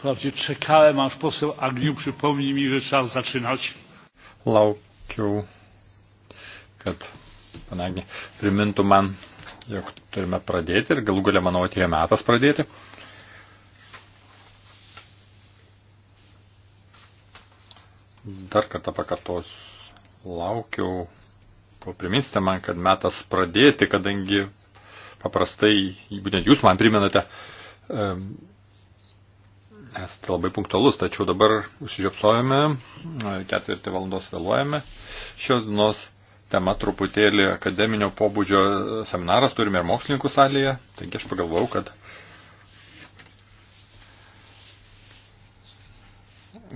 Wprawdzie czekałem, aż poseł Agniu przypomni mi, że trzeba zaczynać. Laukiau, kad panagi primintų man, jog turime pradėti ir galų galia, manau, atėjo metas pradėti. Dar kartą pakartos, laukiau, kol priminsite man, kad metas pradėti, kadangi paprastai, būtent jūs man priminate, esate tai labai punktualus, tačiau dabar užsižiopsojame, ketvirtį valandos vėluojame. Šios dienos tema truputėlį akademinio pobūdžio seminaras turime ir mokslininkų salėje, taigi aš pagalvojau, kad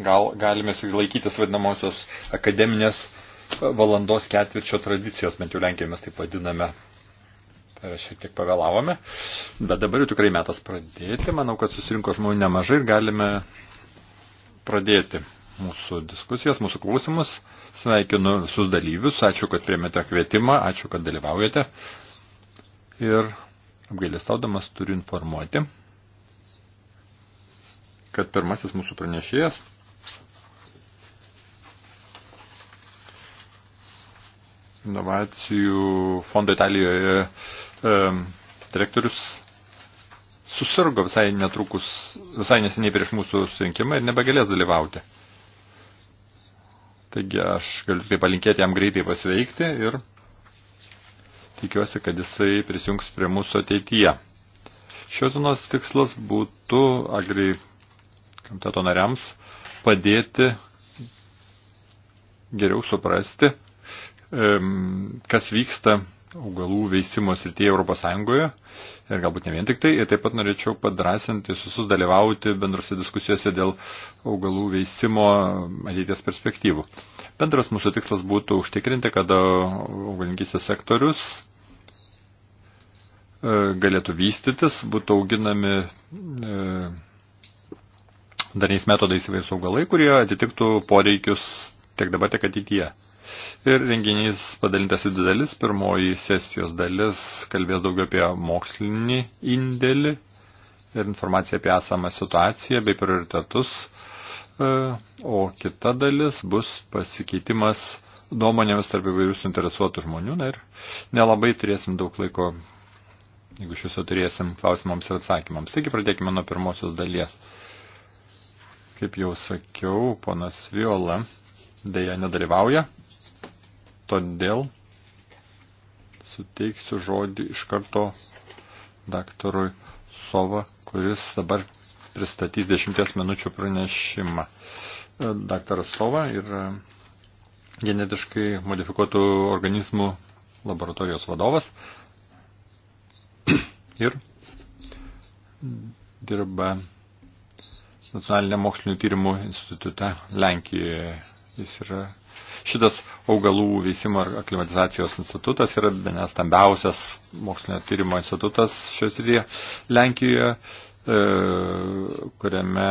gal galime laikytis vadinamosios akademinės valandos ketvirčio tradicijos, bent jau Lenkijoje mes taip vadiname E, šiek tiek pavėlavome, bet dabar jau tikrai metas pradėti. Manau, kad susirinko žmonių nemažai ir galime pradėti mūsų diskusijas, mūsų klausimus. Sveikinu visus dalyvius, ačiū, kad priemėte kvietimą, ačiū, kad dalyvaujate. Ir apgailestaudamas turiu informuoti, kad pirmasis mūsų pranešėjas inovacijų fondo Italijoje E, direktorius susirgo visai netrukus, visai neseniai prieš mūsų surinkimą ir nebegalės dalyvauti. Taigi aš galiu tik palinkėti jam greitai pasveikti ir tikiuosi, kad jisai prisijungs prie mūsų ateityje. Šios dienos tikslas būtų agri komiteto nariams padėti geriau suprasti, kas vyksta augalų veisimo srityje Europos Sąjungoje ir galbūt ne vien tik tai. Ir taip pat norėčiau padrasinti visus dalyvauti bendrose diskusijose dėl augalų veisimo ateities perspektyvų. Bendras mūsų tikslas būtų užtikrinti, kad augalininkysės sektorius e, galėtų vystytis, būtų auginami e, dariais metodais įvairius augalai, kurie atitiktų poreikius tiek dabar, tiek ateityje. Ir renginys padalintas į dalis. Pirmoji sesijos dalis kalbės daugiau apie mokslinį indėlį ir informaciją apie esamą situaciją bei prioritetus. E, o kita dalis bus pasikeitimas nuomonėmis tarp įvairių suinteresuotų žmonių. Na ir nelabai turėsim daug laiko, jeigu iš viso turėsim klausimams ir atsakymams. Taigi pradėkime nuo pirmosios dalies. Kaip jau sakiau, ponas Viola dėja nedalyvauja, todėl suteiksiu žodį iš karto daktarui Sova, kuris dabar pristatys dešimties minučių pranešimą. E, daktaras Sova yra genetiškai modifikuotų organizmų laboratorijos vadovas ir dirba Nacionalinė mokslinių tyrimų institute Lenkijoje. Jis yra šitas augalų veisimo ir aklimatizacijos institutas yra benes stambiausias mokslinio tyrimo institutas šios rytyje Lenkijoje e, kuriame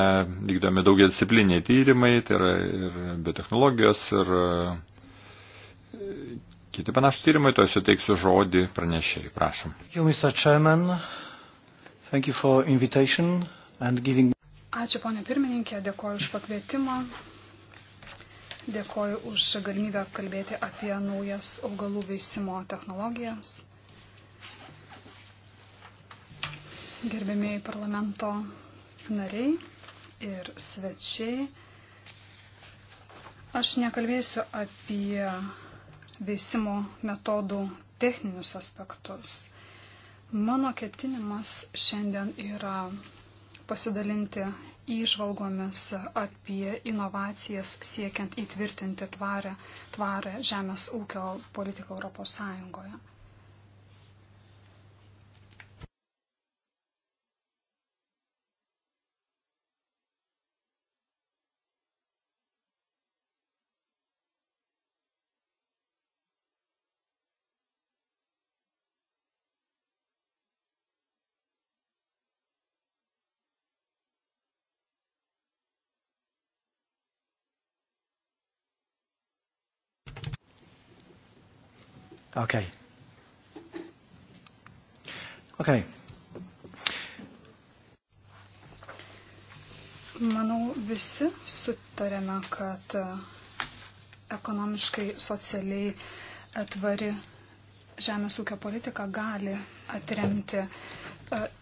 vykdomi daugia discipliniai tyrimai, tai yra ir biotechnologijos, ir e, kiti panašus tyrimai, to aš suteiksiu žodį pranešėjai, prašom. Ačiū, ponė pirmininkė, dėkoju už pakvietimą Dėkoju už galimybę kalbėti apie naujas augalų veisimo technologijas. Gerbėmiai parlamento nariai ir svečiai, aš nekalbėsiu apie veisimo metodų techninius aspektus. Mano ketinimas šiandien yra pasidalinti įžvalgomis apie inovacijas siekiant įtvirtinti tvarę, tvarę žemės ūkio politiką Europos Sąjungoje. Okay. Okay. Manau, visi sutarėme, kad e, ekonomiškai, socialiai e, tvari žemės ūkio politika gali atremti e,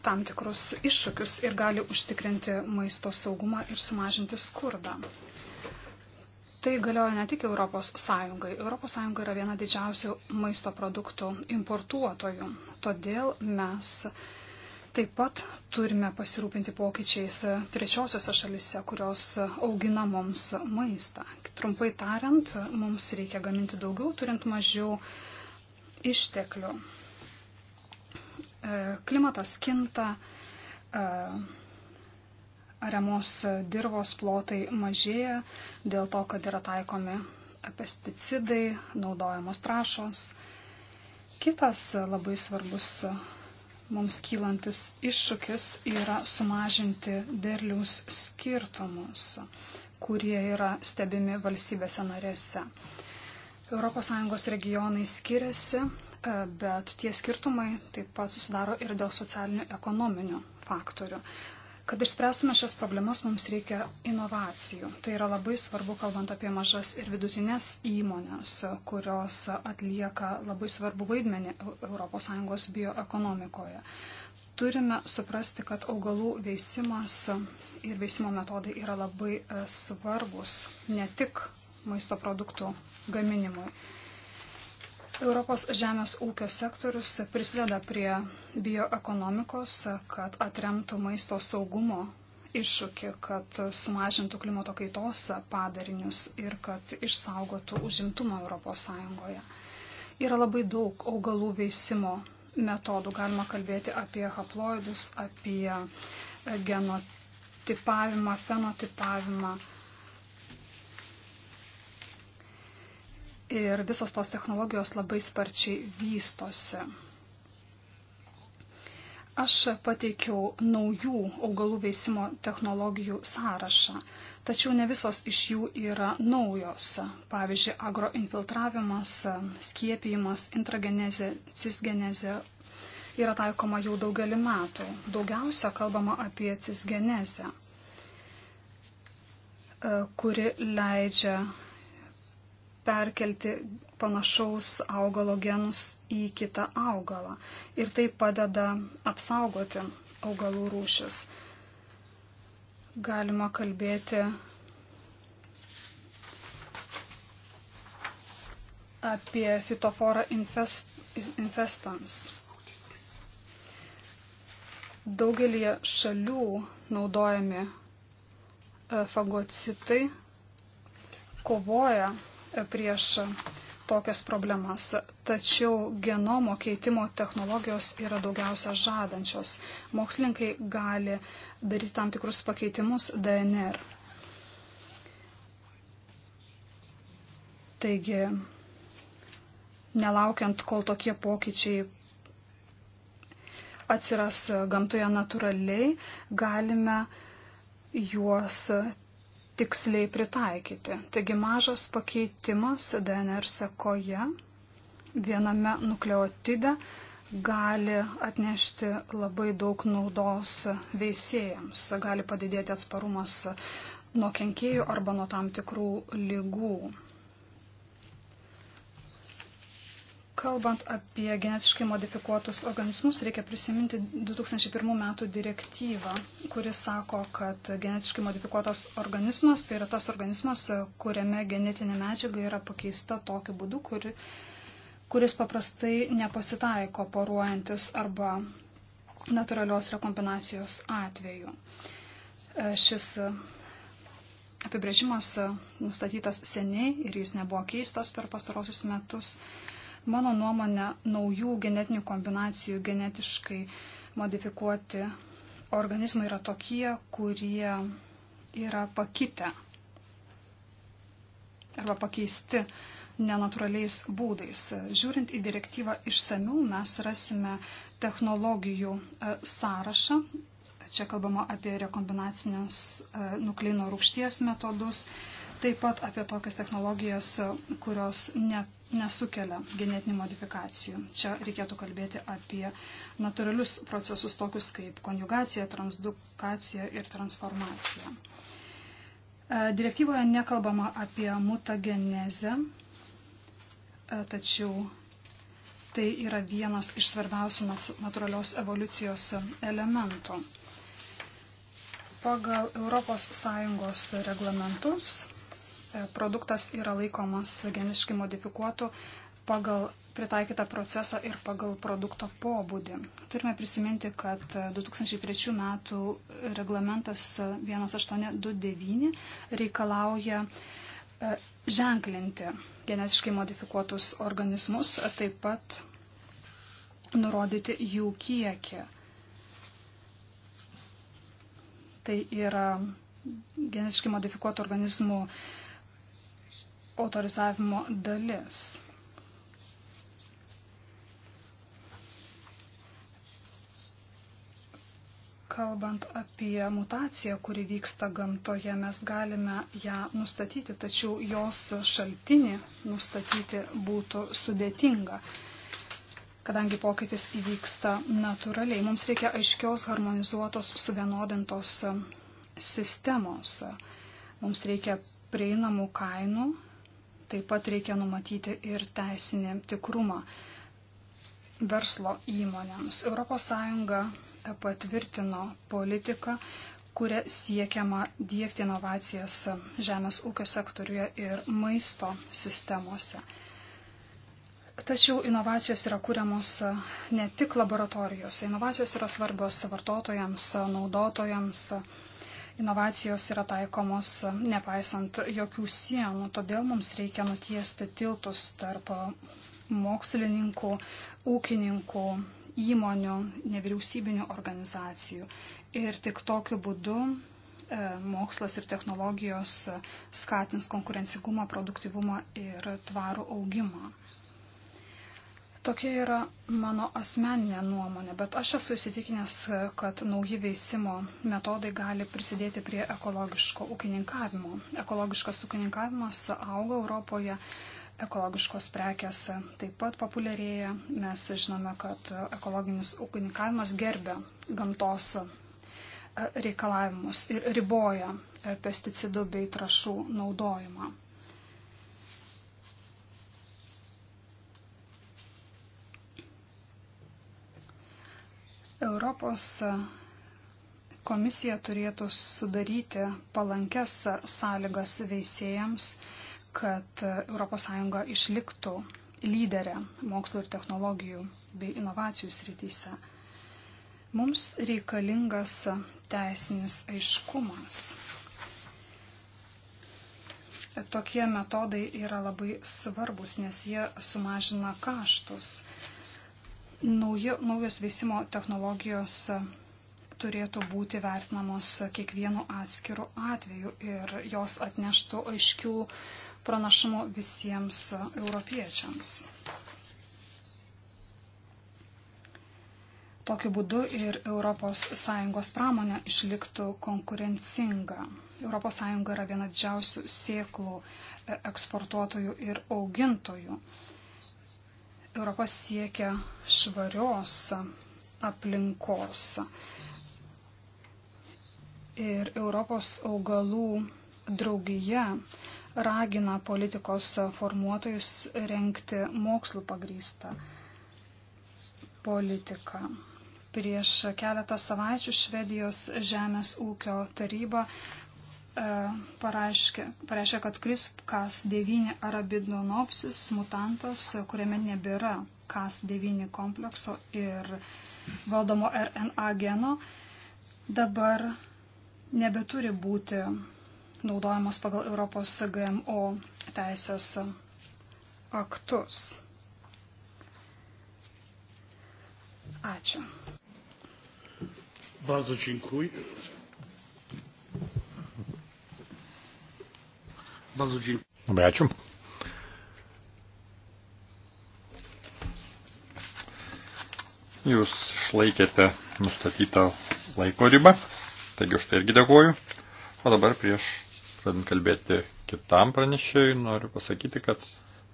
tam tikrus iššūkius ir gali užtikrinti maisto saugumą ir sumažinti skurdą. Tai galioja ne tik Europos Sąjungai. Europos Sąjunga yra viena didžiausių maisto produktų importuotojų. Todėl mes taip pat turime pasirūpinti pokyčiais trečiosiose šalise, kurios augina mums maistą. Trumpai tariant, mums reikia gaminti daugiau, turint mažiau išteklių e, klimatas kinta, e, ariamos dirvos plotai mažėja dėl to, kad yra taikomi pesticidai, naudojamos trašos. Kitas labai svarbus mums kylantis iššūkis yra sumažinti derliaus skirtumus, kurie yra stebimi valstybėse narėse. ES regionai skiriasi, bet tie skirtumai taip pat susidaro ir dėl socialinių ekonominių faktorių. Kad išspręstume šias problemas, mums reikia inovacijų. Tai yra labai svarbu, kalbant apie mažas ir vidutinės įmonės, kurios atlieka labai svarbu vaidmenį ES bioekonomikoje. Turime suprasti, kad augalų veisimas ir veisimo metodai yra labai e, svarbus ne tik maisto produktų gaminimui. Europos žemės ūkio sektorius prisideda prie bioekonomikos, kad atremtų maisto saugumo iššūkį, kad sumažintų klimato kaitos padarinius ir kad išsaugotų užimtumą ES. Yra labai daug augalų veisimo metodų. Galima kalbėti apie haploidus, apie genotipavimą, fenotipavimą. ir visos tos technologijos labai sparčiai vystosi. Aš pateikiau naujų augalų veisimo technologijų sąrašą, tačiau ne visos iš jų yra naujos. Pavyzdžiui, agroinfiltravimas, skiepijimas, intragenezė, cisgenezė yra taikoma jau daugelį metų. Daugiausia kalbama apie cisgenezę, kuri leidžia perkelti panašaus augalo genus į kitą augalą. Ir tai padeda apsaugoti augalų rūšis. Galima kalbėti apie fitoforą infest, infestans. Daugelį šalių naudojami e, fagocitai kovoja prieš tokias problemas. Tačiau genomo keitimo technologijos yra daugiausia žadančios. Mokslininkai gali daryti tam tikrus pakeitimus DNR. Taigi, nelaukiant, kol tokie pokyčiai atsiras gamtoje natūraliai, galime juos tiksliai pritaikyti. Taigi mažas pakeitimas DNR sekoje viename nukleotide gali atnešti labai daug naudos veisėjams, gali padidėti atsparumas nuo kenkėjų arba nuo tam tikrų lygų. Kalbant apie genetiškai modifikuotus organizmus, reikia prisiminti 2001 metų direktyvą, kuris sako, kad genetiškai modifikuotas organizmas tai yra tas organizmas, kuriame genetinė medžiaga yra pakeista tokiu būdu, kuri, kuris paprastai nepasitaiko poruojantis arba natūralios rekombinacijos atveju. Šis apibrėžimas nustatytas seniai ir jis nebuvo keistas per pastarosius metus. Mano nuomonė, naujų genetinių kombinacijų genetiškai modifikuoti organizmai yra tokie, kurie yra pakitę arba pakeisti nenatūraliais būdais. Žiūrint į direktyvą išsamių, mes rasime technologijų e, sąrašą. Čia kalbama apie rekombinacinės e, nukleino rūkšties metodus, taip pat apie tokias technologijas, kurios ne, nesukelia genetinių modifikacijų. Čia reikėtų kalbėti apie natūralius procesus tokius kaip konjugacija, transdukacija ir transformacija. E, direktyvoje nekalbama apie mutagenezę, e, tačiau tai yra vienas iš svarbiausių natūralios evoliucijos elementų. Pagal ES reglamentus E, produktas yra laikomas geniškai modifikuotu pagal pritaikytą procesą ir pagal produkto pobūdį. Turime prisiminti, kad 2003 e, metų reglamentas 1829 reikalauja e, ženklinti genetiškai modifikuotus organizmus, taip pat nurodyti jų kiekį. Tai yra genetiškai modifikuotų organizmų uh, autorizavimo dalis. kalbant apie mutaciją, kuri vyksta gamtoje, mes galime ją nustatyti, tačiau jos šaltinį nustatyti būtų sudėtinga, kadangi pokytis įvyksta natūraliai. Mums reikia aiškios, harmonizuotos, suvienodintos sistemos. Mums reikia prieinamų kainų Taip pat reikia numatyti ir teisinį tikrumą verslo įmonėms. ES patvirtino politiką, kuria siekiama dėkti inovacijas žemės ūkio sektoriuje ir maisto sistemose. Tačiau inovacijos yra kuriamos ne tik laboratorijose. Inovacijos yra svarbios vartotojams, naudotojams, Inovacijos yra taikomos nepaisant jokių sienų, todėl mums reikia nutiesti tiltus tarp mokslininkų, ūkininkų, įmonių, nevyriausybinių organizacijų. Ir tik tokiu būdu e, mokslas ir technologijos skatins konkurencingumą, produktivumą ir tvarų augimą. Tokia yra mano asmeninė nuomonė, bet aš esu įsitikinęs, kad nauji veisimo metodai gali prisidėti prie ekologiško ūkininkavimo. Ekologiškas ūkininkavimas auga Europoje, ekologiškos prekės taip pat populiarėja. Mes žinome, kad ekologinis ūkininkavimas gerbia gamtos reikalavimus ir riboja pesticidų bei trašų naudojimą. Europos komisija turėtų sudaryti palankes sąlygas veisėjams, kad ES išliktų lyderę mokslo ir technologijų bei inovacijų srityse. Mums reikalingas teisinis aiškumas. Tokie metodai yra labai svarbus, nes jie sumažina kaštus Naujo, naujos veisimo technologijos e, turėtų būti vertinamos kiekvienu atskiru atveju ir jos atneštų aiškių pranašumų visiems europiečiams. Tokiu būdu ir ES pramonė išliktų konkurencinga. ES yra viena didžiausių sėklų e, eksportuotojų ir augintojų. Europa siekia švarios aplinkos. Ir Europos augalų draugija ragina politikos formuotojus renkti mokslų pagrystą politiką. Prieš keletą savaičių Švedijos žemės ūkio taryba pareiškia, pareiškia kad CRISPR-Cas 9 arabidonopsis mutantas, kuriame nebėra Cas 9 komplekso ir valdomo RNA geno, dabar nebeturi būti naudojamas pagal Europos GMO teisės aktus. Ačiū. Bardzo dziękuję. Labai ačiū. Jūs išlaikėte nustatytą laiko ribą, taigi už tai irgi dėkoju. O dabar prieš pradant kalbėti kitam pranešėjui, noriu pasakyti, kad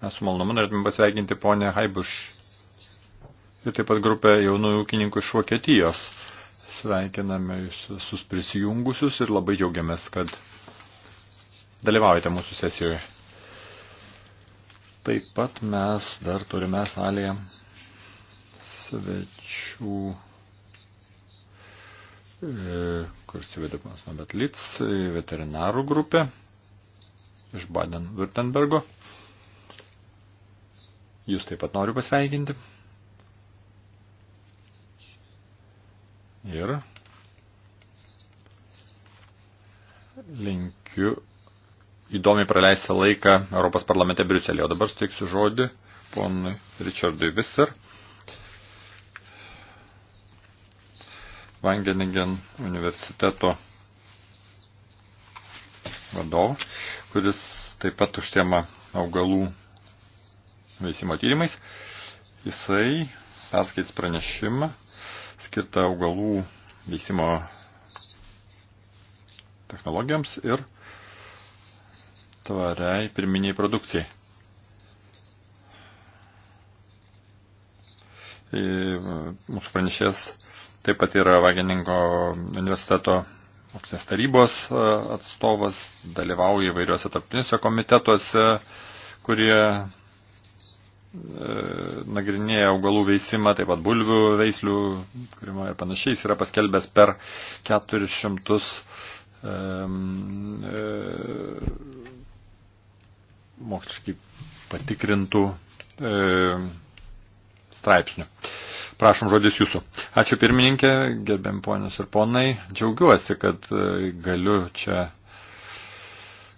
mes su malonumu norėtume pasveikinti ponę Haibuš ir taip pat grupę jaunųjų ūkininkų iš Vokietijos. Sveikiname visus prisijungusius ir labai džiaugiamės, kad dalyvaujate mūsų sesijoje. Taip pat mes dar turime salėje svečių, e, kur sveda panas Nobetlits, veterinarų grupė iš Baden-Württembergo. Jūs taip pat noriu pasveikinti. Ir linkiu įdomiai praleistą laiką Europos parlamente Briuselėje. O dabar suteiksiu žodį ponui Richardui Visser, Vangeningen universiteto vadovą, kuris taip pat užsiema augalų veisimo tyrimais. Jisai perskaits pranešimą skirtą augalų veisimo technologijoms ir tvariai pirminiai produkcijai. E, mūsų pranešės taip pat yra Vageningo universiteto mokslinės tarybos e, atstovas, dalyvauja įvairiuose tarptiniuose komitetuose, kurie e, nagrinėja augalų veisimą, taip pat bulvių veislių, kurimo ir panašiai, jis yra paskelbęs per 400 um, moksliškai patikrintų e, straipsnių. Prašom žodis jūsų. Ačiū pirmininkė, gerbiam ponius ir ponai. Džiaugiuosi, kad e, galiu čia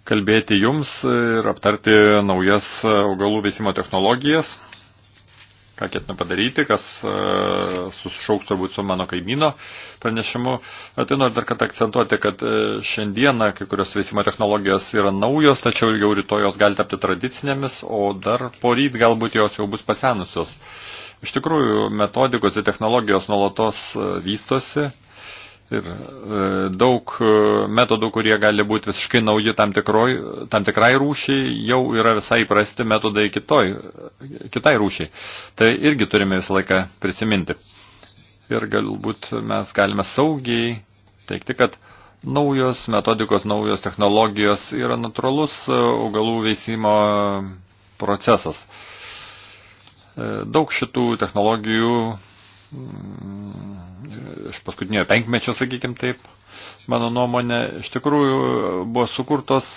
kalbėti jums ir aptarti naujas augalų veisimo technologijas ką ketinu padaryti, kas e, susišauks turbūt su mano kaimyno pranešimu. E, tai noriu dar kartą akcentuoti, kad e, šiandieną kai kurios veisimo technologijos yra naujos, tačiau jau rytoj jos gali tapti tradicinėmis, o dar poryt galbūt jos jau bus pasenusios. Iš tikrųjų, metodikos ir technologijos nuolatos vystosi ir e, daug e, metodų, kurie gali būti visiškai nauji tam, tikroj, tam tikrai rūšiai, jau yra visai prasti metodai kitoj, kitai rūšiai. Tai irgi turime visą laiką prisiminti. Ir galbūt mes galime saugiai teikti, kad naujos metodikos, naujos technologijos yra natūralus e, augalų veisimo procesas. Daug šitų technologijų iš paskutinio penkmečio, sakykime taip, mano nuomonė, iš tikrųjų buvo sukurtos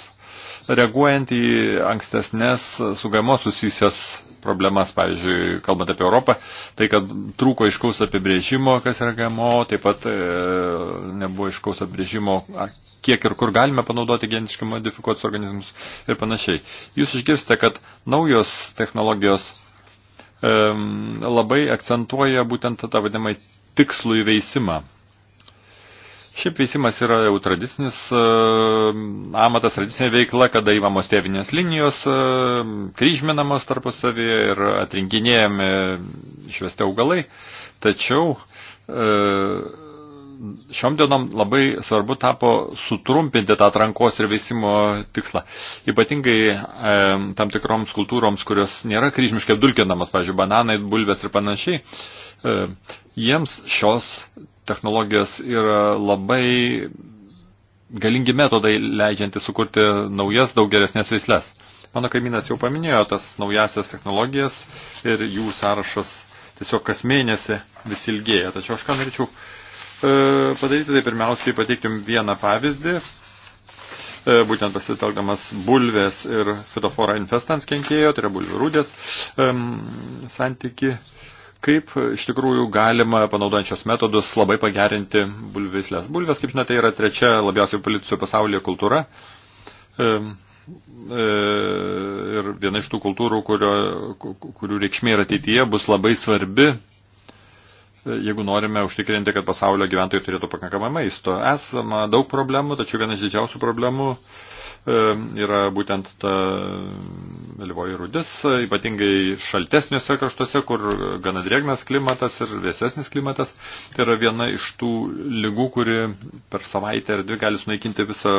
reaguojant į ankstesnės su GMO susijusias problemas, pavyzdžiui, kalbant apie Europą, tai kad trūko iškaus apibrėžimo, kas yra GMO, taip pat e, nebuvo iškaus apibrėžimo, kiek ir kur galime panaudoti geniškai modifikuotus organizmus ir panašiai. Jūs išgirsite, kad naujos technologijos labai akcentuoja būtent tą vadinamą tikslų įveisimą. Šiaip veisimas yra jau tradicinis amatas, tradicinė veikla, kada įmamos tėvinės linijos, kryžminamos tarpusavėje ir atrinkinėjami išvesti augalai. Tačiau e, šiom dienom labai svarbu tapo sutrumpinti tą atrankos ir veisimo tikslą. Ypatingai e, tam tikroms kultūroms, kurios nėra kryžmiškai apdulkinamas, pavyzdžiui, bananai, bulvės ir panašiai, e, jiems šios technologijos yra labai galingi metodai leidžianti sukurti naujas, daug geresnės veisles. Mano kaimynas jau paminėjo tas naujasias technologijas ir jų sąrašas tiesiog kas mėnesį vis ilgėja. Tačiau aš ką norėčiau E, padaryti, tai pirmiausiai pateikim vieną pavyzdį, e, būtent pasitelkdamas bulvės ir fitoforą infestans kenkėjo, tai yra bulvių rūdės santyki, kaip iš tikrųjų galima panaudojančios metodus labai pagerinti bulvislės. Bulvės, kaip žinote, yra trečia labiausiai plitusi pasaulyje kultūra. E, ir viena iš tų kultūrų, kurio, kurių reikšmė ir ateityje bus labai svarbi jeigu norime užtikrinti, kad pasaulio gyventojai turėtų pakankamą maisto. Esama daug problemų, tačiau viena iš didžiausių problemų e, yra būtent ta vėlyvoji rudis, ypatingai šaltesniuose kraštuose, kur gana drėgnas klimatas ir vėsesnis klimatas. Tai yra viena iš tų lygų, kuri per savaitę ar dvi gali sunaikinti visą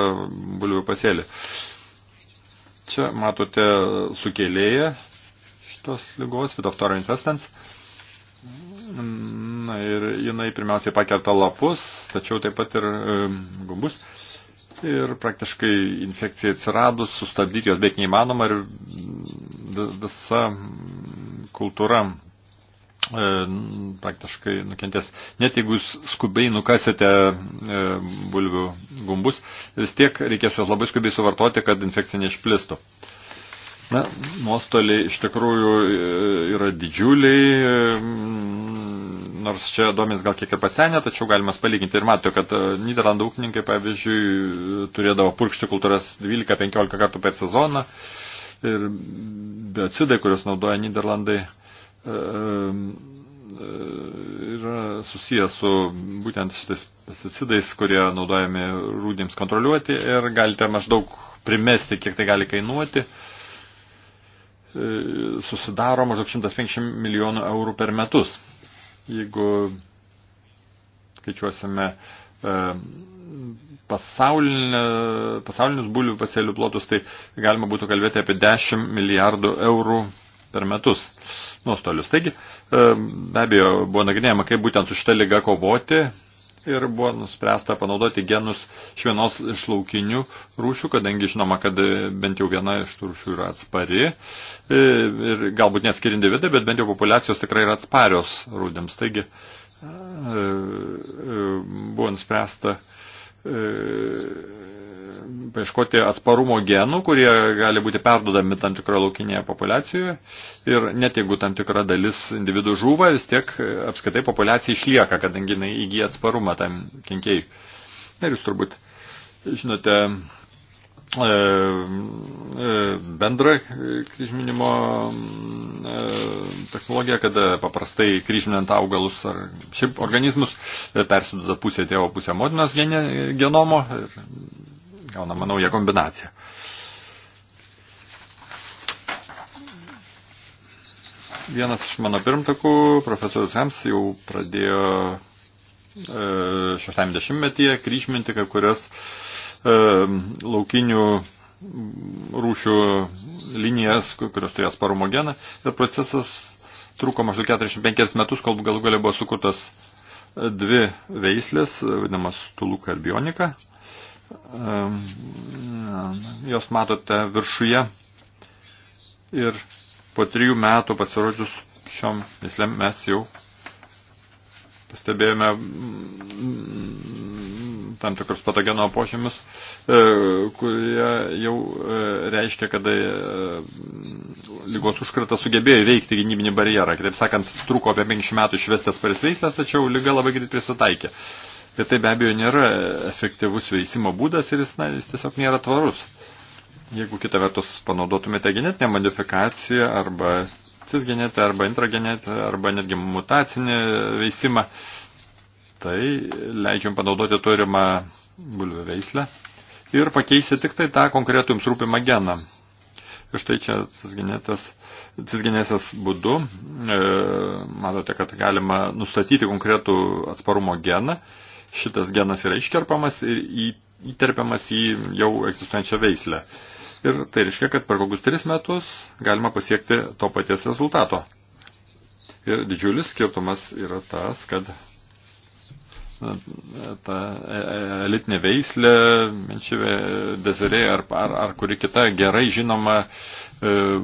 bulvių pasėlį. Čia matote sukėlėję šitos lygos, fitophthora infestans. Uh, Na ir jinai pirmiausiai pakerta lapus, tačiau taip pat ir e, gumbus. Ir praktiškai infekcija atsiradus, sustabdyti jos beveik neįmanoma ir visa kultūra e, praktiškai nukentės. Net jeigu jūs skubiai nukasite e, bulvių gumbus, vis tiek reikės juos labai skubiai suvartoti, kad infekcija neišplistų. E, Na, nuostoliai iš tikrųjų e, yra didžiuliai, e, nors čia duomenys gal kiek ir pasenę, tačiau galima palyginti ir matote, kad e, Niderlandų ūkininkai, pavyzdžiui, turėdavo purkšti kultūras 12-15 kartų per sezoną ir biocidai, kuriuos naudoja Niderlandai, yra susijęs su būtent šitais pesticidais, kurie naudojami rūdėms kontroliuoti ir galite maždaug primesti, kiek tai gali kainuoti. Uh, E, susidaro maždaug 150 milijonų eurų per metus. Jeigu skaičiuosime e, pasaulinius bulių pasėlių plotus, tai galima būtų kalbėti apie 10 milijardų eurų per metus nuostolius. Taigi, e, be abejo, buvo nagrinėjama, kaip būtent su šitą lygą kovoti, ir buvo nuspręsta panaudoti genus iš vienos iš laukinių rūšių, kadangi žinoma, kad e, bent jau viena iš tų rūšių yra atspari e, ir galbūt neskiri individai, bet bent jau populiacijos tikrai yra atsparios rūdėms. Taigi e, buvo nuspręsta paieškoti atsparumo genų, kurie gali būti perdodami tam tikroje laukinėje populiacijoje. Ir net jeigu tam tikra dalis individų žūva, vis tiek apskaitai populiacija išlieka, kadangi jinai įgyja atsparumą tam kenkėjui. Ir jūs turbūt žinote e, e, bendrą kryžminimo e, technologiją, kada paprastai kryžminant augalus ar šiaip organizmus persiduoda pusė tėvo, pusė motinos genomo ir gaunama nauja kombinacija. Vienas iš mano pirmtakų, profesorius Hems, jau pradėjo e, 60-metyje kryžminti kai kurias e, laukinių rūšių linijas, kurios turėjo sparumo geną. Ir procesas truko maždaug 45 metus, kol galų galia buvo sukurtas e, dvi veislės, vadinamas Tuluka ir Bionika jos matote viršuje ir po trijų metų pasirodžius šiom mislėm mes jau pastebėjome tam tikrus patogeno požymius, e, kurie jau e, reiškia, kad e, lygos užkratas sugebėjo įveikti gynybinį barjerą. Kitaip sakant, truko apie 50 metų išvesti atsparis veislas, tačiau lyga labai greit prisitaikė. Bet tai be abejo nėra efektyvus veisimo būdas ir jis, na, jis tiesiog nėra tvarus. Jeigu kitą vertus panaudotumėte genetinę modifikaciją arba cisgenetę arba intragenetę arba netgi mutacinį veisimą, tai leidžiam panaudoti turimą bulvių veislę ir pakeisti tik tai tą konkretų jums rūpimą geną. Ir štai čia cisgenėsės būdu, e, matote, kad galima nustatyti konkretų atsparumo geną šitas genas yra iškerpamas ir į, įterpiamas į jau egzistuojančią veislę. Ir tai reiškia, kad per kokius tris metus galima pasiekti to paties rezultato. Ir didžiulis skirtumas yra tas, kad ta e, e, elitinė veislė, minčiavė dezerė ar, ar, ar kuri kita gerai žinoma E,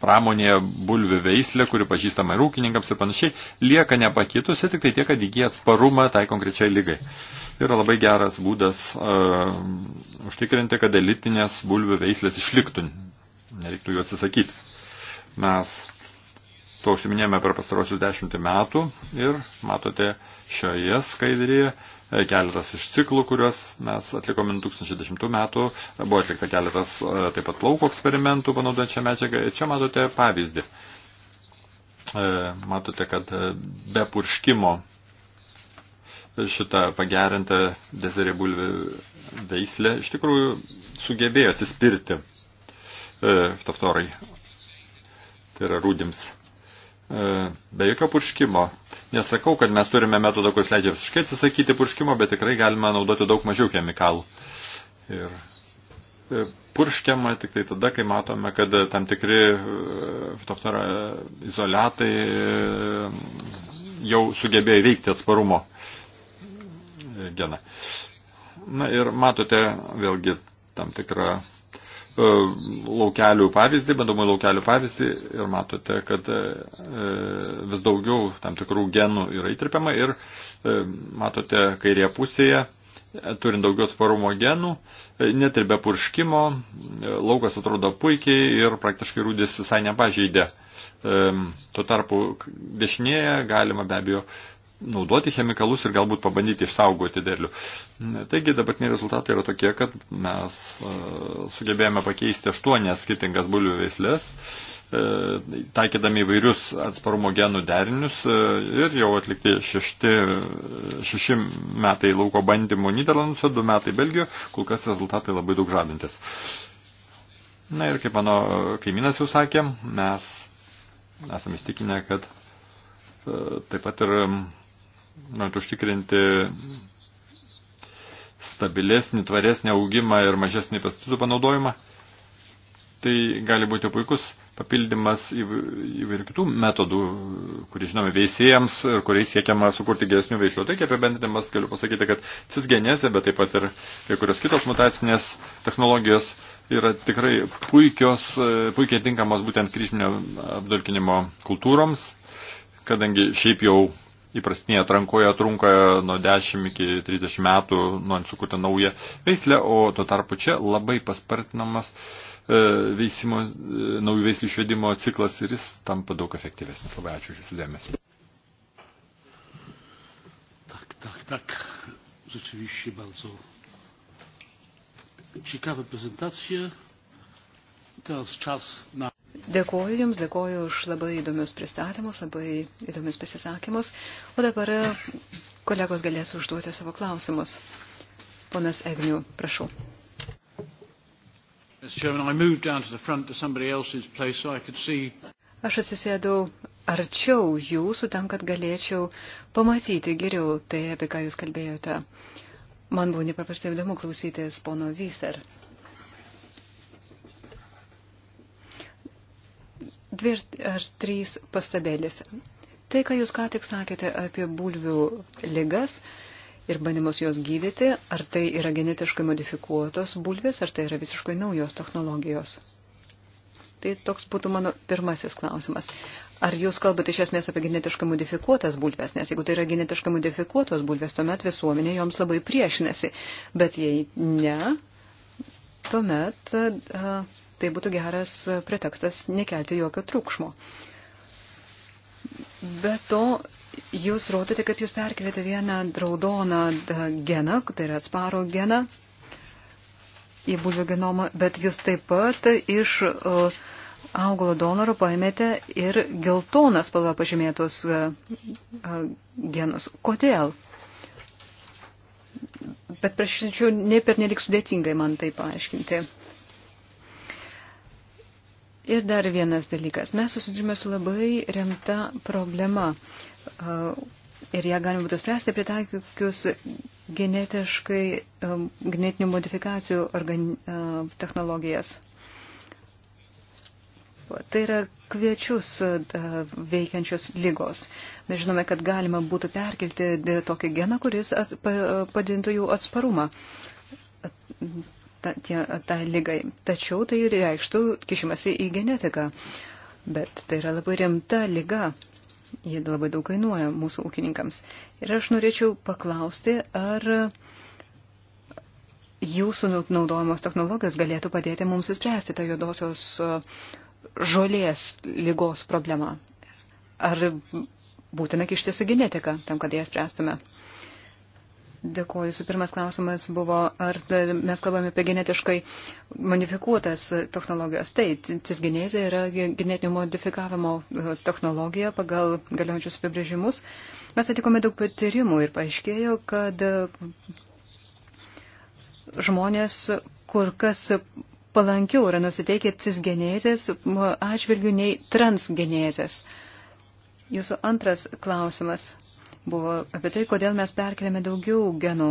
pramonėje bulvių veislė, kuri pažįstama ir ūkininkams ir panašiai, lieka nepakitusi, tik tai tiek, kad įgyja atsparumą tai konkrečiai lygai. Yra labai geras būdas uh, užtikrinti, kad elitinės bulvių veislės išliktų, nereiktų jų atsisakyti. Mes to užsiminėjome per pastarosius dešimtį metų ir matote šioje skaidrėje E, keletas iš ciklų, kuriuos mes atlikome 2010 metų, e, buvo atlikta keletas e, taip pat lauko eksperimentų panaudojant šią medžiagą. Ir čia matote pavyzdį. Matote, kad be purškimo šita pagerinta dezerė bulvė veislė iš tikrųjų sugebėjo atsispirti ftoftorai, tai yra rūdims. Be jokio purškimo nesakau, kad mes turime metodą, kuris leidžia visiškai atsisakyti purškimo, bet tikrai galima naudoti daug mažiau chemikalų. Ir e, purškiama tik tai tada, kai matome, kad e, tam tikri e, fitoftara izolatai jau sugebėjo įveikti atsparumo geną. Na ir matote vėlgi tam tikrą E, laukelių pavyzdį, bandomųjų laukelių pavyzdį ir matote, kad e, vis daugiau tam tikrų genų yra įtirpiama ir e, matote kairėje pusėje, turint daugiau sparumo genų, net ir be purškimo, laukas atrodo puikiai ir praktiškai rūdis visai nepažeidė. Tuo tarpu dešinėje galima be abejo naudoti chemikalus ir galbūt pabandyti išsaugoti derlių. Taigi dabartiniai rezultatai yra tokie, kad mes e, sugebėjome pakeisti aštuonias skirtingas bulvių veislės, e, taikydami įvairius atsparumo genų derinius e, ir jau atlikti šešti, šeši metai lauko bandymų Niderlanduose, du metai Belgijoje, kol kas rezultatai labai daug žadintis. Na ir kaip mano kaimynas jau sakė, mes esame įstikinę, kad taip pat ir norint užtikrinti stabilesnį, tvaresnį augimą ir mažesnį pesticidų panaudojimą, tai gali būti puikus papildymas įvairių kitų metodų, kurį žinome veisėjams ir kuriais siekiama sukurti geresnių veislių. Taigi apibendrinimas galiu pasakyti, kad cisgenėse, bet taip pat ir kai kurios kitos mutacinės technologijos yra tikrai puikios, puikiai tinkamos būtent kryžminio apdulkinimo kultūroms, kadangi šiaip jau įprastinėje atrankoje trunka nuo 10 iki 30 metų, norint sukurti naują veislę, o tuo tarpu čia labai paspartinamas e, veisimo, e, naujų veislių išvedimo ciklas ir jis tampa daug efektyvesnis. Labai ačiū už jūsų dėmesį. Tak, tak, tak. Rzeczywiście bardzo ciekawe prezentacje. Teraz czas na Dėkuoju Jums, dėkuoju už labai įdomius pristatymus, labai įdomius pasisakymus. O dabar e, kolegos galės užduoti savo klausimus. Ponas Egnių, prašau. Aš atsisėdau arčiau jūsų tam, kad galėčiau pamatyti geriau tai, apie ką jūs kalbėjote. Man buvo nepaprastai įdomu klausytis pono Vyser. dvi ar trys pastabėlės. Tai, ką jūs ką tik sakėte apie bulvių ligas ir bandymus jos gydyti, ar tai yra genetiškai modifikuotos bulvės, ar tai yra visiškai naujos technologijos. Tai toks būtų mano pirmasis klausimas. Ar jūs kalbate iš esmės apie genetiškai modifikuotas bulves? Nes jeigu tai yra genetiškai modifikuotos bulves, tuomet visuomenė joms labai priešinasi. Bet jei ne, tuomet. Uh, tai būtų geras pretekstas nekelti jokio triukšmo. Be to, jūs rodote, kaip jūs perkelėte vieną raudoną e, geną, tai yra atsparo geną į bulvių genomą, bet jūs taip pat iš uh, augalo donoro paėmėte ir geltoną spalvą pažymėtos e, genus. Kodėl? Bet prašyčiau, ne per nelik sudėtingai man tai paaiškinti. Ir dar vienas dalykas. Mes susidurime su labai rimta problema. Ir ją galima būtų spręsti pritaikius genetiškai, genetinių modifikacijų organ, technologijas. Tai yra kviečius veikiančios lygos. Mes žinome, kad galima būtų perkelti tokį geną, kuris at, padintų jų atsparumą ta, tie, tą lygą. Tačiau tai reikštų kišimasi į genetiką. Bet tai yra labai rimta lyga. Jie labai daug kainuoja mūsų ūkininkams. Ir aš norėčiau paklausti, ar jūsų naudojamos technologijos galėtų padėti mums įspręsti tą juodosios uh, žolės lygos problemą. Ar būtina kištis į genetiką tam, kad ją spręstume. Dėkuoju. Su pirmas klausimas buvo, ar e, mes kalbame apie genetiškai modifikuotas e, technologijas. Tai, cisgenezė yra genetinio modifikavimo e, technologija pagal galiojančius apibrėžimus. Mes atikome daug patyrimų ir paaiškėjo, kad žmonės kur kas palankiau yra nusiteikę cisgenezės atžvilgių nei transgenezės. Jūsų antras klausimas buvo apie tai, kodėl mes perkeliame daugiau genų.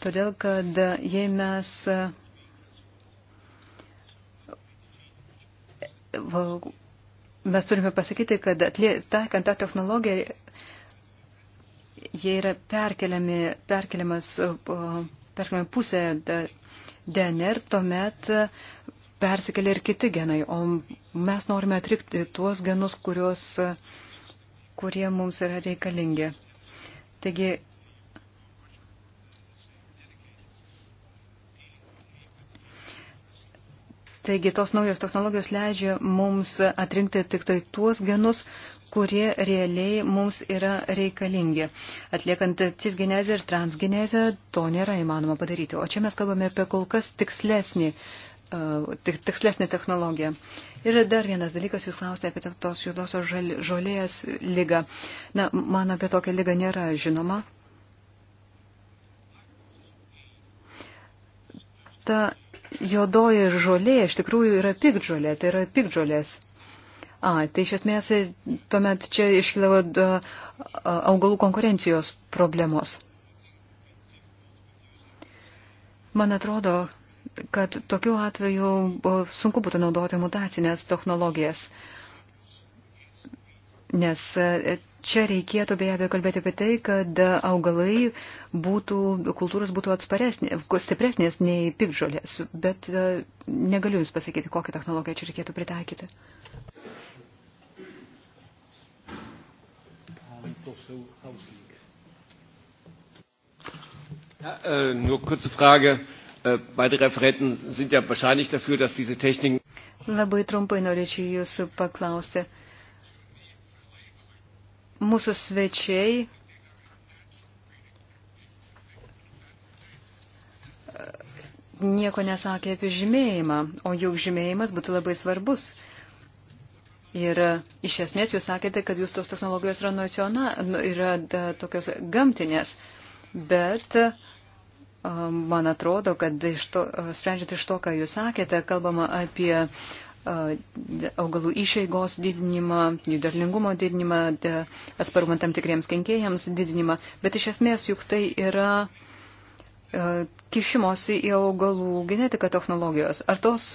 Todėl, kad jei mes mes turime pasakyti, kad taikant tą technologiją, jie yra perkeliamas, perkeliamas pusė DNR, tuomet persikelia ir kiti genai, o mes norime atrikti tuos genus, kuriuos kurie mums yra reikalingi. Taigi, Taigi tos naujos technologijos leidžia mums atrinkti tik tai tuos genus, kurie realiai mums yra reikalingi. Atliekant cisgenezę ir transgenezę, to nėra įmanoma padaryti. O čia mes kalbame apie kol kas tikslesnį, uh, tikslesnį technologiją. Ir dar vienas dalykas, jūs klausėte apie tos judosios žolės lygą. Na, man apie tokią lygą nėra žinoma. Ta juodoji žolė iš tikrųjų yra pikdžolė, tai yra pikdžolės. A, tai iš esmės tuomet čia iškilavo augalų konkurencijos problemos. Man atrodo, kad tokiu atveju sunku būtų naudoti mutacinės technologijas. Nes e, čia reikėtų be abejo kalbėti apie tai, kad augalai būtų, kultūros būtų stipresnės nei pikžolės, bet e, negaliu Jums pasakyti, kokią technologiją čia reikėtų pritaikyti. Ja, e, nur kurze Frage. Beide äh, Referenten sind ja wahrscheinlich dafür, dass diese Techniken. Labai trumpai norėčiau jūsų paklausti. Mūsų svečiai e, nieko nesakė apie žymėjimą, o juk žymėjimas būtų labai svarbus. Ir e, iš esmės jūs sakėte, kad jūs tos technologijos yra, naciona, nu, yra da, tokios gamtinės, bet uh, man atrodo, kad iš to, sprendžiant iš to, ką jūs sakėte, kalbama apie augalų išeigos didinimą, jų derlingumo didinimą, atsparumą tam tikriems kenkėjams didinimą, bet iš esmės juk tai yra kišimosi į augalų genetiką technologijos. Ar tos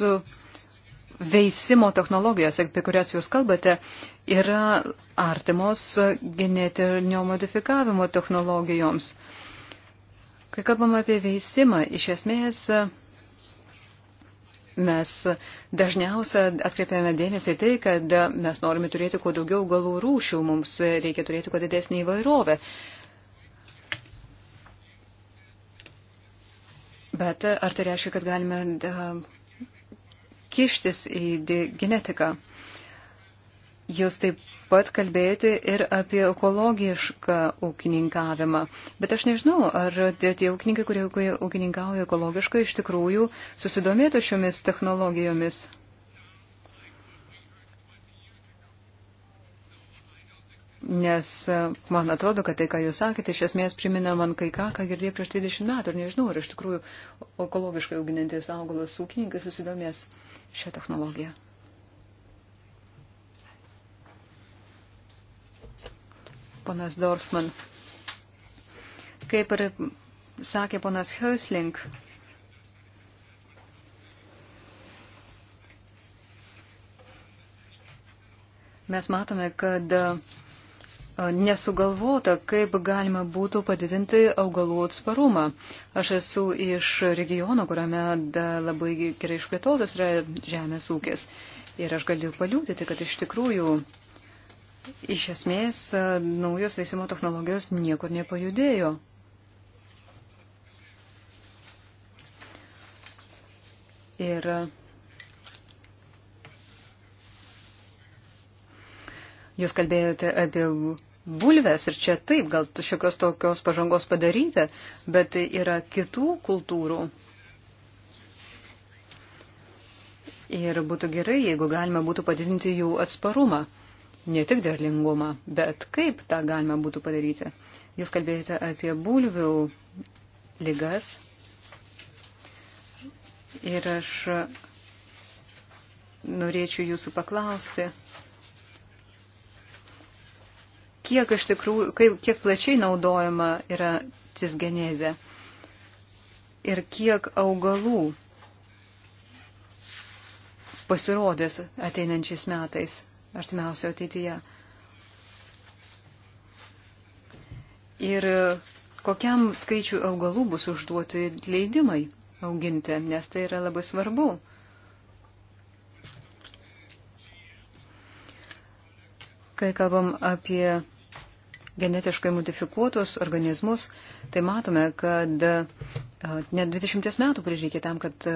veisimo technologijos, apie kurias jūs kalbate, yra artimos genetinio modifikavimo technologijoms? Uh, Kai kalbam apie veisimą, iš esmės mes dažniausia atkreipiame dėmesį tai, kad mes norime turėti kuo daugiau galų rūšių, mums reikia turėti kuo didesnį įvairovę. Bet ar tai reiškia, kad galime da, kištis į genetiką? Jūs taip pat kalbėjote ir apie ekologišką ūkininkavimą. Bet aš nežinau, ar tie ūkininkai, kurie ūkininkauja ekologiškai, iš tikrųjų susidomėtų šiomis technologijomis. Nes e, man atrodo, kad tai, ką jūs sakėte, iš esmės primena man kai ką, ką girdėjau prieš 20 metų. Ir nežinau, ar iš tikrųjų ekologiškai auginantis augalas ūkininkai susidomės šią technologiją. ponas Dorfman. Kaip ir sakė ponas Hösling, mes matome, kad nesugalvota, kaip galima būtų padidinti augalų atsparumą. Aš esu iš regiono, kuriame labai gerai išplėtotas yra žemės ūkis. Ir aš galiu paliūdyti, kad iš tikrųjų iš esmės naujos veisimo technologijos niekur nepajudėjo. Ir jūs kalbėjote apie bulves ir čia taip, gal šiokios tokios pažangos padaryti, bet yra kitų kultūrų. Ir būtų gerai, jeigu galima būtų padidinti jų atsparumą ne tik derlingumą, bet kaip tą galima būtų padaryti. Jūs kalbėjote apie bulvių lygas ir aš norėčiau jūsų paklausti, kiek iš tikrųjų, kaip, kiek plačiai naudojama yra cisgenezė ir kiek augalų pasirodės ateinančiais metais artimiausio ateityje. Ir kokiam skaičiu augalų bus užduoti leidimai auginti, nes tai yra labai svarbu. Kai kalbam apie genetiškai modifikuotus organizmus, tai matome, kad e, net 20 metų prireikė tam, kad e,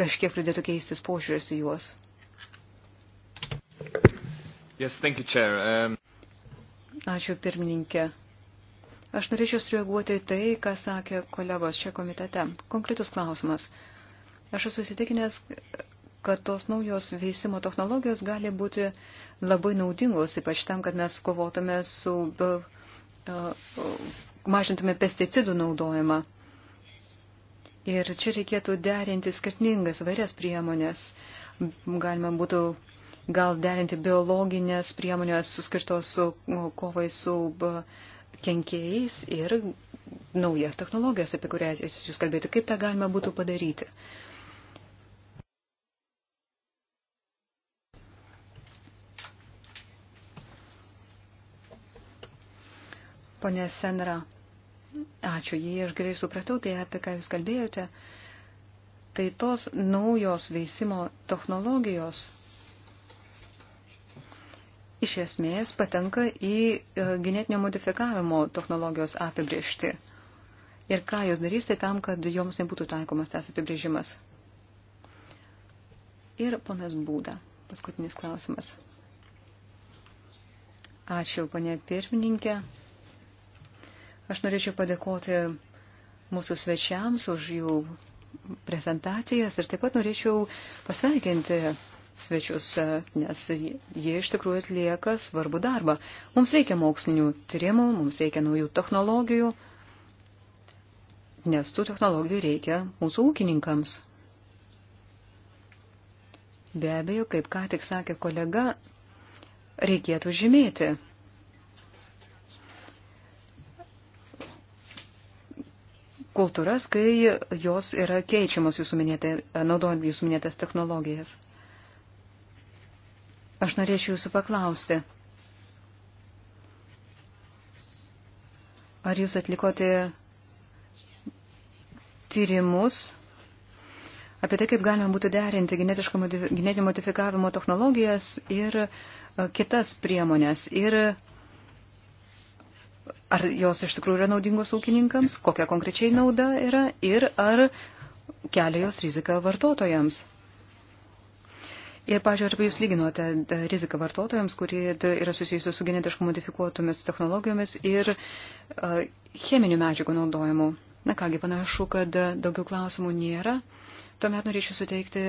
kažkiek pradėtų keistis požiūris į juos. Yes, thank you, Chair. Um... Ačiū pirmininkė. Aš norėčiau sureaguoti tai, ką sakė kolegos čia komitete. Konkretus klausimas. Aš esu įsitikinęs, kad tos naujos veisimo technologijos gali būti labai naudingos, ypač tam, kad mes kovotume su, mažintume pesticidų naudojimą. Ir čia reikėtų derinti skirtingas vairias priemonės. Galima būtų gal derinti biologinės priemonės suskirtos su kovai su kenkėjais ir naujas technologijas, apie kurias jūs kalbėjote, kaip tą galima būtų padaryti. Pone Senra, ačiū, jei aš gerai supratau, tai apie ką jūs kalbėjote, tai tos naujos veisimo technologijos iš esmės patenka į e, genetinio modifikavimo technologijos apibriežti. Ir ką jūs darysite tai tam, kad joms nebūtų taikomas tas apibrėžimas? Ir ponas Būda, paskutinis klausimas. Ačiū, ponė pirmininkė. Aš norėčiau padėkoti mūsų svečiams už jų prezentacijas ir taip pat norėčiau pasveikinti svečius, e, nes jie iš tikrųjų atlieka svarbų darbą. Mums reikia mokslinių tyrimų, mums reikia naujų technologijų, nes tų technologijų reikia mūsų ūkininkams. Be abejo, kaip ką tik sakė kolega, reikėtų žymėti. Kultūras, kai jos yra keičiamos jūsų minėtė, naudojant jūsų minėtas technologijas. Aš norėčiau jūsų paklausti. Ar jūs atlikote tyrimus apie tai, kaip galima būtų derinti genetinio modifikavimo technologijas ir e, kitas priemonės. Ir ar jos iš tikrųjų yra naudingos ūkininkams, kokia konkrečiai nauda yra ir ar kelia jos rizika vartotojams. Ir, pažiūrėjau, ar jūs lyginote riziką vartotojams, kurie yra susijusi su genetiškai modifikuotomis technologijomis ir cheminių medžiagų naudojimu. Na kągi, panašu, kad daugiau klausimų nėra. Tuomet norėčiau suteikti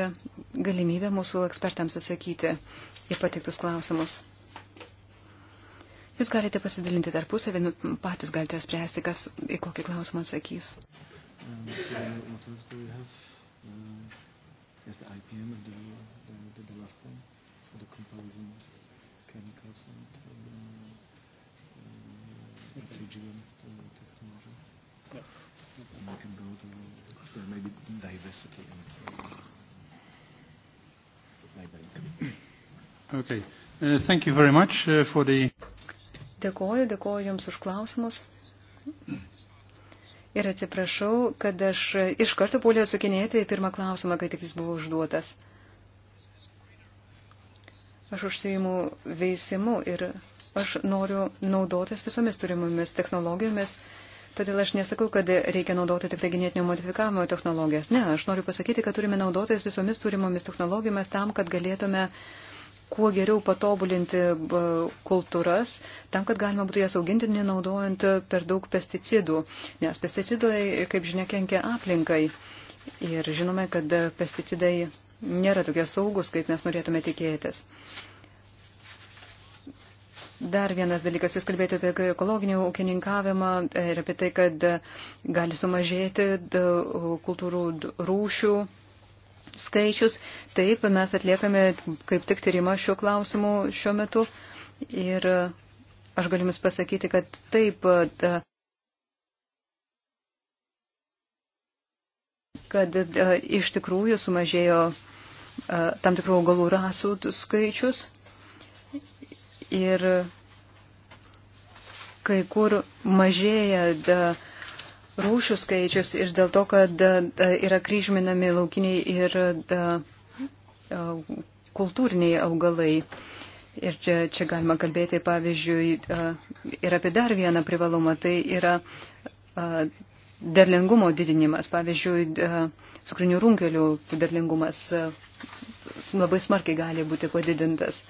galimybę mūsų ekspertams atsakyti į patiktus klausimus. Jūs galite pasidalinti tarpusavį, nu, patys galite spręsti, kas į kokį klausimą atsakys. Um, do you, do you have, um... There's the IPM and the, the, the, the last one for the composing chemicals and um, uh, uh refrigerant uh, technology. Yep. And we can go to uh, maybe diversity and uh, like that. Okay. Uh, thank you very much uh, for the. Dėkoju, dėkoju Jums už klausimus. Ir atsiprašau, kad aš iš karto puoliau sukinėti į pirmą klausimą, kai tik jis buvo užduotas. Aš užsijimu veisimu ir aš noriu naudotis visomis turimomis technologijomis, todėl aš nesakau, kad reikia naudoti tik tai genetinio modifikavimo technologijas. Ne, aš noriu pasakyti, kad turime naudotis visomis turimomis technologijomis tam, kad galėtume uh, kuo geriau patobulinti kultūras, tam, kad galima būtų jas auginti, nenaudojant per daug pesticidų, nes pesticidai, kaip žinia, kenkia aplinkai. Ir žinome, kad pesticidai nėra tokie saugus, kaip mes norėtume tikėtis. Dar vienas dalykas, jūs kalbėjote apie ekologinį ūkininkavimą ir apie tai, kad gali sumažėti kultūrų rūšių skaičius. Taip, mes atliekame kaip tik tyrimą šiuo klausimu šiuo metu. Ir e, aš galiu Jums pasakyti, kad taip, e, kad e, iš tikrųjų sumažėjo tam tikrų augalų rasų skaičius. Ir kai kur mažėja da, uh, rūšių skaičius ir dėl to, kad e, e, yra kryžminami laukiniai ir e, kultūriniai augalai. Ir čia, čia galima kalbėti, pavyzdžiui, ir apie dar vieną privalumą, tai yra derlingumo didinimas. Pavyzdžiui, cukrinių runkelių derlingumas labai smarkiai gali būti padidintas.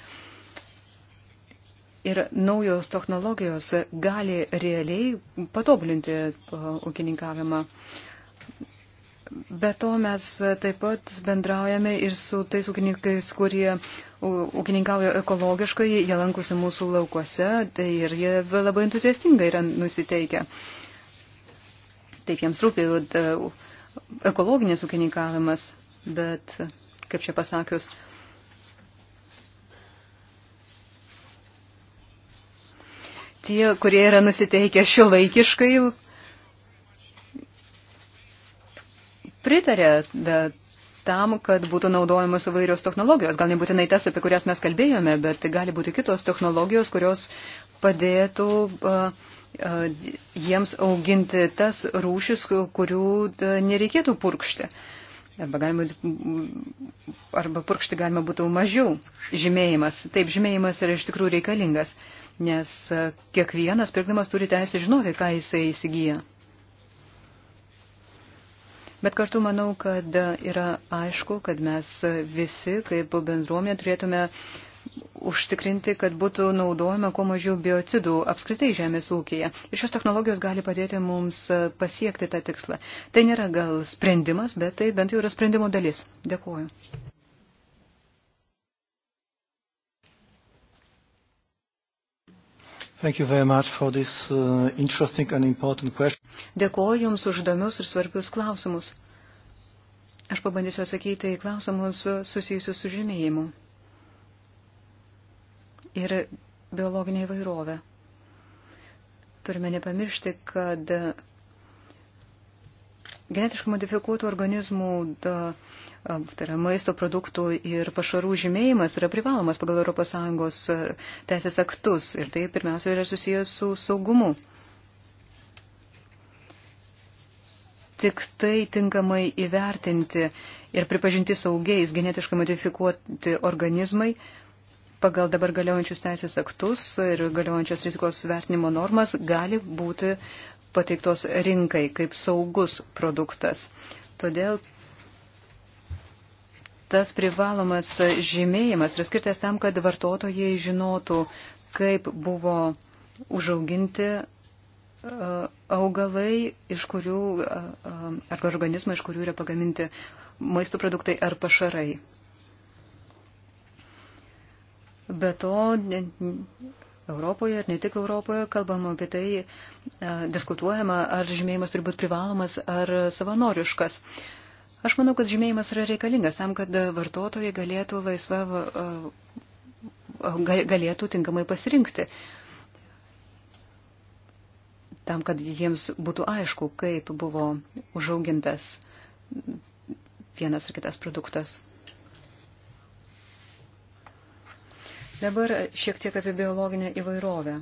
Ir naujos technologijos gali realiai patobulinti uh, ūkininkavimą. Be to mes taip pat bendraujame ir su tais ūkininkais, kurie ūkininkauja ekologiškai, jie lankosi mūsų laukuose tai ir jie labai entuziastingai yra nusiteikę. Taip jiems rūpi uh, ekologinis ūkininkavimas, bet, kaip čia pasakius, tie, kurie yra nusiteikę šiuolaikiškai, pritarė da, tam, kad būtų naudojamos įvairios technologijos. Gal nebūtinai tas, apie kurias mes kalbėjome, bet gali būti kitos technologijos, kurios padėtų uh, uh, jiems auginti tas rūšis, kurių uh, nereikėtų purkšti. Arba, galima, arba purkšti galima būtų mažiau žymėjimas. Taip, žymėjimas yra iš tikrųjų reikalingas. Uh, nes e, kiekvienas pirkdamas turi teisę žinoti, ką jisai įsigyja. Bet kartu manau, kad e, yra aišku, kad mes e, visi, kaip bendruomenė, turėtume užtikrinti, kad būtų naudojama kuo mažiau biocidų apskritai žemės ūkėje. Ir šios technologijos gali padėti mums pasiekti tą tikslą. Tai nėra gal sprendimas, bet tai bent jau yra sprendimo dalis. Dėkuoju. Uh, Dėkuoju Jums už įdomius ir svarbius klausimus. Aš pabandysiu atsakyti į klausimus susijusius su žymėjimu ir biologinė įvairovė. Turime nepamiršti, kad genetiškai modifikuotų organizmų da, uh, tai yra maisto produktų ir pašarų žymėjimas yra privalomas pagal ES e, teisės aktus ir tai pirmiausia yra susijęs su saugumu. Tik tai tinkamai įvertinti ir pripažinti saugiais genetiškai modifikuoti organizmai pagal dabar galiojančius teisės aktus ir galiojančias rizikos vertinimo normas gali būti pateiktos rinkai kaip saugus produktas. Todėl tas privalomas žymėjimas yra skirtas tam, kad vartotojai žinotų, kaip buvo užauginti augalai, iš kurių, arba organizmai, iš kurių yra pagaminti maisto produktai ar pašarai. Be to, Europoje ir ne tik Europoje kalbama apie tai, diskutuojama, ar žymėjimas turi būti privalomas ar savanoriškas. Aš manau, kad žymėjimas yra reikalingas tam, kad vartotojai galėtų laisvą, galėtų tinkamai pasirinkti. Tam, kad jiems būtų aišku, kaip buvo užaugintas vienas ar kitas produktas. Dabar šiek tiek apie biologinę įvairovę.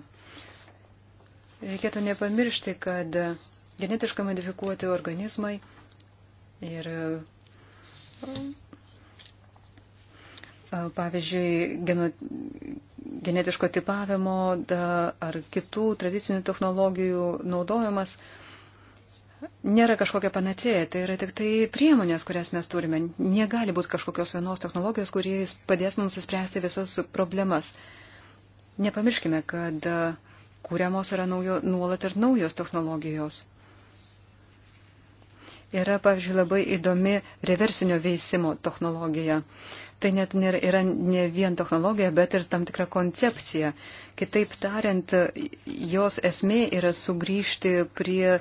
Reikėtų nepamiršti, kad genetiškai modifikuoti organizmai Ir e, e, pavyzdžiui, genu, genetiško tipavimo da, ar kitų tradicinių technologijų naudojimas nėra kažkokia panacėja, tai yra tik tai priemonės, kurias mes turime. Negali būti kažkokios vienos technologijos, kuris padės mums įspręsti visas problemas. Nepamirškime, kad e, kūriamos yra naujo, nuolat ir naujos technologijos yra, pavyzdžiui, labai įdomi reversinio veisimo technologija. Tai net nėra, yra ne vien technologija, bet ir tam tikra koncepcija. Kitaip tariant, jos esmė yra sugrįžti prie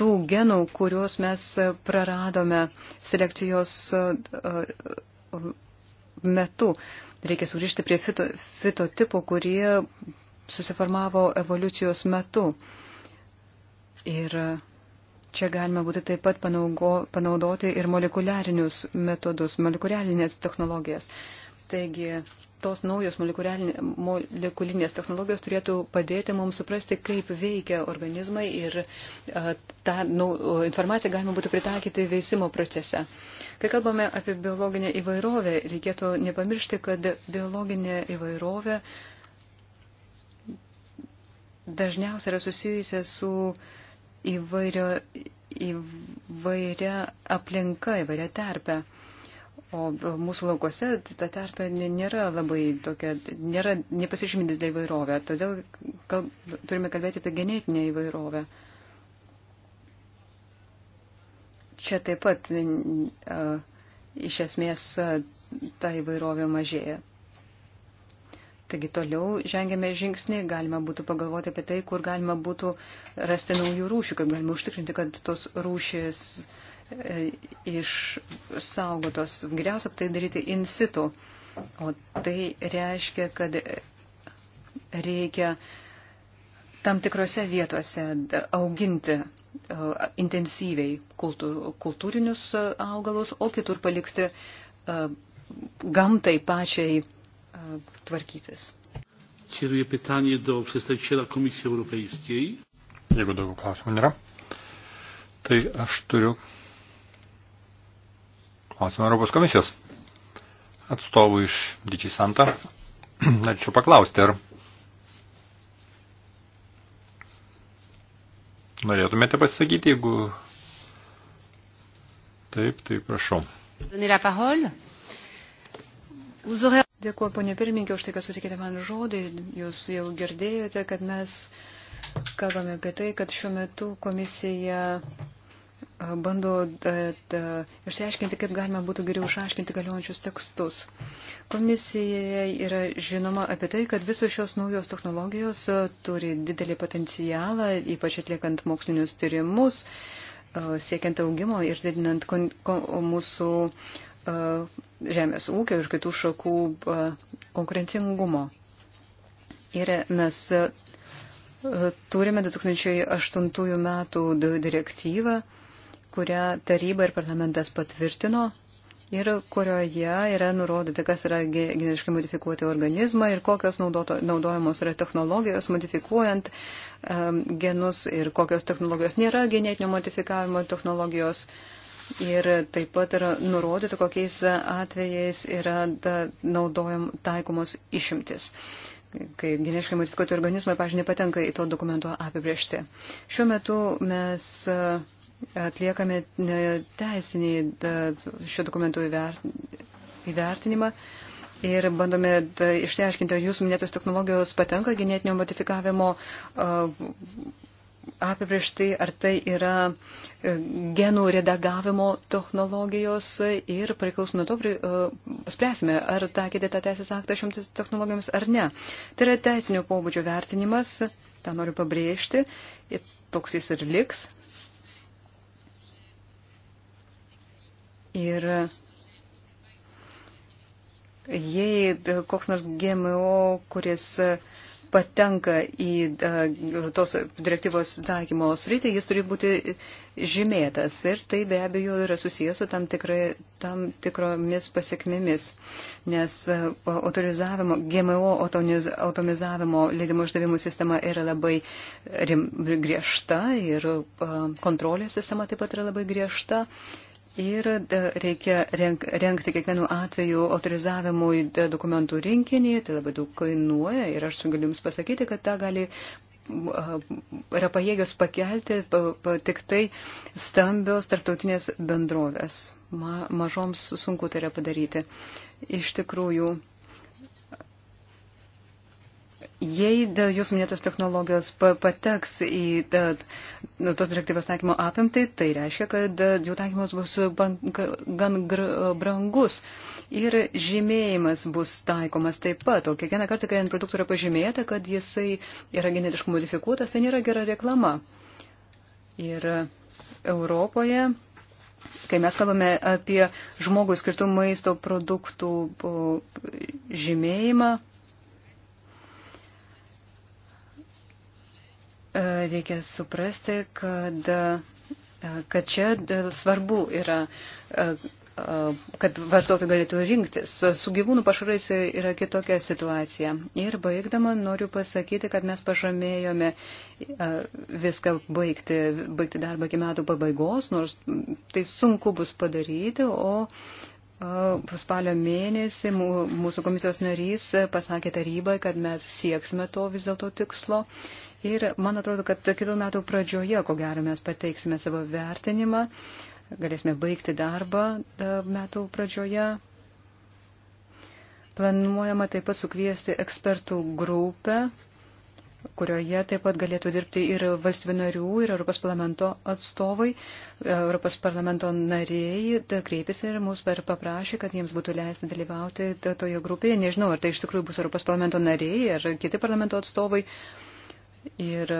tų genų, kuriuos mes praradome selekcijos e, e, metu. Reikia sugrįžti prie fito, fitotipų, kurie susiformavo evoliucijos metu. Ir Čia galima būtų taip pat panaugo, panaudoti ir molekuliarinius metodus, molekuliarinės technologijas. Taigi, tos naujos molekulinės technologijos turėtų padėti mums suprasti, kaip veikia organizmai ir tą nau, informaciją galima būtų pritaikyti veisimo procese. Kai kalbame apie biologinę įvairovę, reikėtų nepamiršti, kad biologinė įvairovė dažniausiai yra susijusi su uh, įvairio, įvairia aplinka, įvairia terpė. O mūsų laukose ta terpė nėra labai tokia, nėra nepasižymė didelė įvairovė, todėl kalb, turime kalbėti apie genetinę įvairovę. Čia taip pat uh, iš esmės uh, ta įvairovė mažėja. Taigi toliau žengėme žingsnį, galima būtų pagalvoti apie tai, kur galima būtų rasti naujų rūšių, kaip galima užtikrinti, kad tos rūšės e, išsaugotos. Geriausia tai daryti in situ. O tai reiškia, kad reikia tam tikrose vietose auginti e, intensyviai kultūr, kultūrinius augalus, o kitur palikti e, gamtai pačiai E, tvarkytis. Kieruję pytanie do przedstawiciela Komisji Europejskiej. Jeigu daugiau klausimų nėra, tai aš turiu klausimą Europos komisijos atstovų iš Didžiai Santa. Norėčiau paklausti, ar norėtumėte pasisakyti, jeigu taip, tai prašau. Donner la parole. Dėkuoju, ponė pirmininkė, už tai, kad sutikėte man žodį. Jūs jau girdėjote, kad mes kalbame apie tai, kad šiuo metu komisija bando išsiaiškinti, kaip galima būtų geriau išaiškinti galiojančius tekstus. Komisija yra žinoma apie tai, kad visos šios naujos technologijos turi didelį potencialą, ypač atliekant mokslinius tyrimus, siekiant augimo ir didinant kon, kon, mūsų žemės ūkio ir kitų šakų konkurencingumo. Ir mes turime 2008 metų direktyvą, kurią taryba ir parlamentas patvirtino ir kurioje yra nurodyta, kas yra geniškai modifikuoti organizmą ir kokios naudoto, naudojamos yra technologijos modifikuojant um, genus ir kokios technologijos nėra genetinio modifikavimo technologijos. Uh, ir taip pat yra nurodyta, kokiais atvejais yra naudojam taikomos išimtis kai geniškai modifikuoti organizmai, pažiūrėjau, nepatenka į to dokumento apibriežti. Šiuo metu mes e, atliekame e, teisinį šio dokumento įvertinimą ir bandome išsiaiškinti, ar jūsų minėtos technologijos patenka genetinio modifikavimo e, apibrieštai, ar tai yra e, genų redagavimo technologijos ir priklausom nuo to, e, spręsime, ar taikyti tą teisės aktą šimtis technologijoms ar ne. Tai yra teisinio pobūdžio vertinimas, tą noriu pabrėžti, ir toks jis ir liks. Ir jei koks nors GMO, kuris uh, patenka į e, tos direktyvos taikymo sritį, jis turi būti žymėtas ir tai be abejo yra susijęs su tam, tikrai, tam tikromis pasiekmėmis, nes e, autorizavimo, GMO automizavimo leidimo išdavimų sistema yra labai rim, griežta ir e, kontrolės sistema taip pat yra labai griežta. Ir e, reikia renkti kiekvienų atvejų autorizavimui e, dokumentų rinkinį, tai labai daug kainuoja ir aš galiu Jums pasakyti, kad tą gali e, yra pajėgios pakelti pa, pa, tik tai stambios tarptautinės bendrovės. Ma, mažoms sunku tai yra padaryti. Iš tikrųjų, Jei jūs minėtos technologijos pateks į nu, tos direktyvos taikymo apimtai, tai reiškia, kad jų taikymas bus gan brangus ir žymėjimas bus taikomas taip pat. O kiekvieną kartą, kai ant produktų yra pažymėta, kad jisai yra genetiškai modifikuotas, tai nėra gera reklama. Ir Europoje Kai mes kalbame apie žmogui skirtų maisto produktų žymėjimą, E, reikia suprasti, kad, e, kad čia e, svarbu yra kad vartotojai galėtų rinktis. Su gyvūnų pašarais yra kitokia situacija. Ir baigdama noriu pasakyti, kad mes pažamėjome viską baigti, baigti darbą iki metų pabaigos, nors tai sunku bus padaryti, o spalio mėnesį mūsų komisijos narys pasakė tarybai, kad mes sieksime to vis dėlto tikslo. Ir man atrodo, kad kitų metų pradžioje, ko gero, mes pateiksime savo vertinimą, galėsime baigti darbą e, metų pradžioje. Planuojama taip pat sukviesti ekspertų grupę, kurioje taip pat galėtų dirbti ir valstybinarių, ir Europos parlamento atstovai. E, Europos parlamento nariai e, kreipėsi ir mūsų per paprašė, kad jiems būtų leista dalyvauti toje grupėje. Nežinau, ar tai iš tikrųjų bus Europos parlamento nariai, ar kiti parlamento atstovai. Uh, Ir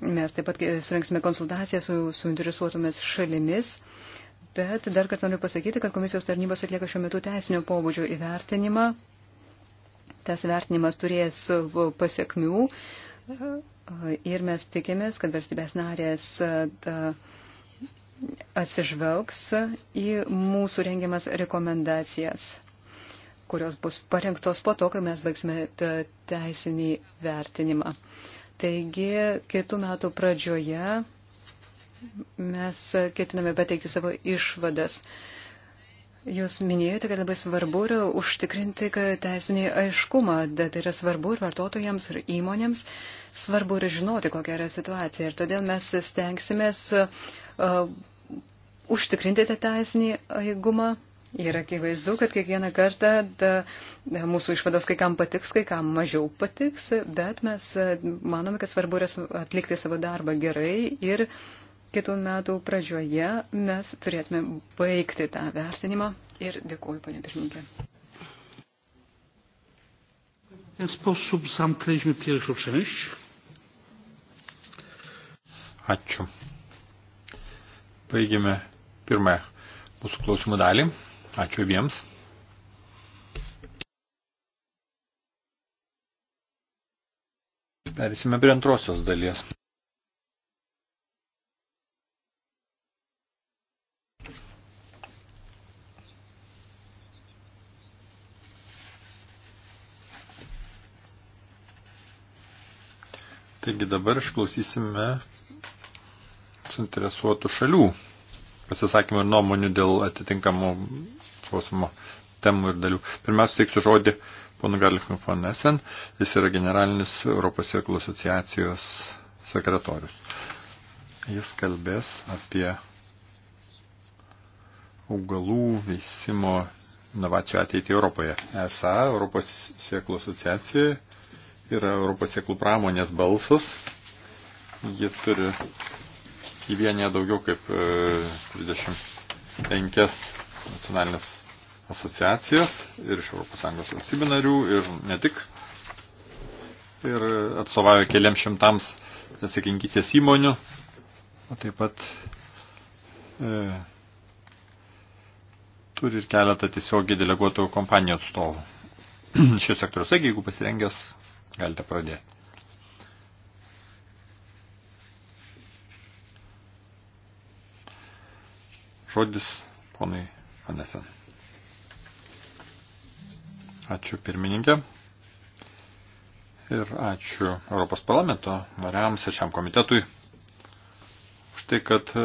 mes taip pat surinksime konsultaciją su suinteresuotomis šalimis. Bet dar kartą noriu pasakyti, kad komisijos tarnybos atlieka šiuo metu teisinio pobūdžio įvertinimą. Tas vertinimas turės pasiekmių ir mes tikimės, kad valstybės narės atsižvelgs į mūsų rengiamas rekomendacijas, kurios bus parengtos po to, kai mes baigsime teisinį vertinimą. Taigi, kitų metų pradžioje mes ketiname pateikti savo išvadas. Jūs minėjote, kad labai svarbu yra užtikrinti teisinį aiškumą, bet tai yra svarbu ir vartotojams, ir įmonėms, svarbu ir žinoti, kokia yra situacija. Ir todėl mes stengsimės uh, užtikrinti tą teisinį aigumą, Ir akivaizdu, kad kiekvieną kartą da, mūsų išvados kai kam patiks, kai kam mažiau patiks, bet mes e, manome, kad svarbu yra atlikti savo darbą gerai ir kitų metų pradžioje mes turėtume baigti tą vertinimą. Ir dėkuoju, ponė pirmininkė. Ačiū. Baigėme pirmąją mūsų klausimų dalį. Ačiū abiems. Perėsime prie antrosios dalies. Taigi dabar išklausysime suinteresuotų šalių pasisakymų ir nuomonių dėl atitinkamų klausimo temų ir dalių. Pirmiausia, teiksiu žodį ponu Garliknu von Essen. Jis yra generalinis Europos sirklų asociacijos sekretorius. Jis kalbės apie augalų veisimo inovacijų ateitį Europoje. ESA, Europos sieklų asociacija, yra Europos sieklų pramonės balsas. Ji turi įvienė daugiau kaip 35 e, nacionalinės asociacijas ir iš ES valstybių narių ir ne tik. Ir atstovauja keliam šimtams sėkinkysės įmonių, o taip pat e, turi ir keletą tiesiogiai deleguotų kompanijų atstovų. Šis sektorius, jeigu pasirengęs, galite pradėti. Žodis ponui Anesen. Ačiū pirmininkė. Ir ačiū Europos parlamento nariams ir šiam komitetui už tai, kad e,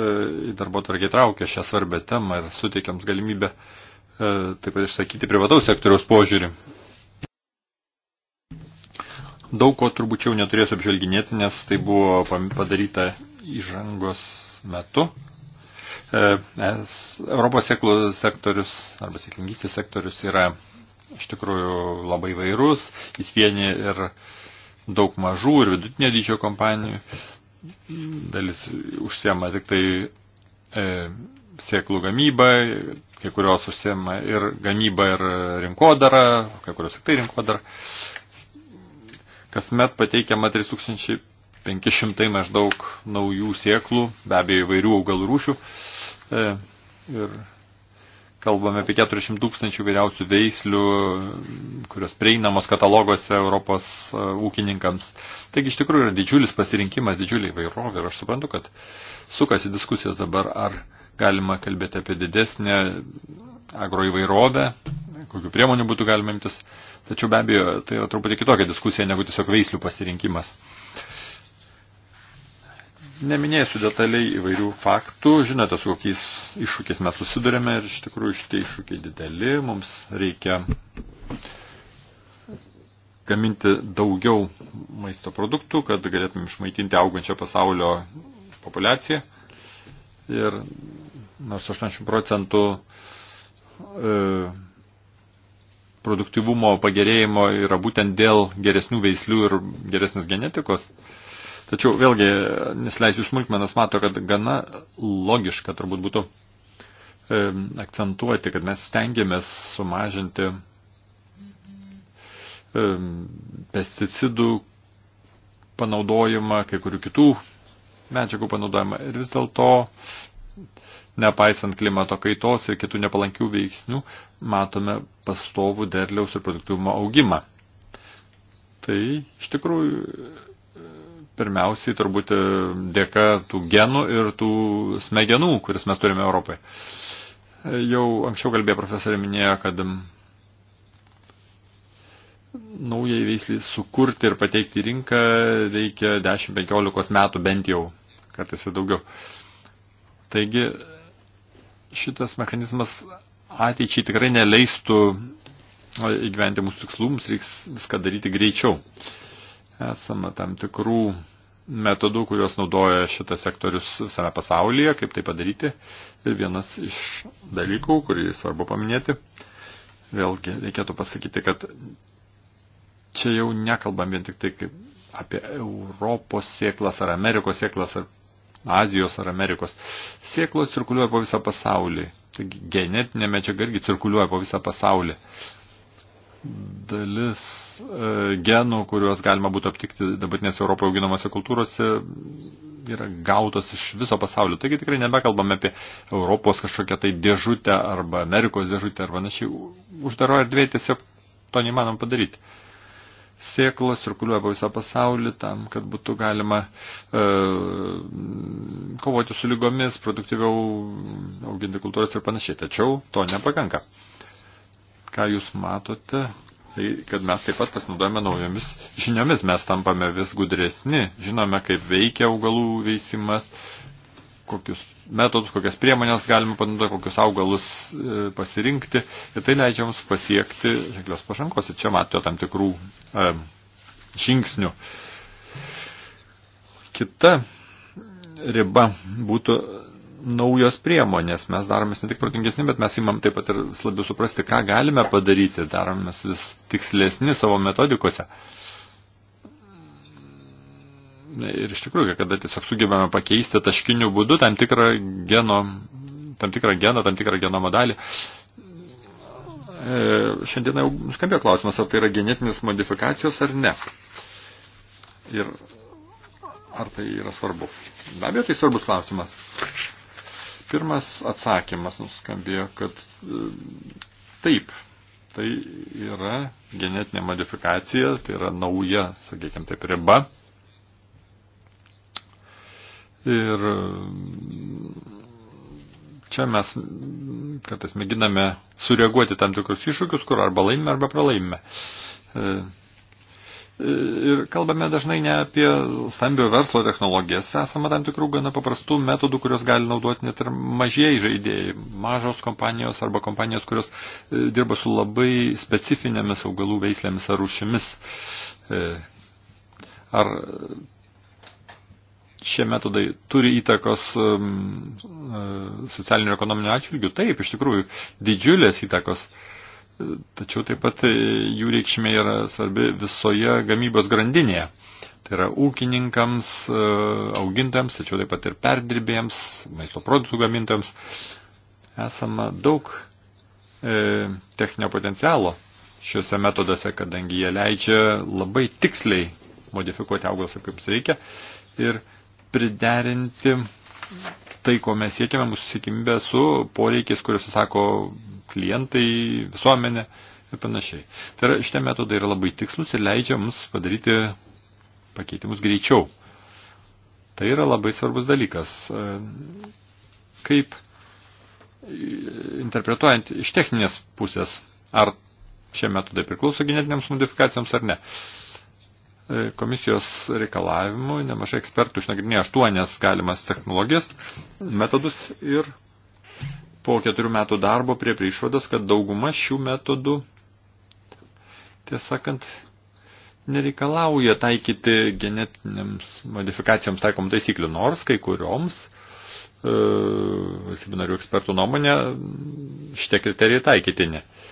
į darbo tvarkį traukė šią svarbę temą ir suteikiams galimybę e, taip pat išsakyti privataus sektoriaus požiūrį. Daug ko turbūt jau neturėsiu apžvelginėti, nes tai buvo padaryta įžangos metu, E, Europos sėklų sektorius arba sėklingystės sektorius yra iš tikrųjų labai vairus, jis vieni ir daug mažų ir vidutinio dydžio kompanijų, dalis užsiema tik tai e, sėklų gamybą, kai kurios užsiema ir gamybą ir rinkodarą, kai kurios tik tai rinkodarą. Kasmet pateikiama 3500 maždaug naujų sėklų, be abejo įvairių augalų rūšių. E, E, ir kalbame apie 400 tūkstančių vairiausių veislių, kurios prieinamos kataloguose Europos e, ūkininkams. Taigi iš tikrųjų yra didžiulis pasirinkimas, didžiulį įvairovę ir aš suprantu, kad sukasi diskusijos dabar, ar galima kalbėti apie didesnę agroįvairovę, kokiu priemonių būtų galima imtis. Tačiau be abejo, tai yra truputį kitokia diskusija negu tiesiog veislių pasirinkimas. Neminėsiu detaliai įvairių faktų, žinote, su kokiais iššūkiais mes susidurėme ir iš tikrųjų šitie iššūkiai dideli, mums reikia gaminti daugiau maisto produktų, kad galėtum išmaitinti augančią pasaulio populaciją. Ir nors 80 procentų e, produktyvumo pagerėjimo yra būtent dėl geresnių veislių ir geresnės genetikos, e, Tačiau vėlgi, nesileisiu smulkmenas, mato, kad gana logiška turbūt būtų e, akcentuoti, kad mes stengiamės sumažinti e, pesticidų panaudojimą, kai kurių kitų medžiagų panaudojimą. Ir vis dėlto, nepaisant klimato kaitos ir kitų nepalankių veiksnių, matome pastovų derliaus ir produktyvumo augimą. Tai iš tikrųjų pirmiausiai turbūt e, dėka tų genų ir tų smegenų, kuris mes turime Europoje. E, jau anksčiau kalbėjo profesorė minėjo, kad naujai veislį sukurti ir pateikti rinką reikia 10-15 metų bent jau, kartais ir daugiau. Taigi šitas mechanizmas ateičiai tikrai neleistų e, įgyventi mūsų tikslų, mums reiks viską daryti greičiau. Uh, Esama tam tikrų metodų, kuriuos naudoja šitas sektorius visame pasaulyje, kaip tai padaryti. Ir vienas iš dalykų, kurį svarbu paminėti, vėlgi reikėtų pasakyti, kad čia jau nekalbam vien tik tai kaip apie Europos sėklas ar Amerikos sėklas ar Azijos ar Amerikos. Sėklos cirkuliuoja po visą pasaulį. Taigi genetinė medžiaga irgi cirkuliuoja po visą pasaulį. Uh, dalis e, genų, kuriuos galima būtų aptikti dabartinės Europoje auginamose kultūrose, yra gautos iš viso pasaulio. Taigi tikrai nebekalbame apie Europos kažkokią tai dėžutę arba Amerikos dėžutę arba našiai. Uždaro erdvėje tiesiog to neįmanom padaryti. Sėklos cirkuliuoja po visą pasaulį tam, kad būtų galima e, kovoti su lygomis, produktyviau auginti kultūras ir panašiai. Tačiau to nepakanka. E, ką jūs matote, tai kad mes taip pat pasinaudojame naujomis žiniomis, mes tampame vis gudresni, žinome, kaip veikia augalų veisimas, kokius metodus, kokias priemonės galime panaudoti, kokius augalus e, pasirinkti ir tai leidžia mums pasiekti ženklios pažangos. Ir čia matote tam tikrų e, žingsnių. Kita riba būtų naujos priemonės. Mes daromės ne tik protingesni, bet mes įmam taip pat ir labiau suprasti, ką galime padaryti. Daromės vis tikslesni savo metodikose. Ir iš tikrųjų, kada tiesiog sugebame pakeisti taškiniu būdu tam tikrą geno, tam tikrą geną, tam tikrą genomo dalį. E, šiandien jau skambėjo klausimas, ar tai yra genetinės modifikacijos ar ne. Ir ar tai yra svarbu? Be abejo, tai svarbus klausimas. Pirmas atsakymas nuskambėjo, kad e, taip, tai yra genetinė modifikacija, tai yra nauja, sakykime taip, riba. Ir e, čia mes kartais mėginame sureaguoti tam tikrus iššūkius, kur arba laimime, arba pralaimime. E, Ir kalbame dažnai ne apie stambio verslo technologijas, esame tam tikrų gana paprastų metodų, kurios gali naudoti net ir mažieji žaidėjai, mažos kompanijos arba kompanijos, kurios e, dirba su labai specifinėmis augalų veislėmis ar rūšimis. E, ar šie metodai turi įtakos e, socialinio ir ekonominio atžvilgių? Taip, iš tikrųjų, didžiulės įtakos. Uh, tačiau taip pat e, jų reikšmė yra svarbi visoje gamybos grandinėje. Tai yra ūkininkams, e, augintams, tačiau taip pat ir perdirbėjams, maisto produktų gamintams. Esama daug e, techninio potencialo šiuose metoduose, kadangi jie leidžia labai tiksliai modifikuoti augalus, kaip jums reikia, ir priderinti tai, ko mes siekiame, mūsų siekimbė su poreikiais, kuriuos sako klientai, visuomenė ir panašiai. Tai yra, šitie metodai yra labai tikslus ir leidžia mums padaryti pakeitimus greičiau. Tai yra labai svarbus dalykas. Kaip interpretuojant iš techninės pusės, ar šie metodai priklauso genetinėms modifikacijoms ar ne. Uh, komisijos reikalavimų nemažai ekspertų išnagrinėjo aštuonias galimas technologijas, metodus ir po keturių metų darbo prie priešvados, kad dauguma šių metodų, tiesąkant, nereikalauja taikyti genetinėms modifikacijoms taikom taisyklių, nors kai kurioms e, valstybių narių ekspertų nuomonė šitie kriterijai taikytini. E,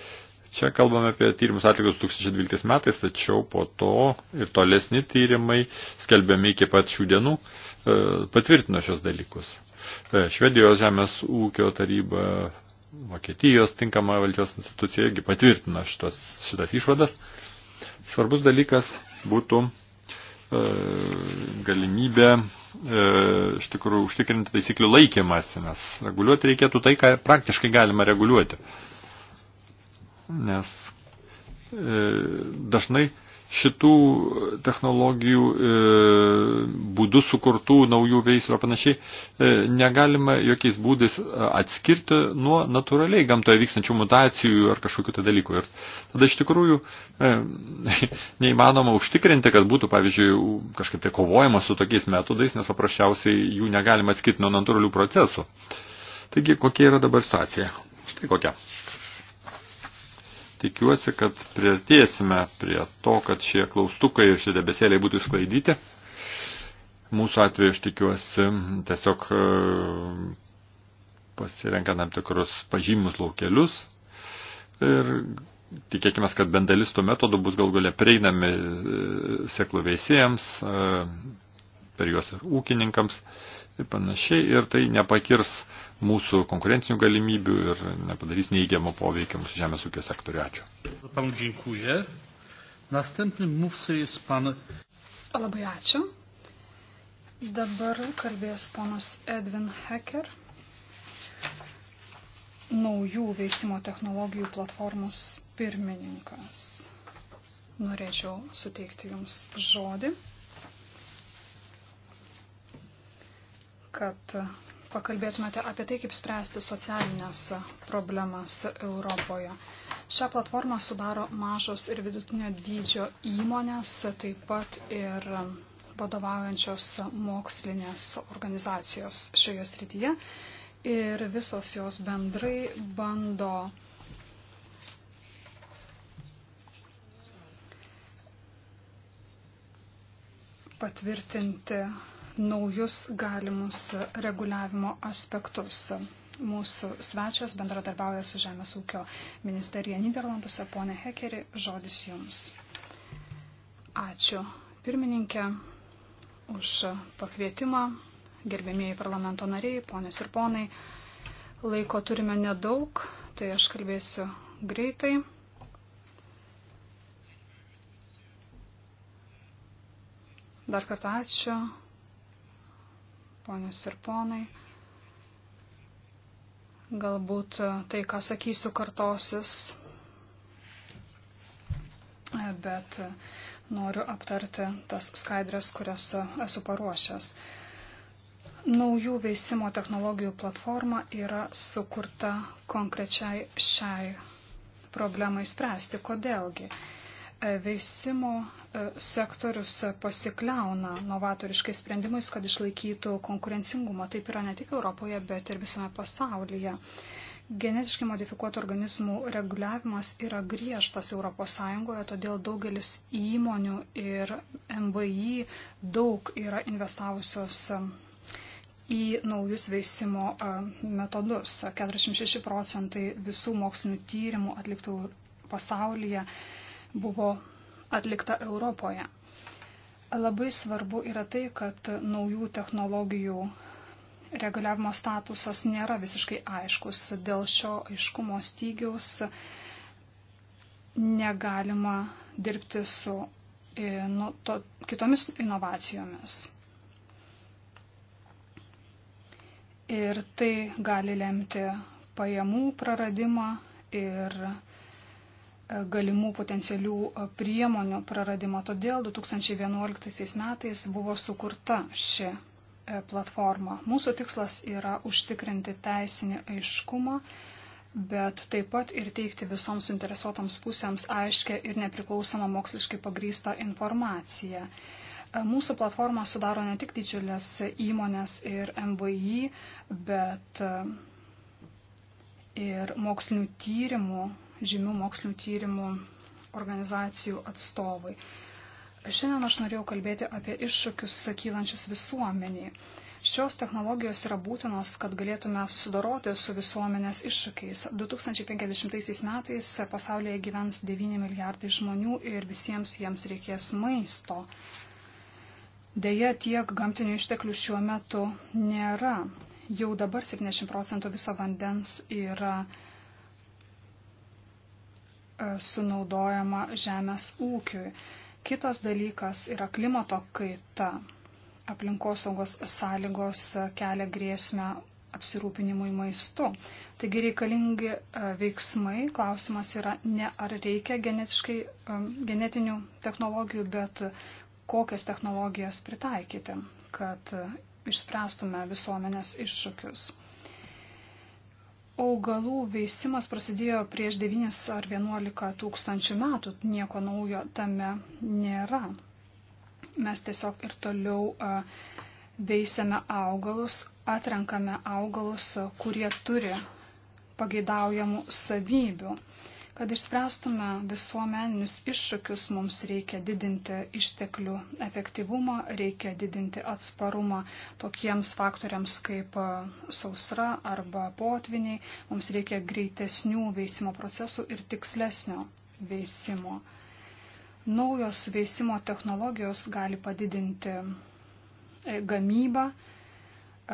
Čia kalbame apie tyrimus atlikus 2012 metais, tačiau po to ir tolesni tyrimai skelbiami iki pat šių dienų e, patvirtino šios dalykus. E, Švedijos žemės ūkio taryba, Vokietijos tinkama valdžios institucija irgi patvirtino šitos, šitas išvadas. Svarbus dalykas būtų e, galimybę iš tikrųjų užtikrinti taisyklių laikymasi, nes reguliuoti reikėtų tai, ką praktiškai galima reguliuoti nes e, dažnai šitų technologijų e, būdų sukurtų naujų veislių ar panašiai e, negalima jokiais būdais atskirti nuo natūraliai gamtoje vykstančių mutacijų ar kažkokių tai dalykų. Ir tada iš tikrųjų neįmanoma užtikrinti, kad būtų, pavyzdžiui, kažkaip tai kovojama su tokiais metodais, nes paprasčiausiai jų negalima atskirti nuo natūralių procesų. Taigi, kokia yra dabar situacija? Štai kokia. Tikiuosi, kad priartėsime prie to, kad šie klaustukai ir šie debesėliai būtų išsklaidyti. Mūsų atveju aš tikiuosi tiesiog e, pasirenka tam tikrus pažymus laukelius ir tikėkime, kad bendalis tų metodų bus gal galia prieinami e, seklų veisėjams, e, per juos ir ūkininkams ir panašiai, ir tai nepakirs mūsų konkurencinių galimybių ir nepadarys neįgiamo poveikio mūsų žemės ūkio sektoriu. Ačiū. Labai ačiū. Dabar kalbės ponas Edvin Hecker, naujų veisimo technologijų platformos pirmininkas. Norėčiau suteikti Jums žodį. kad pakalbėtumėte apie tai, kaip spręsti socialinės problemas Europoje. Šią platformą sudaro mažos ir vidutinio dydžio įmonės, taip pat ir vadovaujančios mokslinės organizacijos šioje srityje. Ir visos jos bendrai bando patvirtinti naujus galimus reguliavimo aspektus. Mūsų svečias bendradarbiauja su Žemės ūkio ministerija Niderlanduose. Pone Hekeri, žodis Jums. Ačiū pirmininkė už pakvietimą. Gerbėmėjai parlamento nariai, ponės ir ponai, laiko turime nedaug, tai aš kalbėsiu greitai. Dar kartą ačiū ponios ir ponai. Galbūt tai, ką sakysiu, kartosis, bet noriu aptarti tas skaidrės, kurias esu paruošęs. Naujų veisimo technologijų platforma yra sukurta konkrečiai šiai problemai spręsti. Kodėlgi? Veisimo e, sektorius pasikliauna novatoriškais sprendimais, kad išlaikytų konkurencingumą. Taip yra ne tik Europoje, bet ir visame pasaulyje. Genetiškai modifikuotų organizmų reguliavimas yra griežtas ES, todėl daugelis įmonių ir MVI daug yra investavusios e, į naujus veisimo e, metodus. 46 procentai visų mokslinių tyrimų atliktų pasaulyje buvo atlikta Europoje. Labai svarbu yra tai, kad naujų technologijų reguliavimo statusas nėra visiškai aiškus. Dėl šio aiškumo stygiaus negalima dirbti su e, nu, to, kitomis inovacijomis. Ir tai gali lemti pajamų praradimą ir galimų potencialių priemonių praradimo. Todėl 2011 metais buvo sukurta ši e, platforma. Mūsų tikslas yra užtikrinti teisinį aiškumą, bet taip pat ir teikti visoms suinteresuotoms pusėms aiškę ir nepriklausomą moksliškai pagrįstą informaciją. E, mūsų platformą sudaro ne tik didžiulės įmonės ir MVI, bet e, ir mokslinių tyrimų žymių mokslinių tyrimų organizacijų atstovai. Šiandien aš norėjau kalbėti apie iššūkius kylančius visuomeniai. Šios technologijos yra būtinos, kad galėtume susidoroti su visuomenės iššūkiais. 2050 metais pasaulyje gyvens 9 milijardai žmonių ir visiems jiems reikės maisto. Deja, tiek gamtinių išteklių šiuo metu nėra. Jau dabar 70 procentų viso vandens yra E, sunaudojama žemės ūkiui. Kitas dalykas yra klimato kaita. Aplinkosaugos sąlygos kelia grėsmę apsirūpinimui maistu. Taigi reikalingi e, veiksmai. Klausimas yra ne ar reikia e, genetinių technologijų, bet kokias technologijas pritaikyti, kad išspręstume visuomenės iššūkius augalų veisimas prasidėjo prieš 9 ar 11 tūkstančių metų, nieko naujo tame nėra. Mes tiesiog ir toliau veisiame augalus, atrenkame augalus, kurie turi pageidaujamų savybių. Kad išspręstume visuomeninius iššūkius, mums reikia didinti išteklių efektyvumą, reikia didinti atsparumą tokiems faktoriams kaip e, sausra arba potviniai, mums reikia greitesnių veisimo procesų ir tikslesnio veisimo. Naujos veisimo technologijos gali padidinti e, gamybą,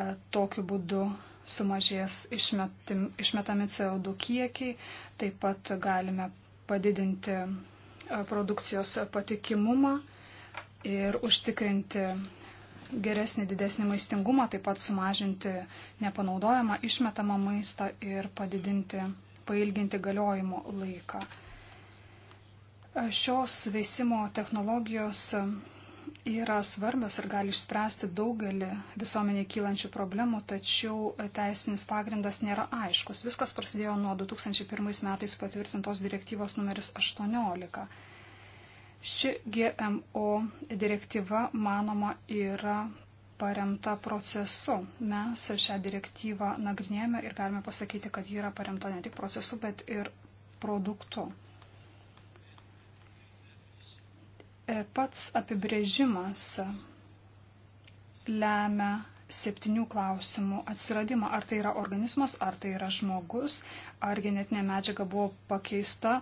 e, tokiu būdu sumažės išmetim, išmetami CO2 kiekiai, taip pat galime padidinti e, produkcijos patikimumą ir užtikrinti geresnį, didesnį maistingumą, taip pat sumažinti nepanaudojamą išmetamą maistą ir padidinti, pailginti galiojimo laiką. Šios veisimo technologijos yra svarbios ir gali išspręsti daugelį visuomenėje kylančių problemų, tačiau teisinis pagrindas nėra aiškus. Viskas prasidėjo nuo 2001 metais patvirtintos direktyvos numeris 18. Ši GMO direktyva, manoma, yra paremta procesu. Mes šią direktyvą nagrinėjame ir galime pasakyti, kad ji yra paremta ne tik procesu, bet ir produktu. E, pats apibrėžimas lemia septynių klausimų atsiradimą. Ar tai yra organizmas, ar tai yra žmogus, ar genetinė medžiaga buvo pakeista,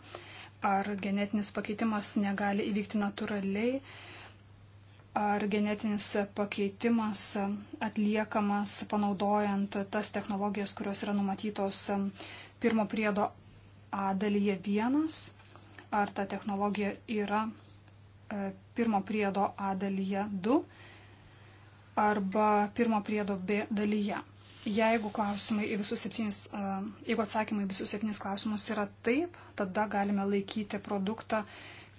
ar genetinis pakeitimas negali įvykti natūraliai, ar genetinis pakeitimas atliekamas panaudojant tas technologijas, kurios yra numatytos pirmo priedo A dalyje vienas, ar ta technologija yra E, pirmo priedo A dalyje 2 arba pirmo priedo B dalyje. Jeigu, septynis, e, jeigu atsakymai visus septynis klausimus yra taip, tada galime laikyti produktą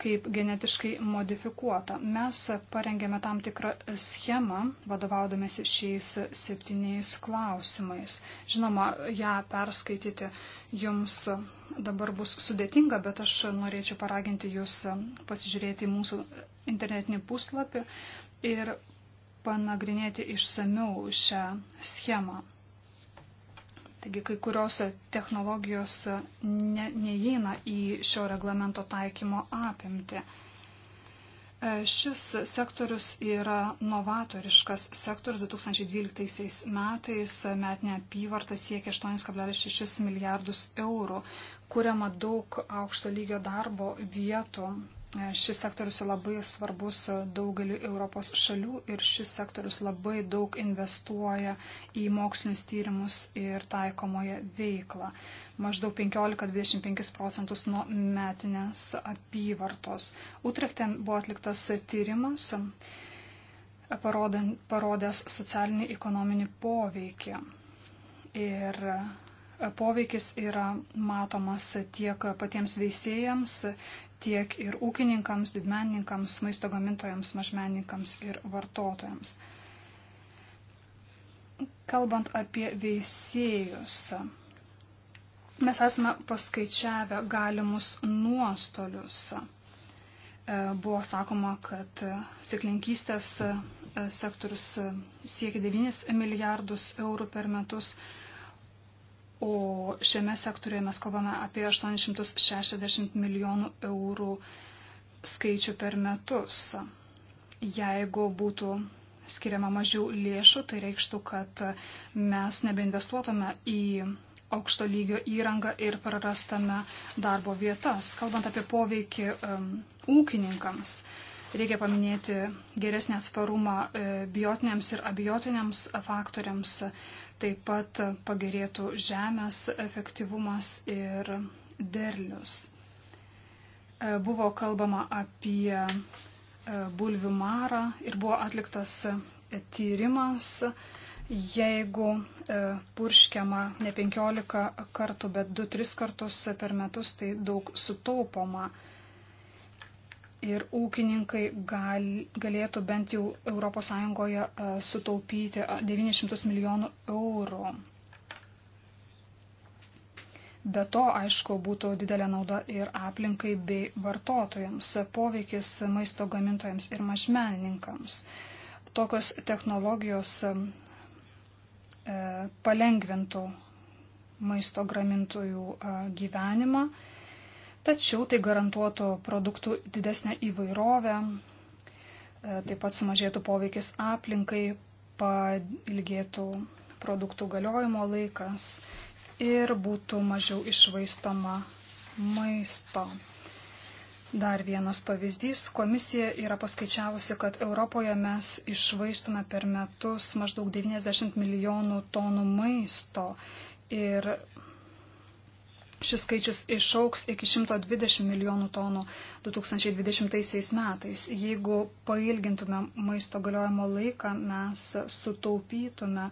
kaip genetiškai modifikuota. Mes parengėme tam tikrą schemą, vadovaudomėsi šiais septyniais klausimais. Žinoma, ją perskaityti jums dabar bus sudėtinga, bet aš norėčiau paraginti jūs pasižiūrėti į mūsų internetinį puslapį ir panagrinėti išsamiau šią schemą. Taigi kai kurios technologijos ne, neįeina į šio reglamento taikymo apimti. E, šis sektorius yra novatoriškas sektorius 2012 metais metinė apyvarta siekia 8,6 milijardus eurų, kuriama daug aukšto lygio darbo vietų Šis sektorius labai svarbus daugeliu Europos šalių ir šis sektorius labai daug investuoja į mokslinius tyrimus ir taikomoje veiklą. Maždaug 15-25 procentus nuo metinės apyvartos. Utrechte buvo atliktas tyrimas, parodęs socialinį ekonominį poveikį. Ir poveikis yra matomas tiek patiems veisėjams, tiek ir ūkininkams, didmenininkams, maisto gamintojams, mažmenininkams ir vartotojams. Kalbant apie veisėjus, mes esame paskaičiavę galimus nuostolius. E, buvo sakoma, kad sėklinkystės e, sektorius siekia 9 milijardus eurų per metus, O šiame sektoriuje mes kalbame apie 860 milijonų eurų skaičių per metus. Jeigu būtų skiriama mažiau lėšų, tai reikštų, kad mes nebeinvestuotume į aukšto lygio įrangą ir prarastame darbo vietas. Kalbant apie poveikį um, ūkininkams, reikia paminėti geresnį atsparumą e, biotiniams ir abiotiniams faktoriams. E, Taip pat pagerėtų žemės efektyvumas ir derlius. E, buvo kalbama apie e, bulvių marą ir buvo atliktas e, tyrimas, jeigu purškiama ne 15 kartų, bet 2-3 kartus per metus, tai daug sutaupoma ir ūkininkai gal, galėtų bent jau ES e, sutaupyti 900 milijonų eurų. Be to, aišku, būtų didelė nauda ir aplinkai bei vartotojams, poveikis maisto gamintojams ir mažmenininkams. Tokios technologijos e, palengvintų maisto gamintojų e, gyvenimą. E, tačiau tai garantuotų produktų didesnę įvairovę, e, taip pat sumažėtų poveikis aplinkai, pailgėtų produktų galiojimo laikas ir būtų mažiau išvaistoma maisto. Dar vienas pavyzdys. Komisija yra paskaičiavusi, kad Europoje mes išvaistume per metus maždaug 90 milijonų tonų maisto ir Šis skaičius išauks iki 120 milijonų tonų 2020 metais. Jeigu pailgintume maisto galiojimo laiką, mes sutaupytume,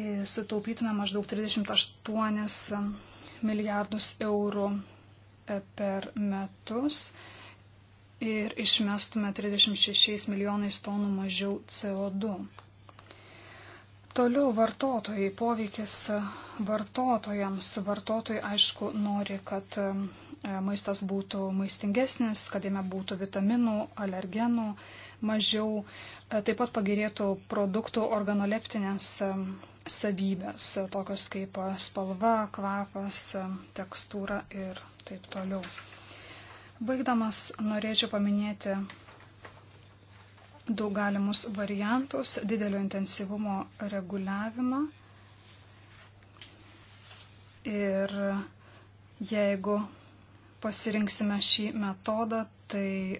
e, sutaupytume maždaug 38 milijardus eurų e, per metus ir išmestume 36 milijonais tonų mažiau CO2. Toliau vartotojai, poveikis vartotojams. Vartotojai, aišku, nori, kad e, maistas būtų maistingesnis, kad jame būtų vitaminų, alergenų mažiau, e, taip pat pagerėtų produktų organoleptinės e, savybės, tokios kaip spalva, kvapas, tekstūra ir taip toliau. Baigdamas norėčiau paminėti du galimus variantus - didelio intensyvumo reguliavimą. Ir jeigu pasirinksime šį metodą, tai e,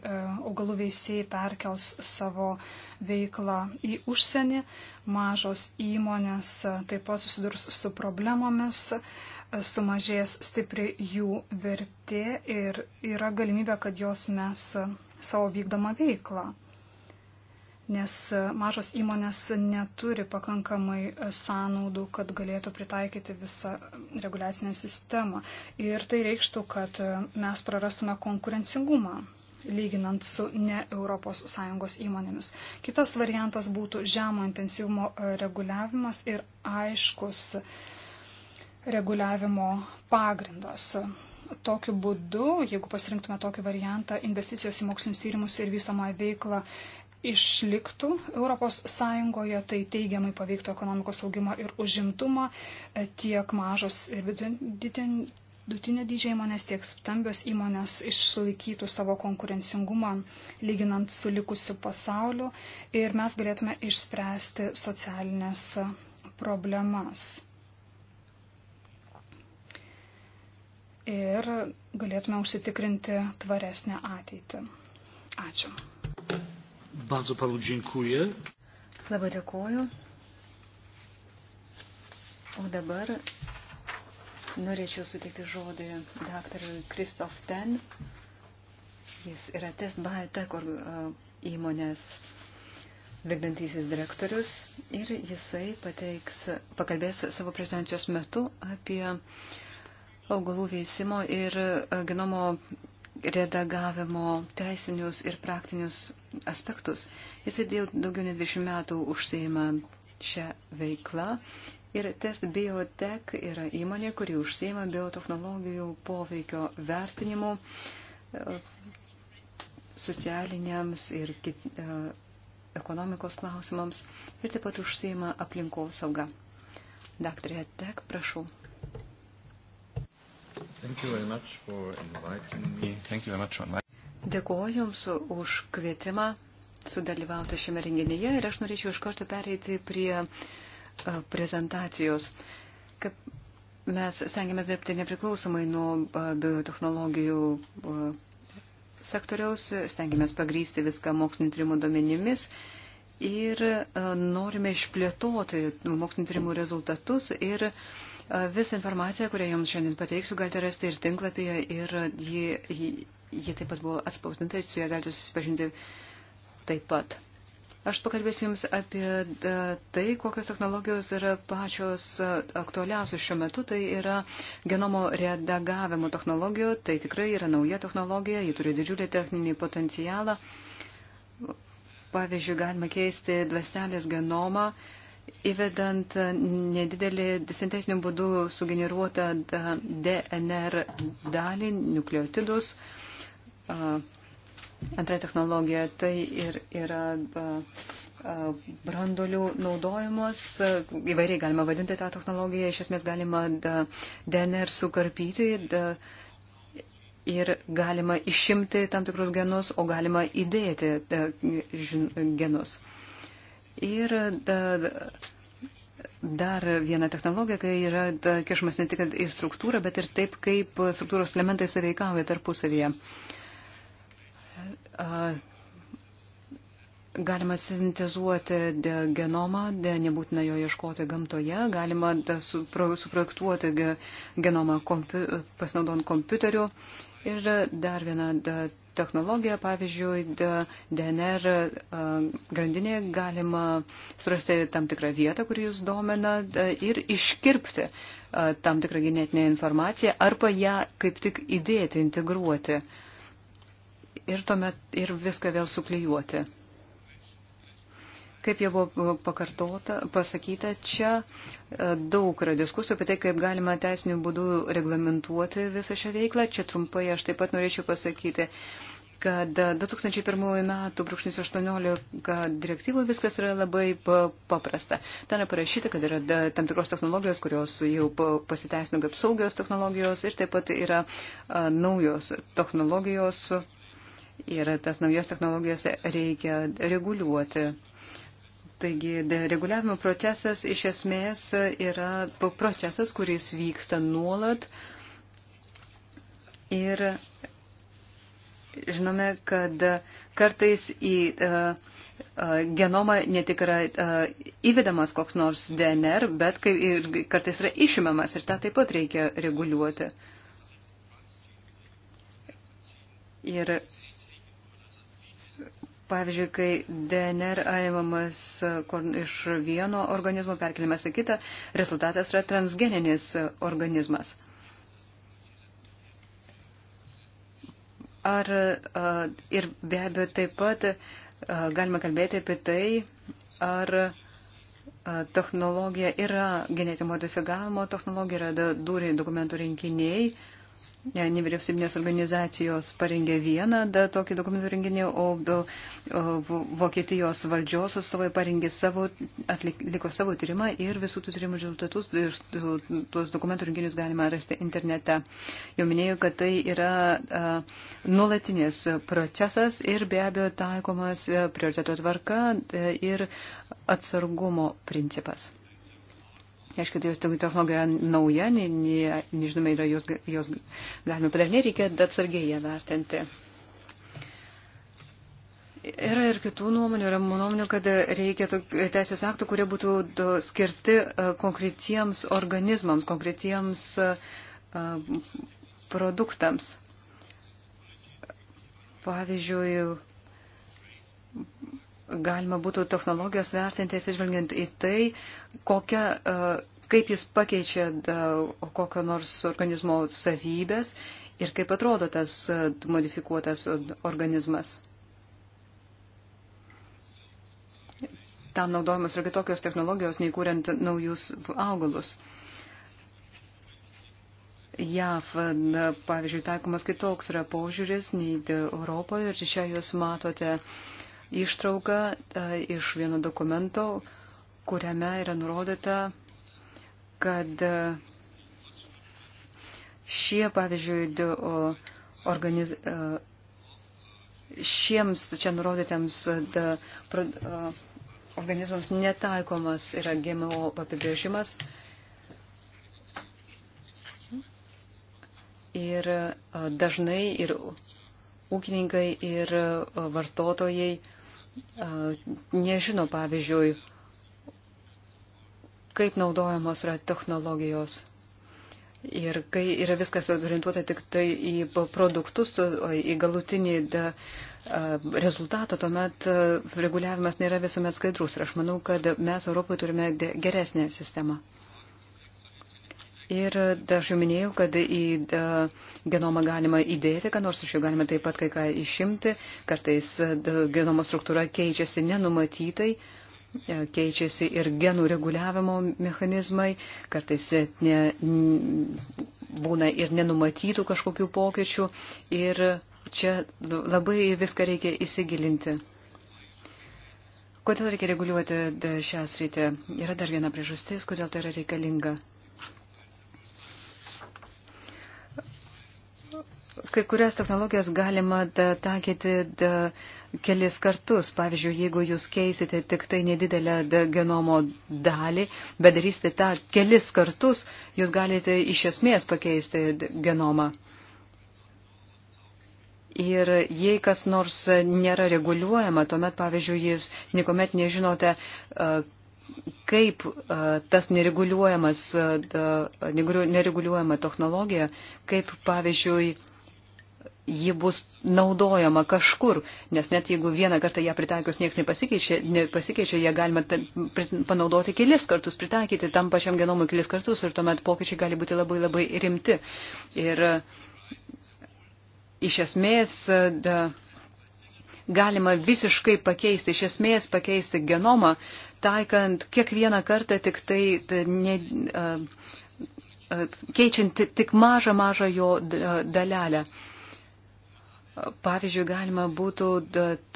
augalų veisėjai perkels savo veiklą į užsienį, mažos įmonės e, taip pat susidurs su problemomis, e, sumažės stipriai jų vertė ir yra galimybė, kad jos mes savo vykdomą veiklą nes e, mažos įmonės neturi pakankamai e, sąnaudų, kad galėtų pritaikyti visą reguliacinę sistemą. Ir tai reikštų, kad e, mes prarastume konkurencingumą lyginant su ne ES įmonėmis. Kitas variantas būtų žemo intensyvumo reguliavimas ir aiškus reguliavimo pagrindas. Tokiu būdu, jeigu pasirinktume tokį variantą, investicijos į mokslinius tyrimus ir vystamą veiklą išliktų ES, tai teigiamai paveiktų ekonomikos augimą ir užimtumą e, tiek mažos ir vidutinio dydžio įmonės, tiek stambios įmonės išlaikytų savo konkurencingumą lyginant su likusiu pasauliu ir mes galėtume išspręsti socialinės problemas. Ir galėtume užsitikrinti tvaresnę ateitį. Ačiū. Bardzo panu dziękuję. Labai dėkuoju. O dabar norėčiau sutikti žodį daktarui Kristof Ten. Jis yra Test Biotech įmonės vykdantysis direktorius ir jisai pateiks, pakalbės savo prezidencijos metu apie augalų veisimo ir genomo redagavimo teisinius ir praktinius aspektus. Jis jau daugiau nei 20 metų užsieima šią veiklą ir Test Biotech yra įmonė, kuri užsieima biotechnologijų poveikio vertinimu e, socialiniams ir kit, e, ekonomikos klausimams ir taip pat užsieima aplinkos saugą. Daktarė Tek, prašau. Dėkuoju Jums už kvietimą sudalyvauti šiame renginyje ir aš norėčiau iš karto pereiti prie e, prezentacijos. Kaip mes stengiamės dirbti nepriklausomai nuo e, biotechnologijų e, sektoriaus, stengiamės pagrysti viską mokslinio tyrimų duomenimis ir norime išplėtoti mokslinio tyrimų rezultatus ir uh, Visą informaciją, kurią jums šiandien pateiksiu, galite rasti ir tinklapyje, ir ji, ji, ji taip pat buvo atspausdinta ir su ją galite susipažinti taip pat. Aš pakalbėsiu Jums apie tai, kokios technologijos yra pačios aktualiausios šiuo metu. Tai yra genomo redagavimo technologija. Tai tikrai yra nauja technologija, ji turi didžiulį techninį potencialą. Pavyzdžiui, galima keisti ląstelės genomą įvedant nedidelį sintetiniu būdu sugeneruotą DNR dalį, nukleotidus. Antra technologija tai ir yra brandolių naudojimas. Įvairiai galima vadinti tą technologiją. Iš esmės galima DNR sukarpyti. Da, ir galima išimti tam tikrus genus, o galima įdėti genus. Uh, Ir da, dar viena technologija, kai yra da, kišmas ne tik į struktūrą, bet ir taip, kaip struktūros elementai saveikauja tarpusavyje. Galima sintezuoti genomą, nebūtina jo ieškoti gamtoje, galima suprojektuoti genomą kompi, pasinaudojant kompiuteriu. Ir dar viena da, technologiją, pavyzdžiui, DNR grandinėje galima surasti tam tikrą vietą, kuri jūs domina ir iškirpti tam tikrą genetinę informaciją arba ją kaip tik įdėti, integruoti ir tuomet ir viską vėl suklyjuoti. Kaip jau buvo pakartota, pasakyta, čia e, daug yra diskusijų apie tai, kaip galima teisinių būdų reglamentuoti visą šią veiklą. Čia trumpai aš taip pat norėčiau pasakyti, kad 2001 e, metų brūkšnis 18 direktyvo viskas yra labai paprasta. Ten yra parašyta, kad yra tam tikros technologijos, kurios jau pasiteisino kaip saugios technologijos ir taip pat yra a, naujos technologijos ir tas naujas technologijas reikia reguliuoti. Taigi, reguliavimo procesas iš esmės yra procesas, kuris vyksta nuolat. Ir žinome, kad kartais į uh, genomą ne tik yra uh, įvedamas koks nors DNR, bet kai, ir kartais yra išimamas ir tą taip pat reikia reguliuoti. Ir Pavyzdžiui, kai DNR aimamas e, iš vieno organizmo perkeliamas į kitą, rezultatas yra transgeninis e, organizmas. Ar e, ir be abejo taip pat galima kalbėti apie tai, ar technologija yra genetinio modifikavimo technologija, yra dūriai dokumentų rinkiniai, nevyriausybinės organizacijos parengė vieną da, tokį dokumentų renginį, o, o, o Vokietijos valdžios atstovai parengė savo, atliko savo tyrimą ir visų tų tyrimų rezultatus, tuos dokumentų renginius galima rasti internete. Jau minėjau, kad tai yra a, nulatinis procesas ir be abejo taikomas prioriteto tvarka e, ir atsargumo principas. Aišku, tai technologija nauja, ne, ne, nežinome, yra jos, jos galime padarniai, reikia atsargiai ją vertinti. Yra ir kitų nuomonių, yra nuomonių, kad reikia teisės aktų, kurie būtų skirti konkretiems organizmams, konkretiems produktams. Pavyzdžiui, galima būtų technologijos vertinti, atsižvelgiant į tai, kokia, e, kaip jis pakeičia kokio nors organizmo savybės ir kaip atrodo tas e, modifikuotas organizmas. Tam naudojamas yra kitokios technologijos, nei kuriant naujus augalus. JAV, pavyzdžiui, taikomas kitoks yra požiūris nei Europoje ir čia jūs matote uh, ištrauką e, iš vieno dokumento, kuriame yra nurodyta, kad e, šie, pavyzdžiui, organiz... E, šiems čia nurodytiems da, pra, organizmams netaikomas yra GMO apibrėžimas. Ir dažnai ir ūkininkai, ir vartotojai nežino, pavyzdžiui, kaip naudojamos yra technologijos. Ir kai yra viskas orientuota tik tai į produktus, į galutinį da, rezultatą, tuomet reguliavimas nėra visuomet skaidrus. Ir aš manau, kad mes Europoje turime geresnę sistemą. Ir e, aš jau minėjau, kad į genomą galima įdėti, kad nors iš jo galima taip pat kai ką išimti. Kartais e, genomo struktūra keičiasi nenumatytai, e, keičiasi ir genų reguliavimo mechanizmai, kartais ne, būna ir nenumatytų kažkokių pokyčių. Ir čia nu, labai viską reikia įsigilinti. Kodėl reikia reguliuoti šią sritį? Yra dar viena priežastis, kodėl tai yra reikalinga. Kai kurias technologijas galima taikyti kelis kartus. Pavyzdžiui, jeigu jūs keisite tik tai nedidelę da, genomo dalį, bet darysite tą kelis kartus, jūs galite iš esmės pakeisti genomą. Ir jei kas nors nėra reguliuojama, tuomet, pavyzdžiui, jūs niekuomet nežinote, kaip tas nereguliuojamas, nereguliuojama technologija, kaip, pavyzdžiui, ji bus naudojama kažkur, nes net jeigu vieną kartą ją pritaikius niekas nepasikeičia, nepasikeičia ją galima panaudoti kelis kartus, pritaikyti tam pačiam genomui kelis kartus ir tuomet pokyčiai gali būti labai labai rimti. Ir iš esmės da, galima visiškai pakeisti, iš esmės pakeisti genomą, taikant kiekvieną kartą tik tai ta, ne. A, keičiant tik mažą, mažą jo dalelę. Uh, Pavyzdžiui, galima būtų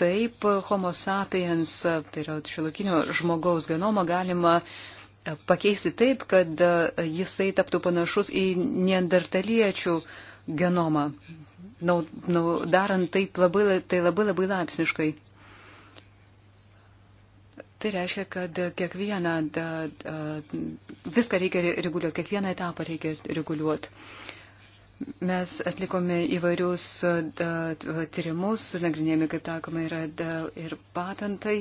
taip homo sapiens, tai yra šilukinio žmogaus genomą, galima e, pakeisti taip, kad e, jisai taptų panašus į neandertaliečių genomą, nau, nau, darant taip labai, tai labai labai laipsniškai. Tai reiškia, kad kiekvieną, da, da, viską reikia reguliuoti, kiekvieną etapą reikia reguliuoti. Mes atlikome įvairius tyrimus, nagrinėjami, kaip takoma, yra ir patentai,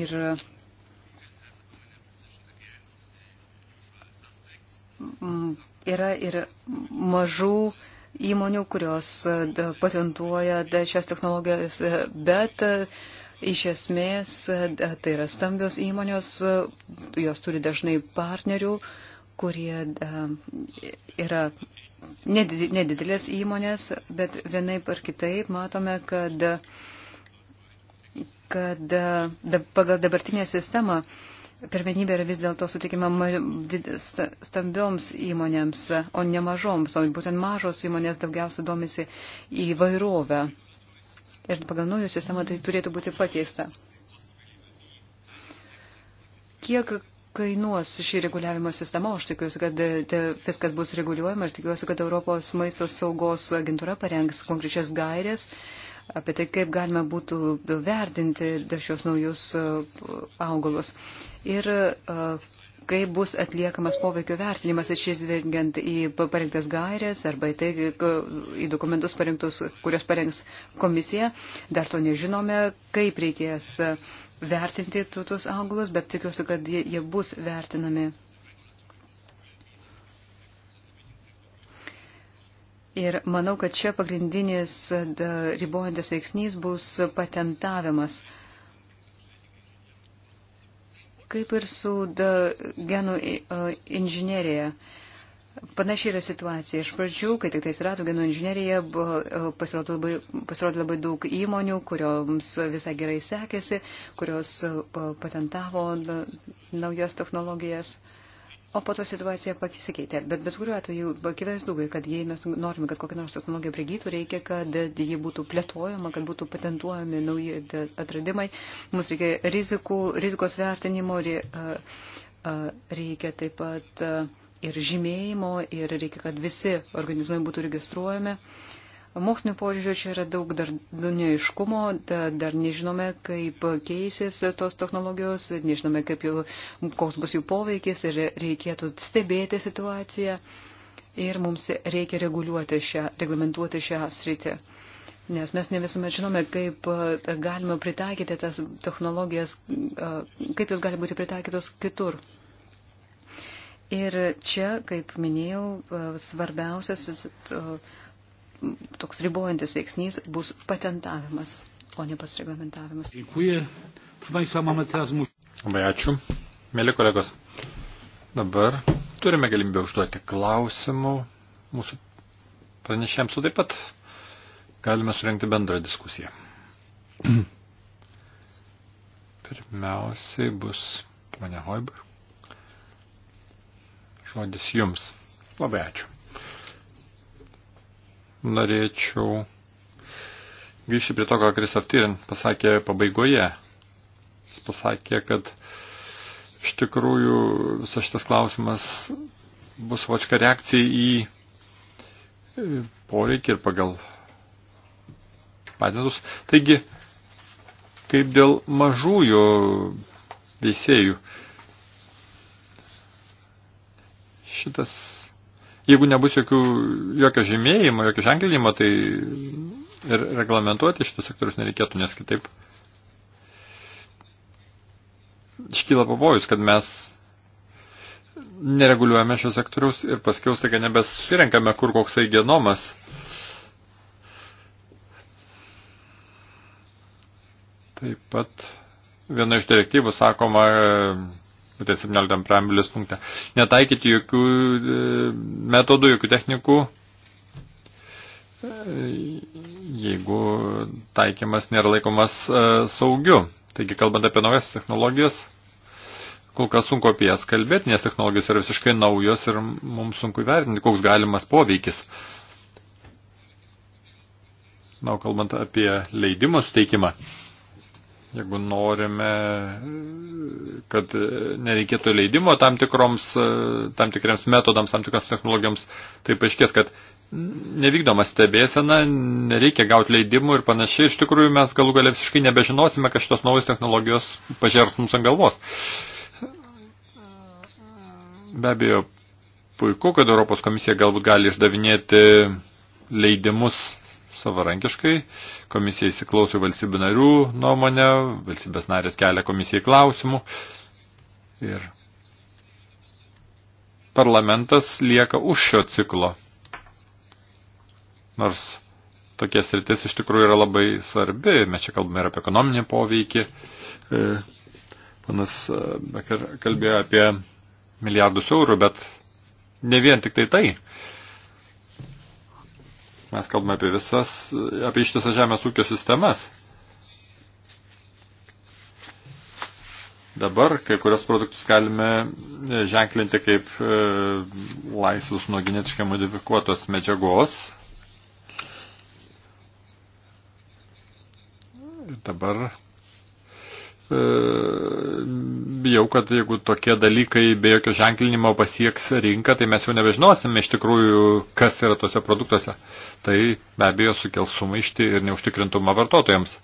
ir yra ir mažų įmonių, kurios patentuoja šias technologijas, bet Iš esmės, tai yra stambios įmonės, jos turi dažnai partnerių, kurie yra nedidelės įmonės, bet vienaip ar kitaip matome, kad, kad pagal dabartinę sistemą pirmenybė yra vis dėlto sutikima stambioms įmonėms, o ne mažoms, o būtent mažos įmonės daugiausia domisi į vairovę. Ir pagal naujų sistemą tai turėtų būti pakeista. Kiek kainuos šį reguliavimo sistemą. Aš tikiuosi, kad e, viskas bus reguliuojama ir tikiuosi, kad Europos maisto saugos agentūra parengs konkrečias gairės apie tai, kaip galima būtų vertinti šios naujus e, augalus. Ir e, kaip bus atliekamas poveikio vertinimas, atsižvelgiant į parengtas gairės arba į, tai, į dokumentus parengtus, kurios parengs komisija. Dar to nežinome, kaip reikės vertinti tuos augalus, bet tikiuosi, kad jie, jie bus vertinami. Ir manau, kad čia pagrindinis ribojantis veiksnys bus patentavimas. Kaip ir su genų e, inžinierija. Uh, Panašiai yra situacija. Iš pradžių, kai tik tai atsirado genų inžinierija, pasirodė labai, pasirodė labai daug įmonių, kurioms visai gerai sekėsi, kurios e, patentavo naujas technologijas. O po to situacija pasikeitė. Bet bet kuriuo atveju akivaizdu, kad jei mes norime, kad kokią nors technologiją prigytų, reikia, kad ji būtų plėtojama, kad būtų patentuojami nauji atradimai. Mums reikia rizikų, rizikos vertinimo, reikia taip pat ir žymėjimo ir reikia, kad visi organizmai būtų registruojami. Mokslinio požiūrio čia yra daug dar nu, neaiškumo, dar nežinome, kaip keisės tos technologijos, nežinome, kaip jų, koks bus jų poveikis ir reikėtų stebėti situaciją ir mums reikia reguliuoti šią, reglamentuoti šią sritį. Nes mes ne visuomet žinome, kaip galima pritaikyti tas technologijas, kaip jos gali būti pritaikytos kitur. Ir čia, kaip minėjau, svarbiausias toks ribojantis veiksnys bus patentavimas, o ne pats reglamentavimas. Labai ačiū. Mėly kolegos, dabar turime galimybę užduoti klausimų mūsų pranešėms, o taip pat galime surinkti bendrą diskusiją. Pirmiausiai bus ponia Hoiber žodis jums. Labai ačiū. Norėčiau grįžti prie to, ką Kristof Tyrin pasakė pabaigoje. Jis pasakė, kad iš tikrųjų visas šitas klausimas bus vačka reakcija į e, poreikį ir pagal patinus. Taigi, kaip dėl mažųjų veisėjų. šitas, jeigu nebus jokių, jokio žymėjimo, jokio ženklinimo, tai ir reglamentuoti šitas sektorius nereikėtų, nes kitaip iškyla pavojus, kad mes nereguliuojame šio sektoriaus ir paskiau staiga nebesusirenkame, kur koksai genomas. Taip pat viena iš direktyvų sakoma, būtent 17 preambulės punkte. Netaikyti jokių e, metodų, jokių technikų, e, jeigu taikymas nėra laikomas e, saugiu. Taigi, kalbant apie naujas technologijas, kol kas sunku apie jas kalbėti, nes technologijos yra visiškai naujos ir mums sunku įvertinti, koks galimas poveikis. Na, kalbant apie leidimo suteikimą jeigu norime, kad nereikėtų leidimo tam, tikroms, tam tikriams metodams, tam tikroms technologijoms, tai paaiškės, kad nevykdoma stebėsena, nereikia gauti leidimų ir panašiai. Iš tikrųjų, mes galų galia visiškai nebežinosime, kad šitos naujos technologijos pažers mums ant galvos. Be abejo, puiku, kad Europos komisija galbūt gali išdavinėti leidimus savarankiškai, komisija įsiklauso valstybių narių nuomonę, valstybės narės kelia komisijai klausimų ir parlamentas lieka už šio ciklo. Nors tokie sritis iš tikrųjų yra labai svarbi, mes čia kalbame ir apie ekonominį poveikį. E, panas e, kalbėjo apie milijardus eurų, bet ne vien tik tai tai. Mes kalbame apie visas, apie ištisą žemės ūkio sistemas. Dabar kai kurios produktus galime ženklinti kaip e, laisvus nuo genetiškai modifikuotos medžiagos. Ir dabar E, bijau, kad jeigu tokie dalykai be jokio ženklinimo pasieks rinką, tai mes jau nebežinosime iš tikrųjų, kas yra tose produktuose. Tai be abejo sukels sumaišti ir neužtikrintumą vartotojams.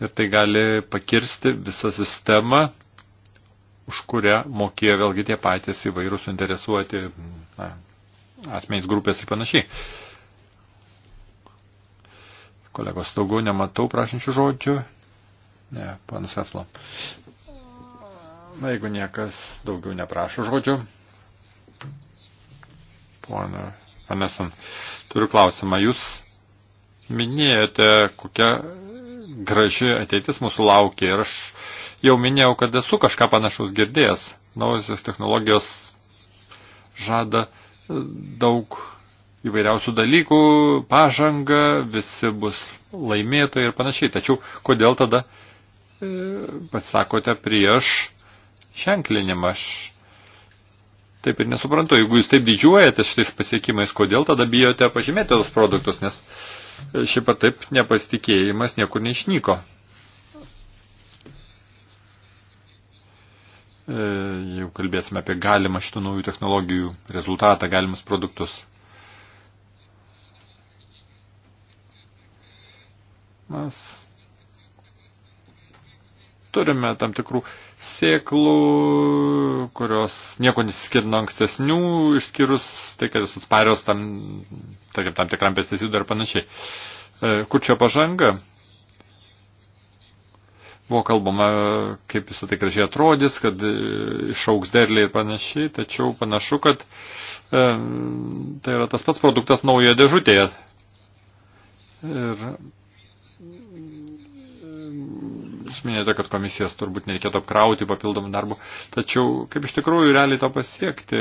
Ir tai gali pakirsti visą sistemą, už kurią mokėjo vėlgi tie patys įvairūs interesuoti na, asmenys grupės ir panašiai. Kolegos daugiau nematau prašančių žodžių. Ne, panas Eflo. Na, jeigu niekas daugiau neprašo žodžių. Pona Anesan, turiu klausimą. Jūs minėjote, kokia graži ateitis mūsų laukia ir aš jau minėjau, kad esu kažką panašaus girdėjęs. Naujosios technologijos žada daug įvairiausių dalykų, pažanga, visi bus laimėtojai ir panašiai. Tačiau kodėl tada E, pasisakote prieš ženklinimą. Aš taip ir nesuprantu, jeigu jūs taip didžiuojate šitais pasiekimais, kodėl tada bijote pažymėti tos produktus, nes šiaip ar taip nepasitikėjimas niekur neišnyko. E, Jau kalbėsime apie galimą šitų naujų technologijų rezultatą, galimus produktus. Mes turime tam tikrų sėklų, kurios nieko nesiskirino ankstesnių, išskyrus tai, kad jos atsparios tam, tarkim, tam tikram pesticidų ir panašiai. E, Kur čia pažanga? Buvo kalbama, kaip visą tai gražiai atrodys, kad e, išauks derliai ir panašiai, tačiau panašu, kad e, tai yra tas pats produktas naujoje dėžutėje. Ir Jūs minėjote, kad komisijas turbūt nereikėtų apkrauti papildomų darbų, tačiau kaip iš tikrųjų realiai to pasiekti,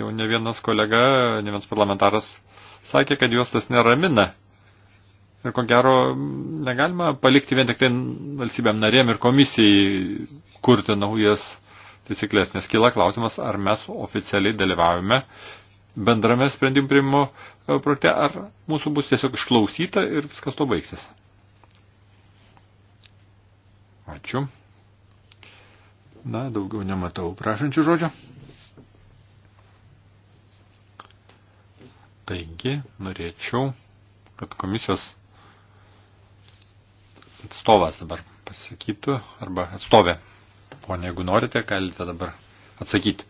jau ne vienas kolega, ne vienas parlamentaras sakė, kad juos tas neramina. Ir ko gero negalima palikti vien tik tai valstybėm narėm ir komisijai kurti naujas taisyklės, nes kyla klausimas, ar mes oficialiai dalyvavome bendrame sprendimų priimimo projekte, ar mūsų bus tiesiog išklausyta ir viskas to baigsis. Ačiū. Na, daugiau nematau prašančių žodžio. Taigi, norėčiau, kad komisijos atstovas dabar pasakytų, arba atstovė. Pone, jeigu norite, galite dabar atsakyti.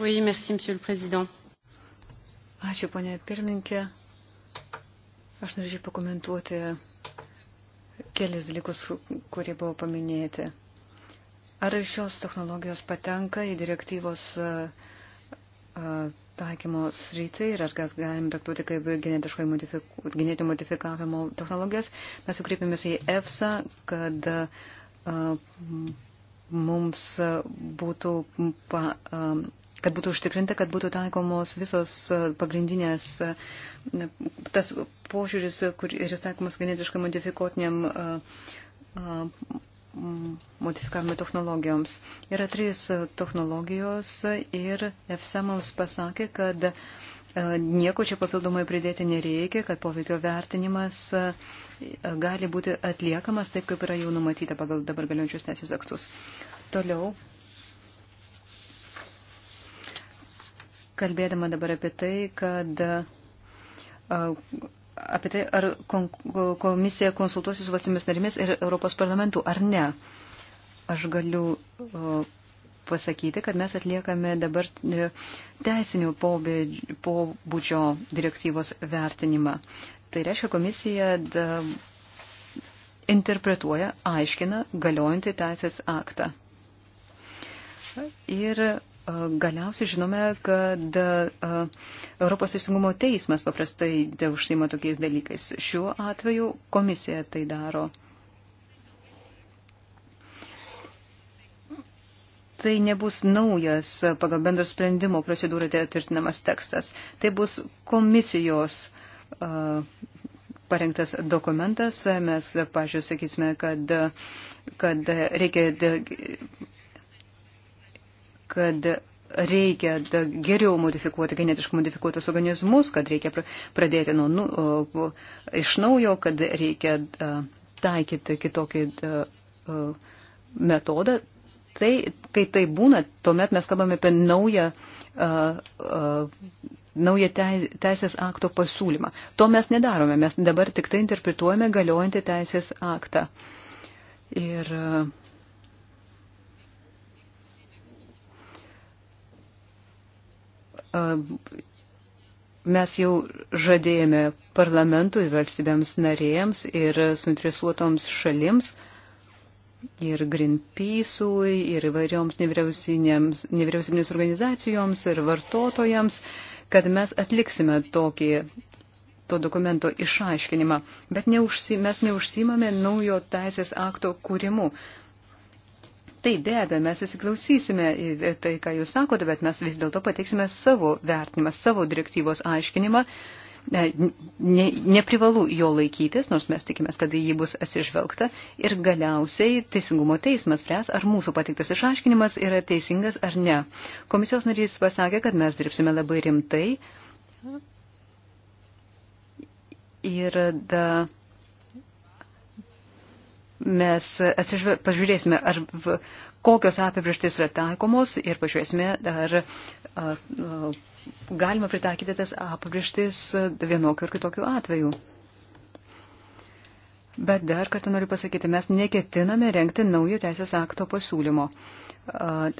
Oui, merci, monsieur le président. Ačiū, ponė pirmininkė. Aš norėčiau pakomentuoti kelis dalykus, kurie buvo paminėti. Ar šios technologijos patenka į direktyvos e, e, taikymo sritį ir ar kas galim traktuoti kaip genetiškai modifiku, genetinio modifikavimo technologijas. Mes jau kreipėmės į EFSA, kad a, e, mums būtų pa, a, kad būtų užtikrinta, kad būtų taikomos visos e, pagrindinės, e, tas požiūris, kur yra taikomas genetiškai modifikuotiniam e, modifikavimo technologijoms. Yra trys technologijos ir EFSA mums pasakė, kad nieko čia papildomai pridėti nereikia, kad poveikio vertinimas gali būti atliekamas taip, kaip yra jau numatyta pagal dabar galiojančius teisės aktus. Toliau kalbėdama dabar apie tai, kad apie tai, ar komisija konsultuosis su valstybės narimis ir Europos parlamentu, ar ne. Aš galiu pasakyti, kad mes atliekame dabar e, teisinių pobūdžio direktyvos vertinimą. Tai reiškia, komisija da, interpretuoja, aiškina galiojantį teisės aktą. Ir Galiausiai žinome, kad Europos teisingumo teismas paprastai užsima tokiais dalykais. Šiuo atveju komisija tai daro. Tai nebus naujas pagal bendro sprendimo procedūrą tvirtinamas tekstas. Tai bus komisijos parengtas dokumentas. Mes, pažiūrėjau, sakysime, kad, kad reikia kad reikia geriau modifikuoti genetiškai modifikuotus organizmus, kad reikia pradėti nuo, nu, o, iš naujo, kad reikia a, taikyti kitokį a, a, metodą. Tai, kai tai būna, tuomet mes kalbame apie naują, a, a, naują teisės akto pasiūlymą. To mes nedarome, mes dabar tik tai interpretuojame galiojantį teisės aktą. Ir a, mes jau žadėjome parlamentui, valstybėms narėjams ir suinteresuotoms šalims ir Greenpeace'ui, ir įvairioms nevyriausybinėms organizacijoms, ir vartotojams, kad mes atliksime tokį to dokumento išaiškinimą. Bet neužsi, mes neužsimame naujo teisės akto kūrimu. Taip, be abejo, mes įsiklausysime į tai, ką jūs sakote, bet mes vis dėlto pateiksime savo vertinimą, savo direktyvos aiškinimą. Ne, neprivalu jo laikytis, nors mes tikimės, kad jį bus atsižvelgta ir galiausiai teisingumo teismas spręs, ar mūsų patiktas išaiškinimas yra teisingas ar ne. Komisijos narys pasakė, kad mes dirbsime labai rimtai ir da, mes atsižve, pažiūrėsime, ar v, kokios apibrieštis yra taikomos ir pažiūrėsime, ar a, a, galima pritaikyti tas apibrieštis vienokiu ir kitokiu atveju. Bet dar kartą noriu pasakyti, mes neketiname renkti naujo teisės akto pasiūlymo.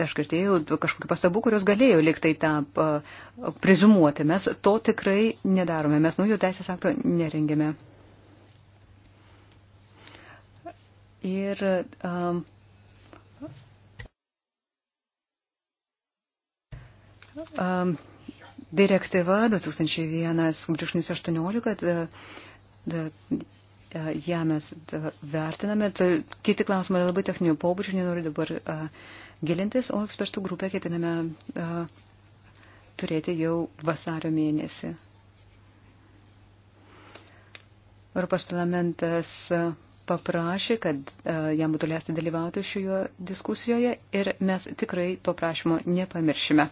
Aš girdėjau kažkokių pastabų, kurios galėjo liktai tą prizumuoti. Mes to tikrai nedarome. Mes naujo teisės akto nerengėme. Ir um, um, direktyva 2001-18 ją mes vertiname. Kiti klausimai yra labai techninio pobūdžio, nenoriu dabar gilintis, o ekspertų grupę ketiname turėti jau vasario mėnesį. Europos parlamentas paprašė, kad e, jam būtų leista dalyvauti šioje diskusijoje ir mes tikrai to prašymo nepamiršime.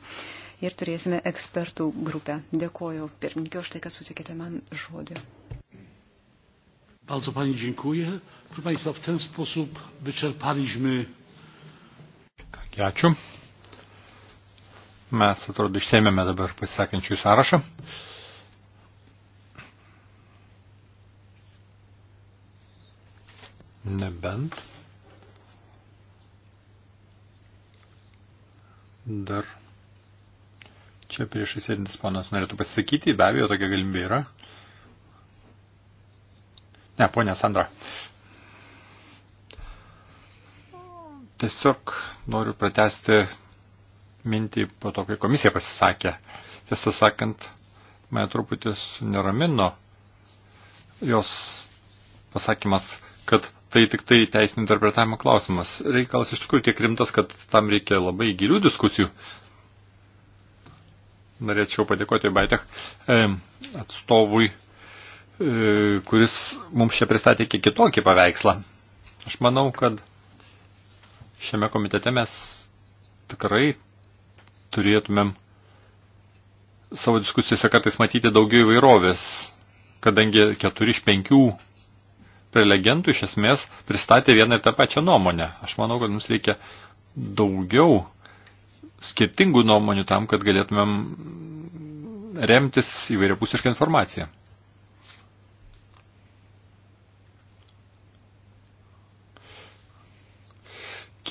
Ir turėsime ekspertų grupę. Dėkuoju pirmininkė už tai, kad sutikėte man žodį. Bardzo Pani dziękuję. Proszę Państwa, w ten sposób wyczerpaliśmy. Ačiū. Mes, atrodo, išsėmėme dabar pasisakančių sąrašą. Nebent dar čia prieš įsėdintis ponas norėtų pasisakyti, be abejo, tokia galimybė yra. Ne, ponė Sandra. Tiesiog noriu pratesti mintį po to, kai komisija pasisakė. Tiesą sakant, mane truputį suneramino jos pasakymas, kad tai tik tai teisinio interpretavimo klausimas. Reikalas iš tikrųjų tiek rimtas, kad tam reikia labai gilių diskusijų. Norėčiau padėkoti Baitek e, atstovui, e, kuris mums čia pristatė kiek kitokį paveikslą. Aš manau, kad šiame komitete mes tikrai turėtumėm savo diskusijose kartais matyti daugiau įvairovės, kadangi keturi iš penkių prelegentų iš esmės pristatė vieną ir tą pačią nuomonę. Aš manau, kad mums reikia daugiau skirtingų nuomonių tam, kad galėtumėm remtis įvairiapusišką informaciją.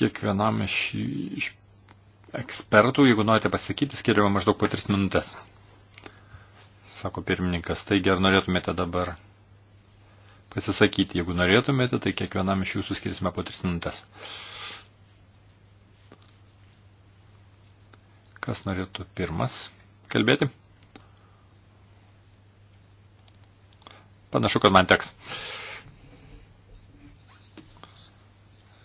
Kiekvienam iš, iš ekspertų, jeigu norite pasakyti, skiriama maždaug po 3 minutės, sako pirmininkas. Taigi, ar norėtumėte dabar pasisakyti. Jeigu norėtumėte, tai kiekvienam iš jūsų skirsime po 3 minutės. Kas norėtų pirmas kalbėti? Panašu, kad man teks.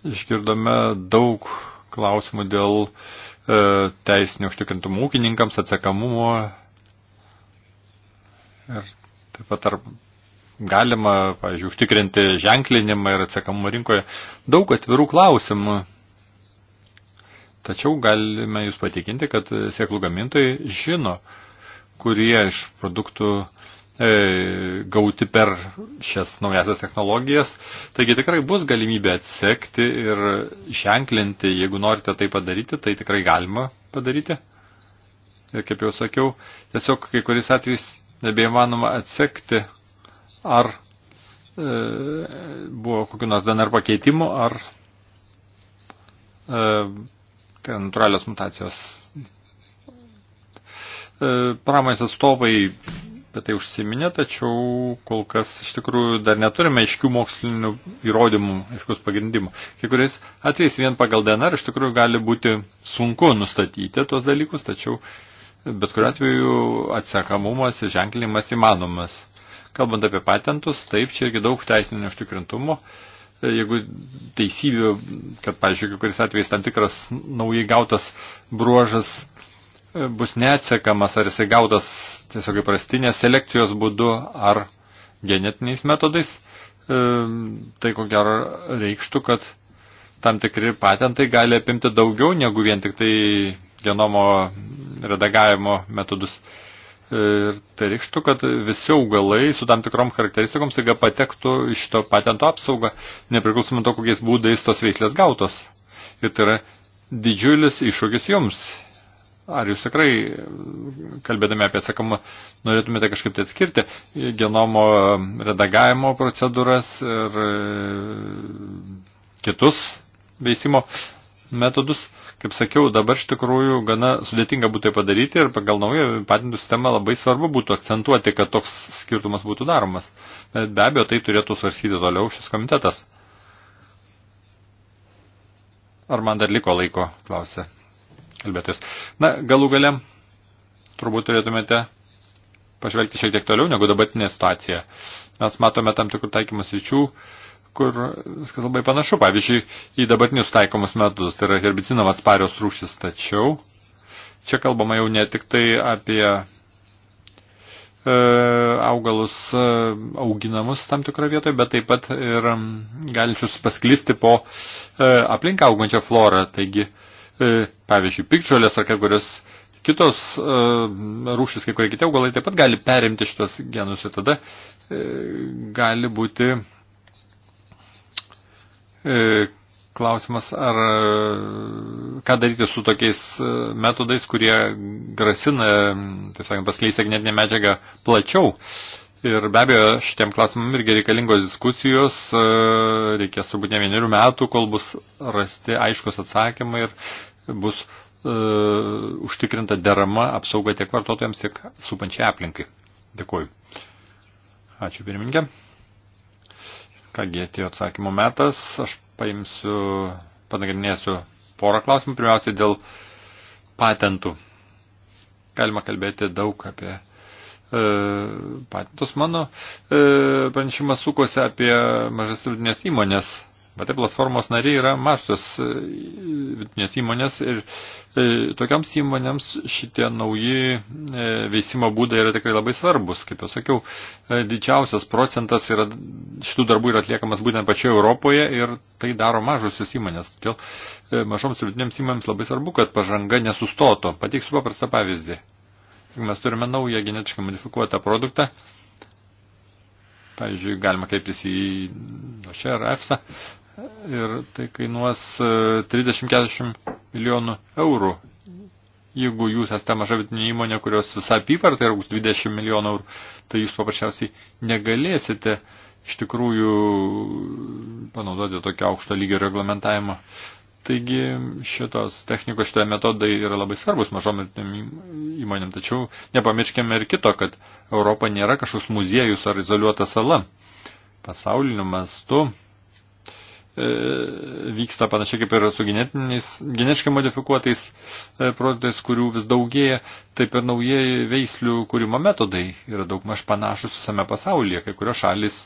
Išgirdome daug klausimų dėl e, teisinio užtikrintumo ūkininkams, atsekamumo ir taip pat ar galima, pavyzdžiui, užtikrinti ženklinimą ir atsekamumą rinkoje. Daug atvirų klausimų. Tačiau galime jūs patikinti, kad sėklų gamintojai žino, kurie iš produktų e, gauti per šias naujasias technologijas. Taigi tikrai bus galimybė atsekti ir ženklinti, jeigu norite tai padaryti, tai tikrai galima padaryti. Ir kaip jau sakiau, tiesiog kai kuris atvejs nebeįmanoma atsekti ar e, buvo kokiu nors DNR pakeitimu, ar e, tai natūralios mutacijos. E, pramonės atstovai apie tai užsiminė, tačiau kol kas iš tikrųjų dar neturime aiškių mokslinių įrodymų, aiškus pagrindimų. Kai kuriais atvejais vien pagal DNR iš tikrųjų gali būti sunku nustatyti tuos dalykus, tačiau bet kuriu atveju atsekamumas ir ženklinimas įmanomas. Kalbant apie patentus, taip, čia irgi daug teisinio užtikrintumo. E, jeigu teisybių, kad, pavyzdžiui, kuris atvejais tam tikras naujai gautas bruožas e, bus neatsekamas, ar jisai gautas tiesiog įprastinės selekcijos būdu ar genetiniais metodais, e, tai ko gero reikštų, kad tam tikri patentai gali apimti daugiau negu vien tik tai genomo redagavimo metodus. Ir tai reikštų, kad visi augalai su tam tikrom charakteristikom staiga patektų iš to patento apsaugą, nepriklausomai to, kokiais būdais tos veislės gautos. Ir tai yra didžiulis iššūkis jums. Ar jūs tikrai, kalbėdami apie atsakomą, norėtumėte kažkaip tai atskirti genomo redagavimo procedūras ir kitus veisimo metodus. Kaip sakiau, dabar iš tikrųjų gana sudėtinga būtų tai padaryti ir pagal naują patentų sistemą labai svarbu būtų akcentuoti, kad toks skirtumas būtų daromas. Bet be abejo, tai turėtų svarstyti toliau šis komitetas. Ar man dar liko laiko, klausė kalbėtojas. Na, galų gale, turbūt turėtumėte pažvelgti šiek tiek toliau negu dabartinė situacija. Mes matome tam tikrų taikymus ryčių. Uh, kur viskas labai panašu, pavyzdžiui, į dabartinius taikomus metus, tai yra herbicinam atsparios rūšis, tačiau čia kalbama jau ne tik tai apie e, augalus e, auginamus tam tikroje vietoje, bet taip pat ir galinčius pasklisti po e, aplinką augančią florą, taigi, e, pavyzdžiui, pikčiolės ar kai kurios kitos e, rūšis, kai kurie kiti augalai taip pat gali perimti šitos genus ir tada e, gali būti E, klausimas, ar e, ką daryti su tokiais e, metodais, kurie grasina, taip sakant, paskleisti agnetinę medžiagą plačiau. Ir be abejo, šitiem klausimam irgi reikalingos diskusijos, reikės turbūt ne vienerių metų, kol bus rasti aiškus atsakymai ir bus uh, užtikrinta derama apsauga tiek vartotojams, tiek supančiai aplinkai. Dėkuoju. Ačiū pirmininkė. Kągi atėjo atsakymų metas, aš paimsiu, panagrinėsiu porą klausimų, pirmiausia dėl patentų. Galima kalbėti daug apie e, patentus. Mano e, pranešimas sukosi apie mažas vidinės įmonės Bet tai platformos nariai yra mažos e, vidutinės įmonės ir e, tokiams įmonėms šitie nauji e, veisimo būdai yra tikrai labai svarbus. Kaip jau sakiau, didžiausias procentas yra, šitų darbų yra atliekamas būtent pačioje Europoje ir tai daro mažosios įmonės. Todėl mažoms ir vidutinėms įmonėms labai svarbu, kad pažanga nesustoto. Pateiksiu paprastą pavyzdį. Mes turime naują genetiškai modifikuotą produktą, pavyzdžiui, galima kreiptis į Nošę ar EFSA ir tai kainuos 30-40 e, milijonų eurų. Jeigu jūs esate maža vidinė įmonė, kurios visą apyvartą yra 20 milijonų eurų, tai jūs paprasčiausiai negalėsite iš tikrųjų panaudoti tokio aukšto lygio reglamentavimo. Taigi šitos technikos, šitoje metodai yra labai svarbus mažom įmonėm, tačiau nepamirškime ir kito, kad Europa nėra kažkoks muziejus ar izoliuota sala. Pasauliniu mastu E, vyksta panašiai kaip ir su genetiškai modifikuotais e, produktais, kurių vis daugėja, taip ir naujieji veislių kūrimo metodai yra daugmaž panašus visame pasaulyje. Kai kurios šalis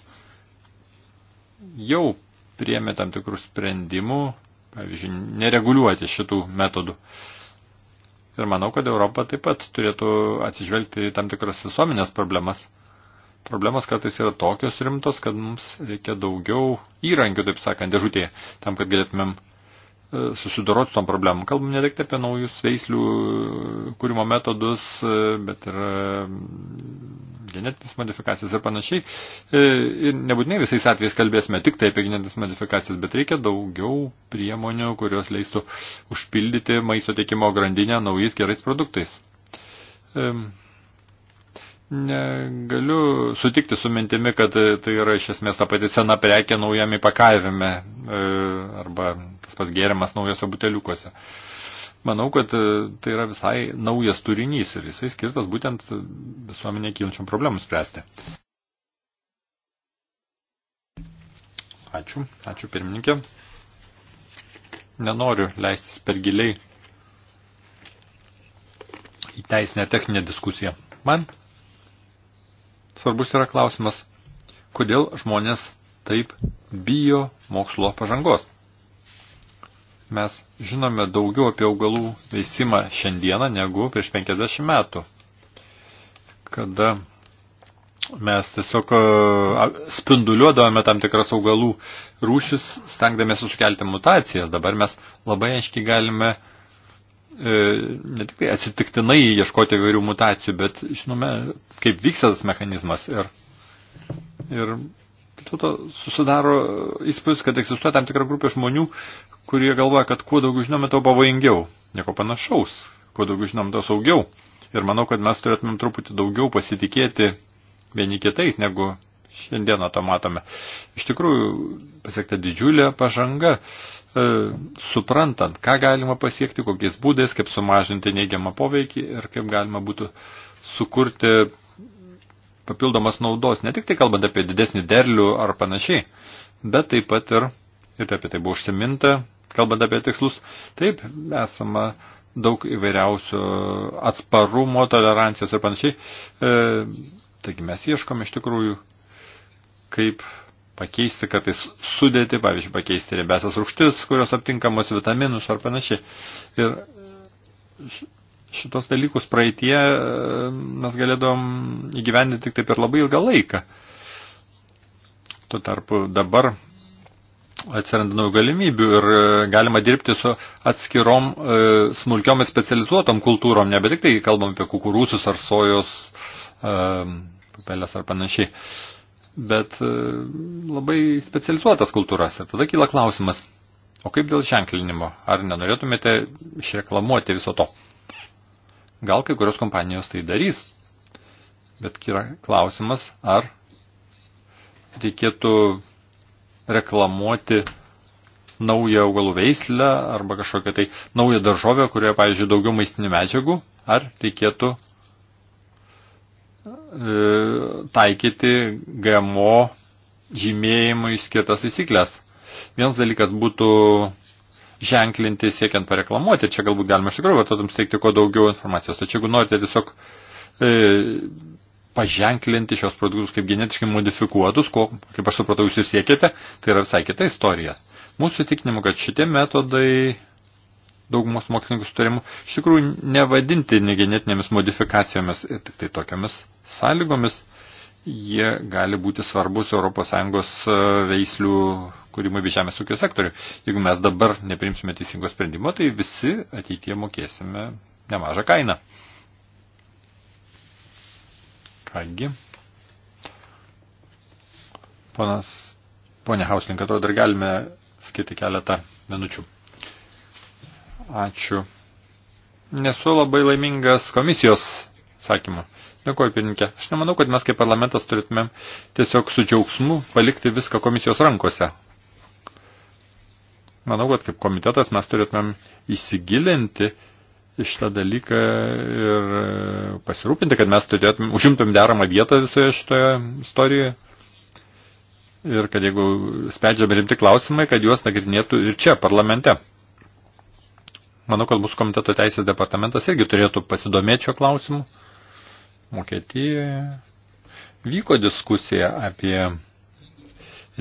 jau priemė tam tikrų sprendimų, pavyzdžiui, nereguliuoti šitų metodų. Ir manau, kad Europa taip pat turėtų atsižvelgti tam tikras visuomenės problemas problemos kartais yra tokios rimtos, kad mums reikia daugiau įrankių, taip sakant, dėžutėje, tam, kad galėtumėm e, susidoroti su tom problemom. Kalbam ne tik apie naujus veislių e, kūrimo metodus, e, bet ir genetinis modifikacijas ir panašiai. Ir nebūtinai visais atvejais kalbėsime tik tai apie genetinis modifikacijas, bet reikia daugiau priemonių, kurios leistų užpildyti maisto tiekimo grandinę naujais gerais produktais. Um Negaliu sutikti su mintimi, kad tai yra iš esmės ta pati sena prekė naujame pakavime e, arba tas pas gėrimas naujose buteliukuose. Manau, kad e, tai yra visai naujas turinys ir jisai skirtas būtent visuomenė kylančiam problemams spręsti. Ačiū, ačiū pirmininkė. Nenoriu leistis per giliai į teisinę techninę diskusiją. Man svarbus yra klausimas, kodėl žmonės taip bijo mokslo pažangos. Mes žinome daugiau apie augalų veisimą šiandieną negu prieš 50 metų, kada mes tiesiog spinduliuodavome tam tikras augalų rūšis, stengdamėsi sukelti mutacijas. Dabar mes labai aiškiai galime uh, E, ne tik tai atsitiktinai ieškoti įvairių mutacijų, bet žinome, kaip vyksta tas mechanizmas. Ir, ir to susidaro įspūdis, kad egzistuoja tam tikra grupė žmonių, kurie galvoja, kad kuo daugiau žinome, to pavojingiau. Nieko panašaus. Kuo daugiau žinom, to saugiau. Ir manau, kad mes turėtumėm truputį daugiau pasitikėti vieni kitais, negu šiandieną to matome. Iš tikrųjų, pasiekta didžiulė pažanga. Uh, E, suprantant, ką galima pasiekti, kokiais būdais, kaip sumažinti neigiamą poveikį ir kaip galima būtų sukurti papildomas naudos, ne tik tai kalbant apie didesnį derlių ar panašiai, bet taip pat ir, ir tai apie tai buvo užsiminta, kalbant apie tikslus, taip esama daug įvairiausių atsparumo, tolerancijos ir panašiai. E, taigi mes ieškome iš tikrųjų, kaip pakeisti kartais sudėti, pavyzdžiui, pakeisti riebesias rūgštis, kurios aptinkamos vitaminus ar panašiai. Ir šitos dalykus praeitie e, mes galėdom įgyvendinti tik taip ir labai ilgą laiką. Tuo tarpu dabar atsiranda naujų galimybių ir e, galima dirbti su atskirom e, smulkiom ir specializuotom kultūrom, nebe tik tai kalbam apie kukurūsus ar sojos, papelės ar panašiai bet e, labai specializuotas kultūras. Ir tada kyla klausimas, o kaip dėl ženklinimo? Ar nenorėtumėte išreklamuoti viso to? Gal kai kurios kompanijos tai darys, bet kyla klausimas, ar reikėtų reklamuoti naują augalų veislę arba kažkokią tai naują daržovę, kurioje, pavyzdžiui, daugiau maistinių medžiagų, ar reikėtų E, taikyti GMO žymėjimui skirtas įsiklės. Vienas dalykas būtų ženklinti siekiant pareklamuoti, čia galbūt galima iš tikrųjų vartotams teikti kuo daugiau informacijos. Tačiau jeigu norite tiesiog e, paženklinti šios produktus kaip genetiškai modifikuotus, ko, kaip aš supratau, jūs ir siekite, tai yra visai kita istorija. Mūsų tikinimu, kad šitie metodai daugumos mokslininkų sutarimų, iš tikrųjų nevadinti negenetinėmis modifikacijomis, tik tai tokiamis sąlygomis jie gali būti svarbus ES e, veislių kūrimui bei žemės ūkio sektoriui. Jeigu mes dabar neprimsime teisingo sprendimo, tai visi ateitie mokėsime nemažą kainą. Kągi. Ponas, ponė Hauslinka, to dar galime skirti keletą minučių. Ačiū. Nesu labai laimingas komisijos sakymu. Dėkuoju, pirmininkė. Aš nemanau, kad mes kaip parlamentas turėtumėm tiesiog su džiaugsmu palikti viską komisijos rankose. Manau, kad kaip komitetas mes turėtumėm įsigilinti iš tą dalyką ir e, pasirūpinti, kad mes turėtumėm, užimtumėm deramą vietą visoje šitoje istorijoje. Ir kad jeigu spedžiame rimti klausimai, kad juos nagrinėtų ir čia, parlamente. Manau, kad mūsų komiteto teisės departamentas irgi turėtų pasidomėti šio klausimu. Vokietijoje vyko diskusija apie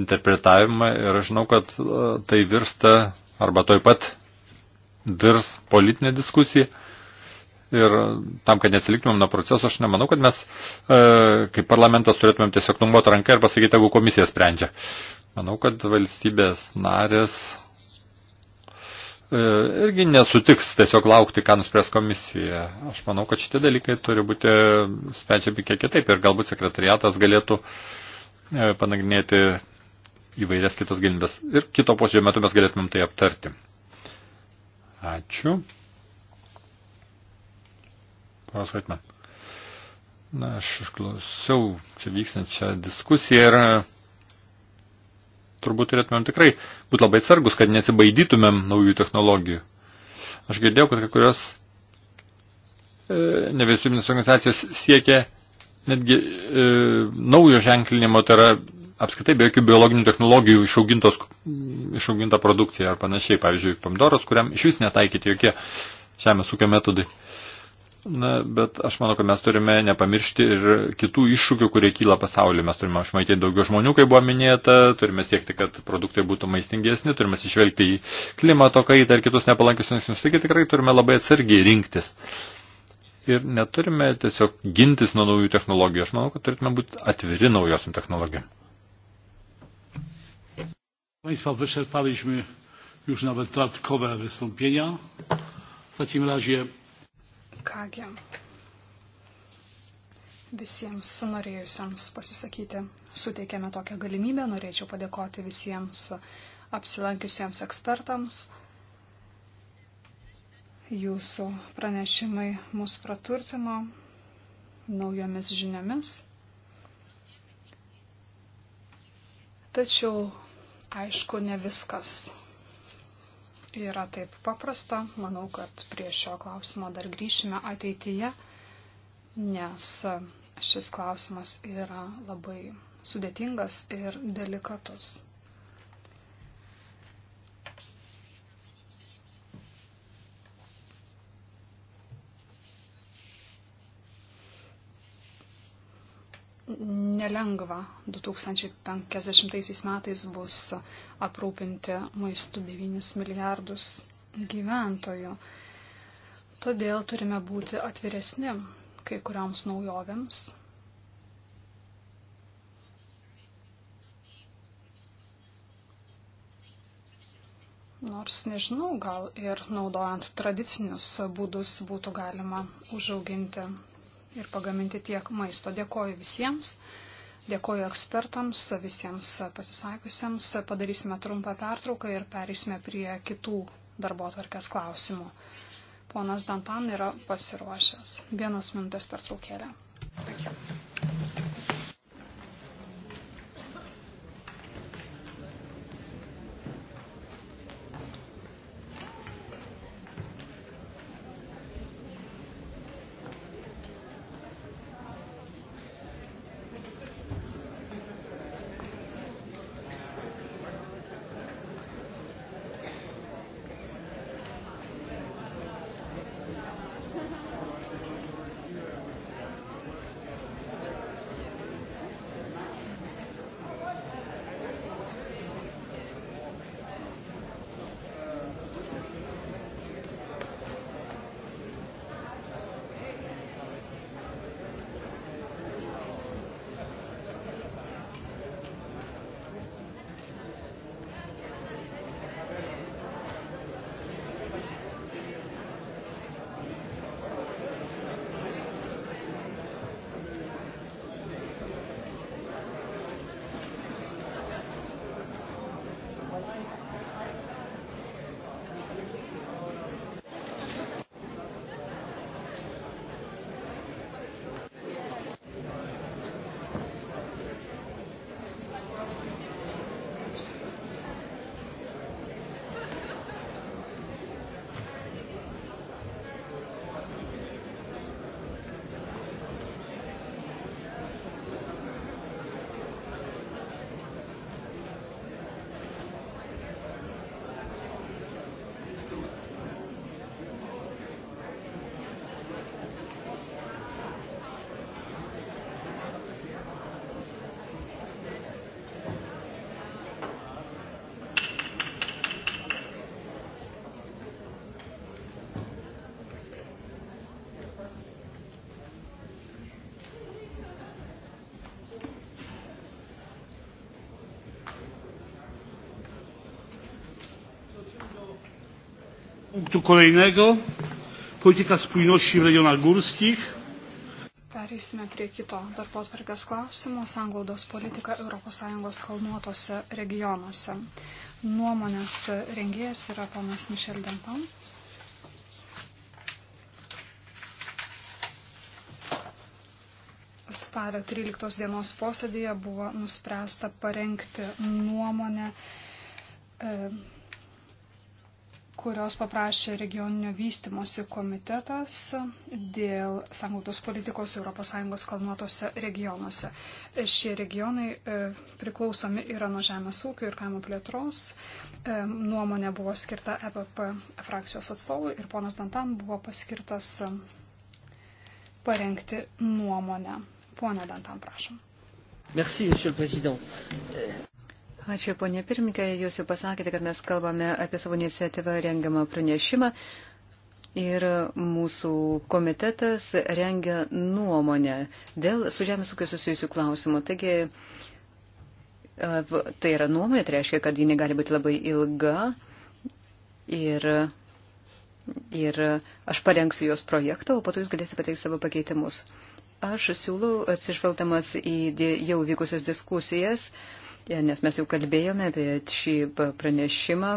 interpretavimą ir aš žinau, kad e, tai virsta arba toj pat virs politinė diskusija. Ir tam, kad neatsiliktumėm nuo proceso, aš nemanau, kad mes e, kaip parlamentas turėtumėm tiesiog numoti ranką ir pasakyti, jeigu komisija sprendžia. Manau, kad valstybės narės E, irgi nesutiks tiesiog laukti, ką nuspręs komisija. Aš manau, kad šitie dalykai turi būti sprendžiami kiek kitaip ir galbūt sekretariatas galėtų e, panagrinėti įvairias kitas galimybės. Ir kito posėdžio metu mes galėtumėm tai aptarti. Ačiū. Panas Vaitman. Na, aš išklausiau čia vykstančią diskusiją ir turbūt turėtumėm tikrai būti labai atsargus, kad nesibaidytumėm naujų technologijų. Aš girdėjau, kad kai kurios e, nevyriausybinės organizacijos siekia netgi e, naujo ženklinimo, tai yra apskritai be jokių biologinių technologijų išaugintos, išauginta produkcija ar panašiai, pavyzdžiui, pomidoras, kuriam iš vis netaikyti jokie žemės ūkio metodai. E, Na, bet aš manau, kad mes turime nepamiršti ir kitų iššūkių, kurie kyla pasaulyje. Mes turime išmaityti daugiau žmonių, kaip buvo minėta, turime siekti, kad produktai būtų maistingesni, turime išvelgti į klimato kaitą ir kitus nepalankius žingsnius. Taigi tikrai turime labai atsargiai rinktis. Ir neturime tiesiog gintis nuo naujų technologijų. Aš manau, kad turėtume būti atviri naujosiam technologijom. Państwa, wyczerpaliśmy już nawet dodatkowe wystąpienia. W takim razie Kągi, visiems norėjusiems pasisakyti suteikėme tokią galimybę. Norėčiau padėkoti visiems apsilankiusiems ekspertams. Jūsų pranešimai mus praturtino naujomis žiniomis. Tačiau, aišku, ne viskas yra taip paprasta. Manau, kad prie šio klausimo dar grįšime ateityje, nes šis klausimas yra labai sudėtingas ir delikatus. nelengva. 2050 metais bus aprūpinti maistu 9 milijardus gyventojų. Todėl turime būti atviresni kai kurioms naujovėms. Nors nežinau, gal ir naudojant tradicinius būdus būtų galima užauginti ir pagaminti tiek maisto. Dėkoju visiems. Dėkoju ekspertams, visiems pasisakiusiems. Padarysime trumpą pertrauką ir perėsime prie kitų darbo tvarkės klausimų. Ponas Dantan yra pasiruošęs. Vienas minutės pertraukėlė. Thank you. punktu kolejnego. Polityka spójności w regionach górskich. Pereisime prie kito darbo atvarkės klausimo - sanglaudos politika ES kalnuotose regionuose. Nuomonės rengėjas yra panas Mišel Denton. Spalio 13 dienos posėdėje buvo nuspręsta parengti nuomonę. E, kurios paprašė regioninio vystimosi komitetas dėl sanglautos politikos ES kalnuotose regionuose. Šie regionai e, priklausomi yra nuo žemės ūkio ir kaimo plėtros. E, nuomonė buvo skirta EPP frakcijos atstovui ir ponas Dantam buvo paskirtas e, parengti nuomonę. Pone Dantam, prašom. Merci, Ačiū, ponė pirmininkė. Jūs jau pasakėte, kad mes kalbame apie savo iniciatyvą rengiamą pranešimą. Ir mūsų komitetas rengia nuomonę dėl su žemės ūkio susijusių klausimų. Taigi, tai yra nuomonė, tai reiškia, kad ji negali būti labai ilga. Ir, ir aš parengsiu jos projektą, o po to jūs galėsite pateikti savo pakeitimus. Aš siūlau, atsižvelgdamas į jau vykusias diskusijas, uh, nes mes jau kalbėjome apie šį pranešimą,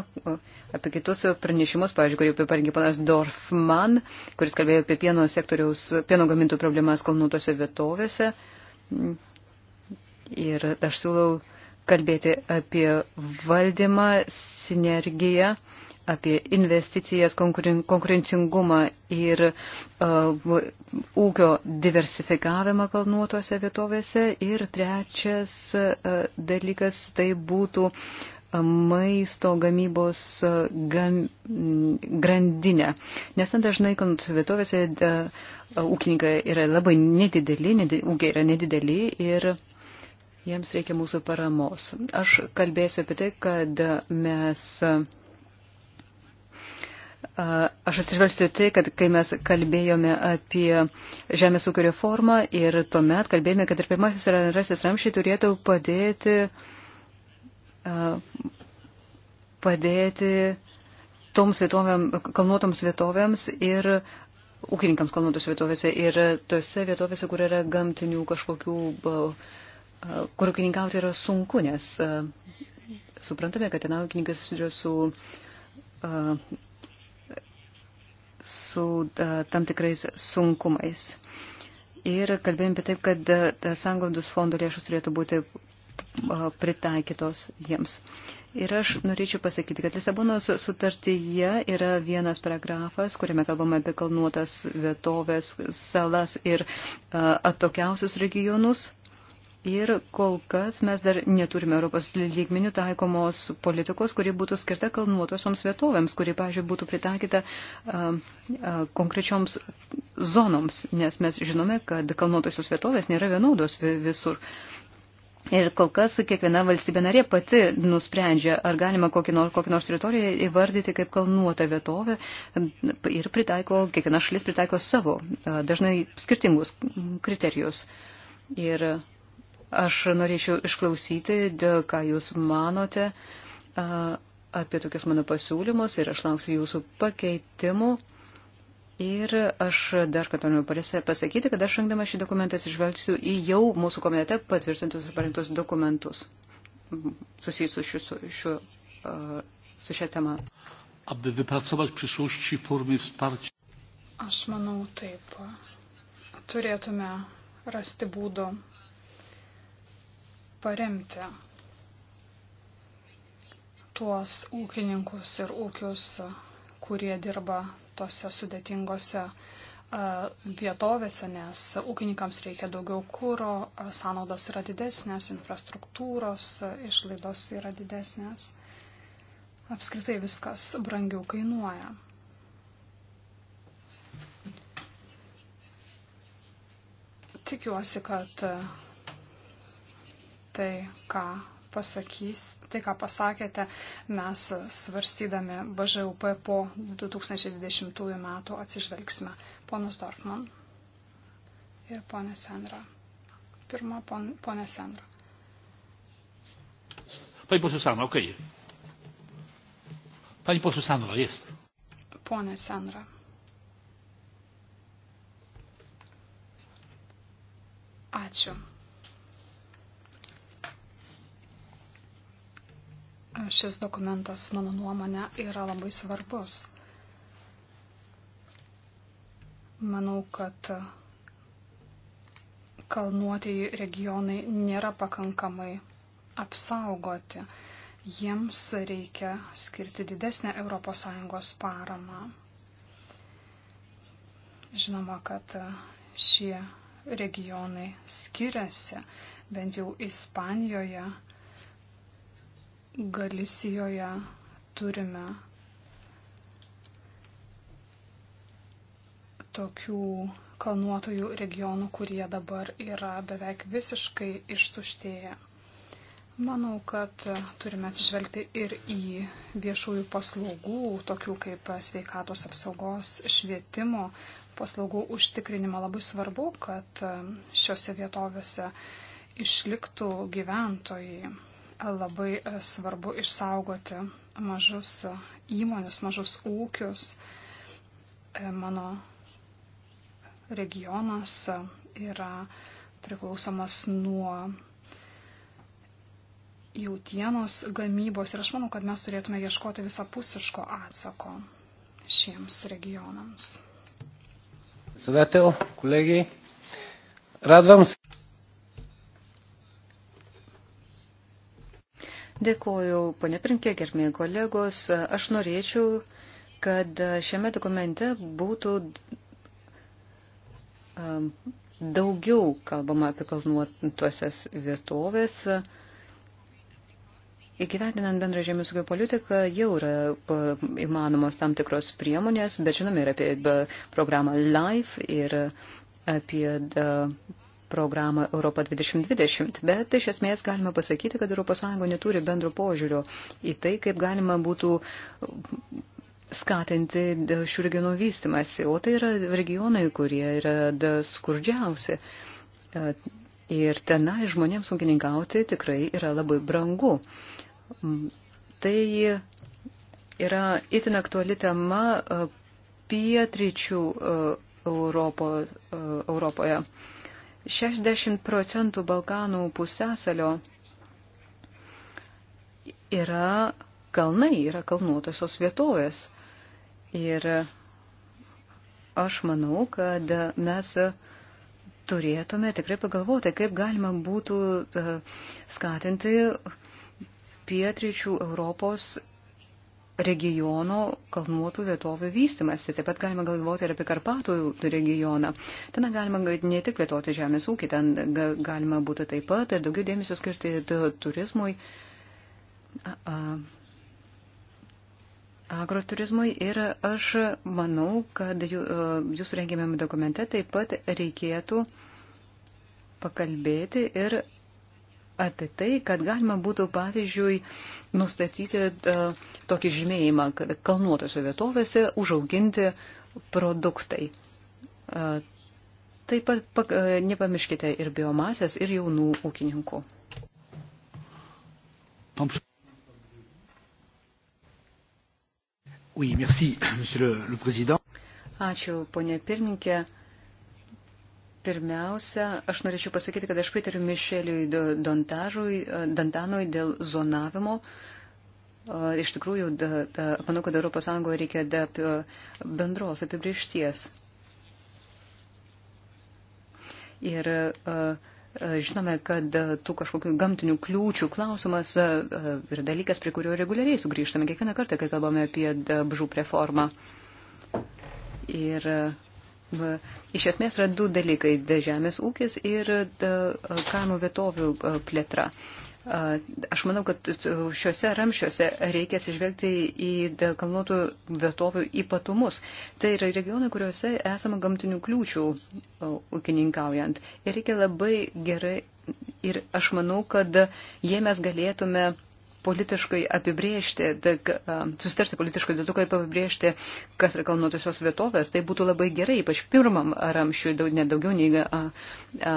apie kitus pranešimus, pavyzdžiui, kurį parengė panas Dorfman, kuris kalbėjo apie pieno sektoriaus, pieno gamintų problemas kalnuotose vietovėse. Ir aš siūlau kalbėti apie valdymą, sinergiją apie investicijas, konkurencingumą ir uh, ūkio diversifikavimą kalnuotose vietovėse. Ir trečias uh, dalykas tai būtų maisto gamybos gam, grandinę. Nes ten dažnai kalnuotose vietovėse uh, ūkininkai yra labai nedideli, nedid, ūkiai yra nedideli ir jiems reikia mūsų paramos. Aš kalbėsiu apie tai, kad mes. Uh, Aš atsižvelgsiu tai, kad kai mes kalbėjome apie žemės ūkio reformą ir tuomet kalbėjome, kad ir pirmasis ir antrasis ramšiai turėtų padėti, padėti toms vietovėm, kalnuotoms vietovėms ir ūkininkams kalnuotos vietovėse ir tose vietovėse, kur yra gamtinių kažkokių, kur ūkininkauti yra sunku, nes suprantame, kad ten ūkininkai susiduria su su e, tam tikrais sunkumais. Ir kalbėjom apie taip, kad e, sangaudus fondo lėšus turėtų būti e, pritaikytos jiems. Ir aš norėčiau pasakyti, kad Lisabonos sutartyje yra vienas paragrafas, kuriame kalbame apie kalnuotas vietovės, salas ir atokiausius regionus. Ir kol kas mes dar neturime Europos lygmenių taikomos politikos, kuri būtų skirta kalnuotosioms vietovėms, kuri, pažiūrėjau, būtų pritaikyta a, a, konkrečioms zonoms, nes mes žinome, kad kalnuotosios vietovės nėra vienodos visur. Ir kol kas kiekviena valstybė narė pati nusprendžia, ar galima kokį nors, kokį nors teritoriją įvardyti kaip kalnuotą vietovę ir pritaiko, kiekviena šalis pritaiko savo, a, dažnai skirtingus kriterijus. Ir Aš norėčiau išklausyti, ką Jūs manote apie tokius mano pasiūlymus ir aš lauksiu Jūsų pakeitimų. Ir aš dar kartą noriu pasakyti, kad aš rengdama šį dokumentą atsižvelgsiu į jau mūsų komitete patvirtintus ir parengtus dokumentus susijusius su, su, su, su šia tema. Aby wypracować w przyszłości formy wsparcia. Aš manau taip. Turėtume rasti būdų paremti tuos ūkininkus ir ūkius, kurie dirba tose sudėtingose vietovėse, nes ūkininkams reikia daugiau kūro, sąnaudos yra didesnės, infrastruktūros išlaidos yra didesnės. Apskritai viskas brangiau kainuoja. Tikiuosi, kad tai, ką pasakys, tai, ką pasakėte, mes svarstydami BŽUP po 2020 metų atsižvelgsime. Ponas Dorfman ir ponė Sendra. Pirma, pon, ponė Sendra. Pani Posusana, okej. Okay. Pani Posusana, jest. Ponė Sendra. Ačiū. Šis dokumentas, mano nuomonė, yra labai svarbus. Manau, kad kalnuotieji regionai nėra pakankamai apsaugoti. Jiems reikia skirti didesnę ES paramą. Žinoma, kad šie regionai skiriasi, bent jau Ispanijoje Galisijoje turime tokių kalnuotojų regionų, kurie dabar yra beveik visiškai ištuštėję. Manau, kad turime atsižvelgti ir į viešųjų paslaugų, tokių kaip sveikatos apsaugos, švietimo paslaugų užtikrinimą. Labai svarbu, kad šiuose vietovėse išliktų gyventojai labai e, svarbu išsaugoti mažus e, įmonius, mažus ūkius. E, mano regionas yra priklausomas nuo jautienos gamybos ir aš manau, kad mes turėtume ieškoti visapusiško atsako šiems regionams. Sadatel, kolegiai, radvams. Dėkuoju, ponė Prinkė, gerbėjai kolegos. Aš norėčiau, kad šiame dokumente būtų um, daugiau kalbama apie kalnuotuosias vietovės. Įgyvendinant bendrą žemės ūkio politiką jau yra įmanomos tam tikros priemonės, bet žinome ir apie programą LIFE ir apie programą Europą 2020, bet iš esmės galima pasakyti, kad ES neturi bendro požiūrio į tai, kaip galima būtų skatinti šių regionų vystimasi, o tai yra regionai, kurie yra skurdžiausi. Ir tenai žmonėms ūkininkauti tikrai yra labai brangu. Tai yra itin aktuali tema e, pietryčių e, Europo, e, Europoje. 60 procentų Balkanų pusėsalio yra kalnai, yra kalnuotosios vietovės. Ir aš manau, kad mes turėtume tikrai pagalvoti, kaip galima būtų e, skatinti pietryčių Europos regiono kalnuotų vietovių vystimasi. Taip pat galima galvoti ir apie Karpatų regioną. Ten galima ne tik plėtoti žemės ūkį, ten galima būtų taip pat ir daugiau dėmesio skirti turizmui, agroturizmui. Ir aš manau, kad jūsų rengiamėme dokumente taip pat reikėtų pakalbėti ir apie tai, kad galima būtų, pavyzdžiui, nustatyti uh, tokį žymėjimą, kad kalnuotose vietovėse užauginti produktai. Uh, taip pat pak, uh, nepamirškite ir biomasės, ir jaunų ūkininkų. Oui, merci, le, le Ačiū, ponė pirmininkė. Pirmiausia, aš norėčiau pasakyti, kad aš pritariu Mišeliui e, Dantanui dėl zonavimo. E, iš tikrųjų, manau, kad ES reikia bendros apibriešties. Ir e, žinome, kad tų kažkokių gamtinių kliūčių klausimas yra dalykas, prie kurio reguliariai sugrįžtame kiekvieną kartą, kai kalbame apie bžūp reformą. Ir uh, Va, iš esmės yra du dalykai - žemės ūkis ir kaimo vietovių plėtra. Aš manau, kad šiuose ramšiuose reikia atsižvelgti į kalnuotų vietovių ypatumus. Tai yra regionai, kuriuose esama gamtinių kliūčių ūkininkaujant. Ir reikia labai gerai. Ir aš manau, kad jie mes galėtume politiškai apibriežti, tai, susitarti politiškai dėl to, kaip apibriežti, kas yra kalnuotosios vietovės, tai būtų labai gerai, ypač pirmam ramšiui, nedaugiau nei a, a,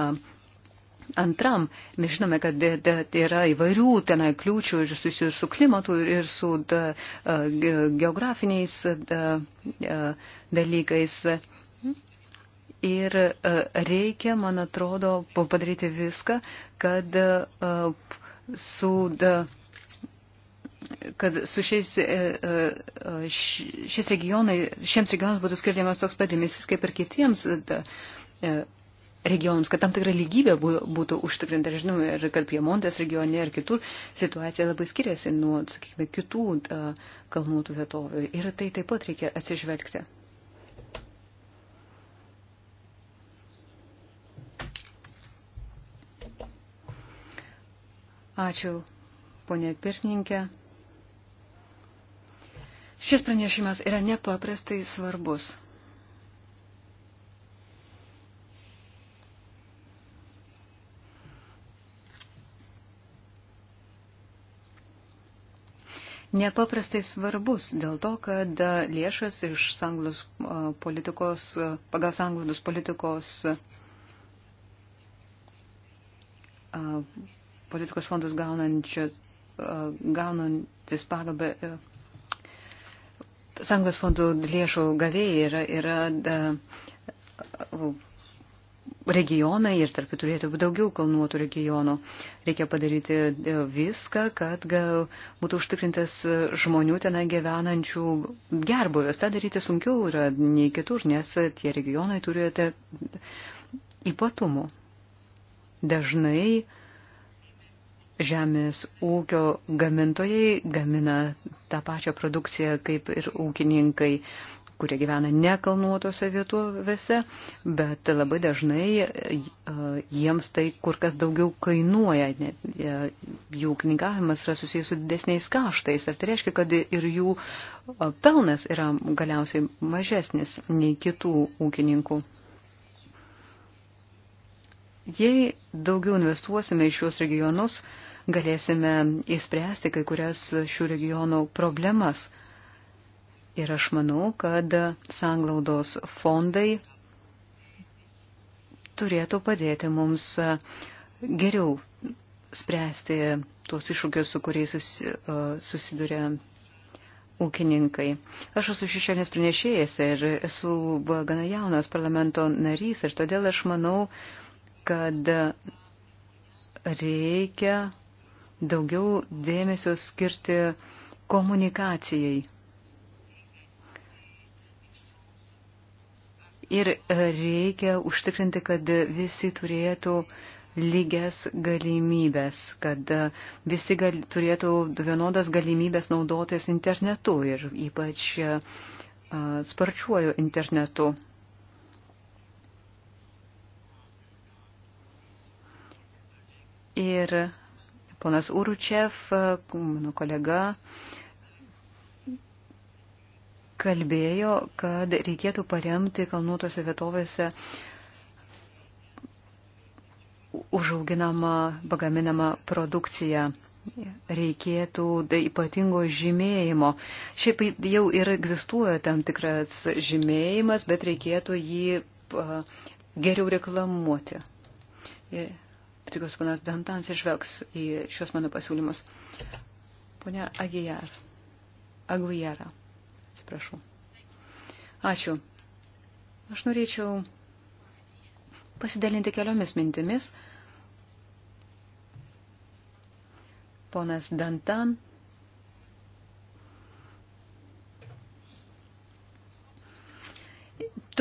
Antram, mes žinome, kad de, de, yra įvairių tenai kliūčių ir susijusių su klimatu ir su de, geografiniais de, dalykais. Ir reikia, man atrodo, padaryti viską, kad su de, kad su šiais, e, e, e, šiais regionai, šiems regionams būtų skirtiamas toks pat dėmesys kaip ir kitiems regionams, kad tam tikra lygybė būtų užtikrinta. Ir žinau, ir kad Piemontės regione ir kitur situacija labai skiriasi nuo, sakykime, kitų kalnuotų vietovių. Ir tai taip pat reikia atsižvelgti. Ačiū, ponė pirmininkė. Šis pranešimas yra nepaprastai svarbus. Nepaprastai svarbus dėl to, kad lėšas iš sanglus politikos, pagal sanglus politikos politikos fondus gaunančios gaunantis pagalbą Sanglas fondų lėšų gavėjai yra, yra da, regionai ir tarp jų turėtų būti daugiau kalnuotų regionų. Reikia padaryti e, viską, kad gal, būtų užtikrintas žmonių tenai gyvenančių gerbuvės. Ta daryti sunkiau yra nei kitur, nes tie regionai turėjote ypatumų. Dažnai uh, žemės ūkio gamintojai gamina tą pačią produkciją kaip ir ūkininkai, kurie gyvena nekalnuotose vietovėse, bet labai dažnai e, jiems tai kur kas daugiau kainuoja, e, jų ūkininkavimas yra susijęs su didesniais kaštais. Ar tai reiškia, kad ir jų e, pelnas yra galiausiai mažesnis nei kitų ūkininkų? Jei daugiau investuosime į šios regionus, galėsime įspręsti kai kurias šių regionų problemas. Ir aš manau, kad sanglaudos fondai turėtų padėti mums geriau spręsti tuos iššūkius, su kuriais e, susiduria ūkininkai. Aš esu šešėlės pranešėjas ir esu gana jaunas parlamento narys ir todėl aš manau, kad reikia daugiau dėmesio skirti komunikacijai. Ir e, reikia užtikrinti, kad visi turėtų lygias galimybės, kad e, visi gal, turėtų vienodas galimybės naudotis internetu ir ypač uh, sparčiuoju internetu. Ir Ponas Uručev, e, mano kolega, kalbėjo, kad reikėtų paremti kalnuotose vietovėse užauginama, pagaminama produkcija. Reikėtų ypatingo žymėjimo. Šiaip jau ir egzistuoja tam tikras žymėjimas, bet reikėtų jį e, geriau reklamuoti. Tikiuosi, panas Dantans išvelgs į šios mano pasiūlymus. Pone Agijar. Aguijara. Atsiprašau. Ačiū. Aš norėčiau pasidalinti keliomis mintimis. Ponas Dantan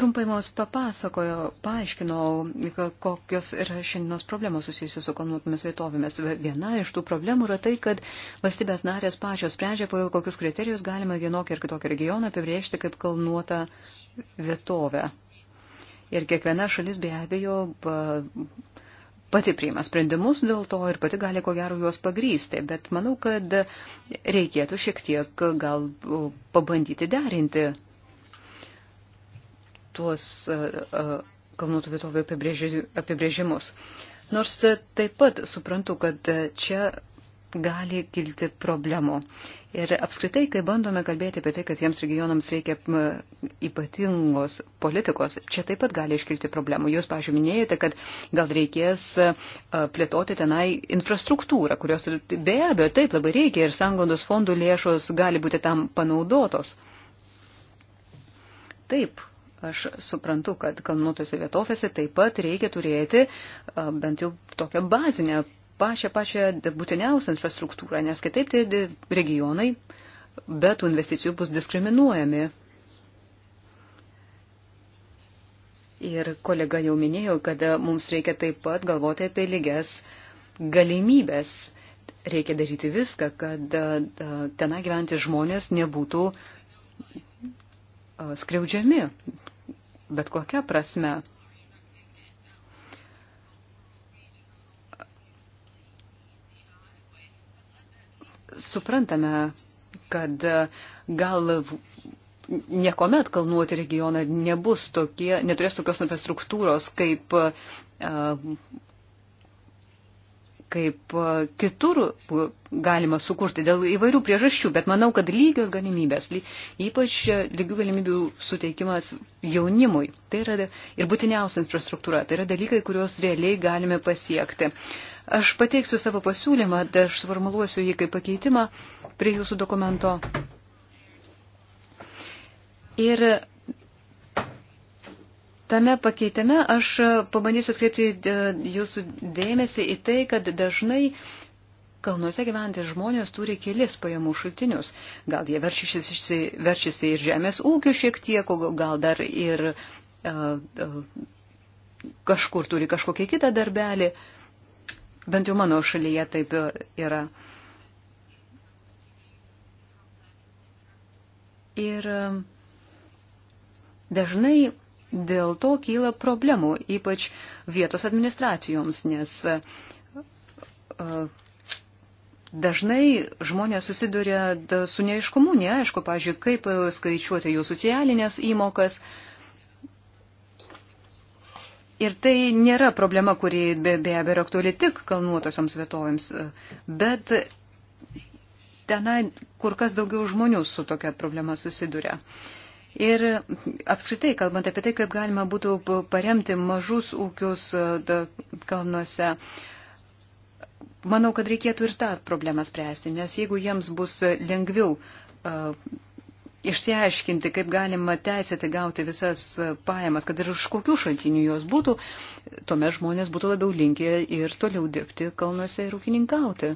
trumpai mums papasakojo, paaiškino, kokios yra šiandienos problemos susijusios su kalnuotomis vietovėmis. Viena iš tų problemų yra tai, kad valstybės narės pačios sprendžia, pagal kokius kriterijus galima vienokį ir kitokį regioną apibriežti kaip kalnuotą vietovę. Ir kiekviena šalis be abejo pati priima sprendimus dėl to ir pati gali ko gero juos pagrysti, bet manau, kad reikėtų šiek tiek gal pabandyti derinti tuos e, e, kalnuotų vietovių apibrėžimus. Nors taip pat suprantu, kad e, čia gali kilti problemų. Ir apskritai, kai bandome kalbėti apie tai, kad jiems regionams reikia ypatingos politikos, čia taip pat gali iškilti problemų. Jūs, pažiūrėjau, minėjote, kad gal reikės plėtoti tenai infrastruktūrą, kurios be abejo taip labai reikia ir sangondos fondų lėšos gali būti tam panaudotos. Taip, Aš suprantu, kad kalnuotose vietovėse taip pat reikia turėti bent jau tokią bazinę, pačią pačią būtiniausią infrastruktūrą, nes kitaip tie regionai be tų investicijų bus diskriminuojami. Ir kolega jau minėjo, kad mums reikia taip pat galvoti apie lygias galimybės. Reikia daryti viską, kad tenai gyventi žmonės nebūtų skriaudžiami, bet kokia prasme. Suprantame, kad gal niekuomet kalnuoti regionai nebus tokie, neturės tokios infrastruktūros kaip e, kaip e, kitur e, galima sukurti dėl įvairių priežasčių, bet manau, kad lygios galimybės, ypač e, lygių galimybių suteikimas jaunimui, tai yra ir būtiniausia infrastruktūra, tai yra dalykai, kuriuos realiai galime pasiekti. Aš pateiksiu savo pasiūlymą, aš svarmuluosiu jį kaip pakeitimą prie jūsų dokumento. Ir Tame pakeitime aš pabandysiu atkreipti e, jūsų dėmesį į tai, kad dažnai kalnuose gyventi žmonės turi kelis pajamų šaltinius. Gal jie verčiasi, verčiasi ir žemės ūkių šiek tiek, o gal dar ir uh, uh, kažkur turi kažkokį kitą darbelį. Bent jau mano šalyje taip yra. Ir dažnai Dėl to kyla problemų, ypač vietos administracijoms, nes e, Dažnai žmonės susiduria su neiškumu, neaišku, pažiūrėjau, kaip e, skaičiuoti jų socialinės įmokas. Ir tai nėra problema, kuri be, be abejo yra aktuali tik kalnuotosioms vietovėms, e, bet tenai kur kas daugiau žmonių su tokia problema susiduria. Uh, Ir apskritai, kalbant apie tai, kaip galima būtų paremti mažus ūkius e, kalnuose, manau, kad reikėtų ir tą problemą spręsti, nes jeigu jiems bus lengviau e, išsiaiškinti, kaip galima teisėti gauti visas pajamas, kad ir iš kokių šaltinių jos būtų, tuomet žmonės būtų labiau linkę ir toliau dirbti kalnuose ir ūkininkauti.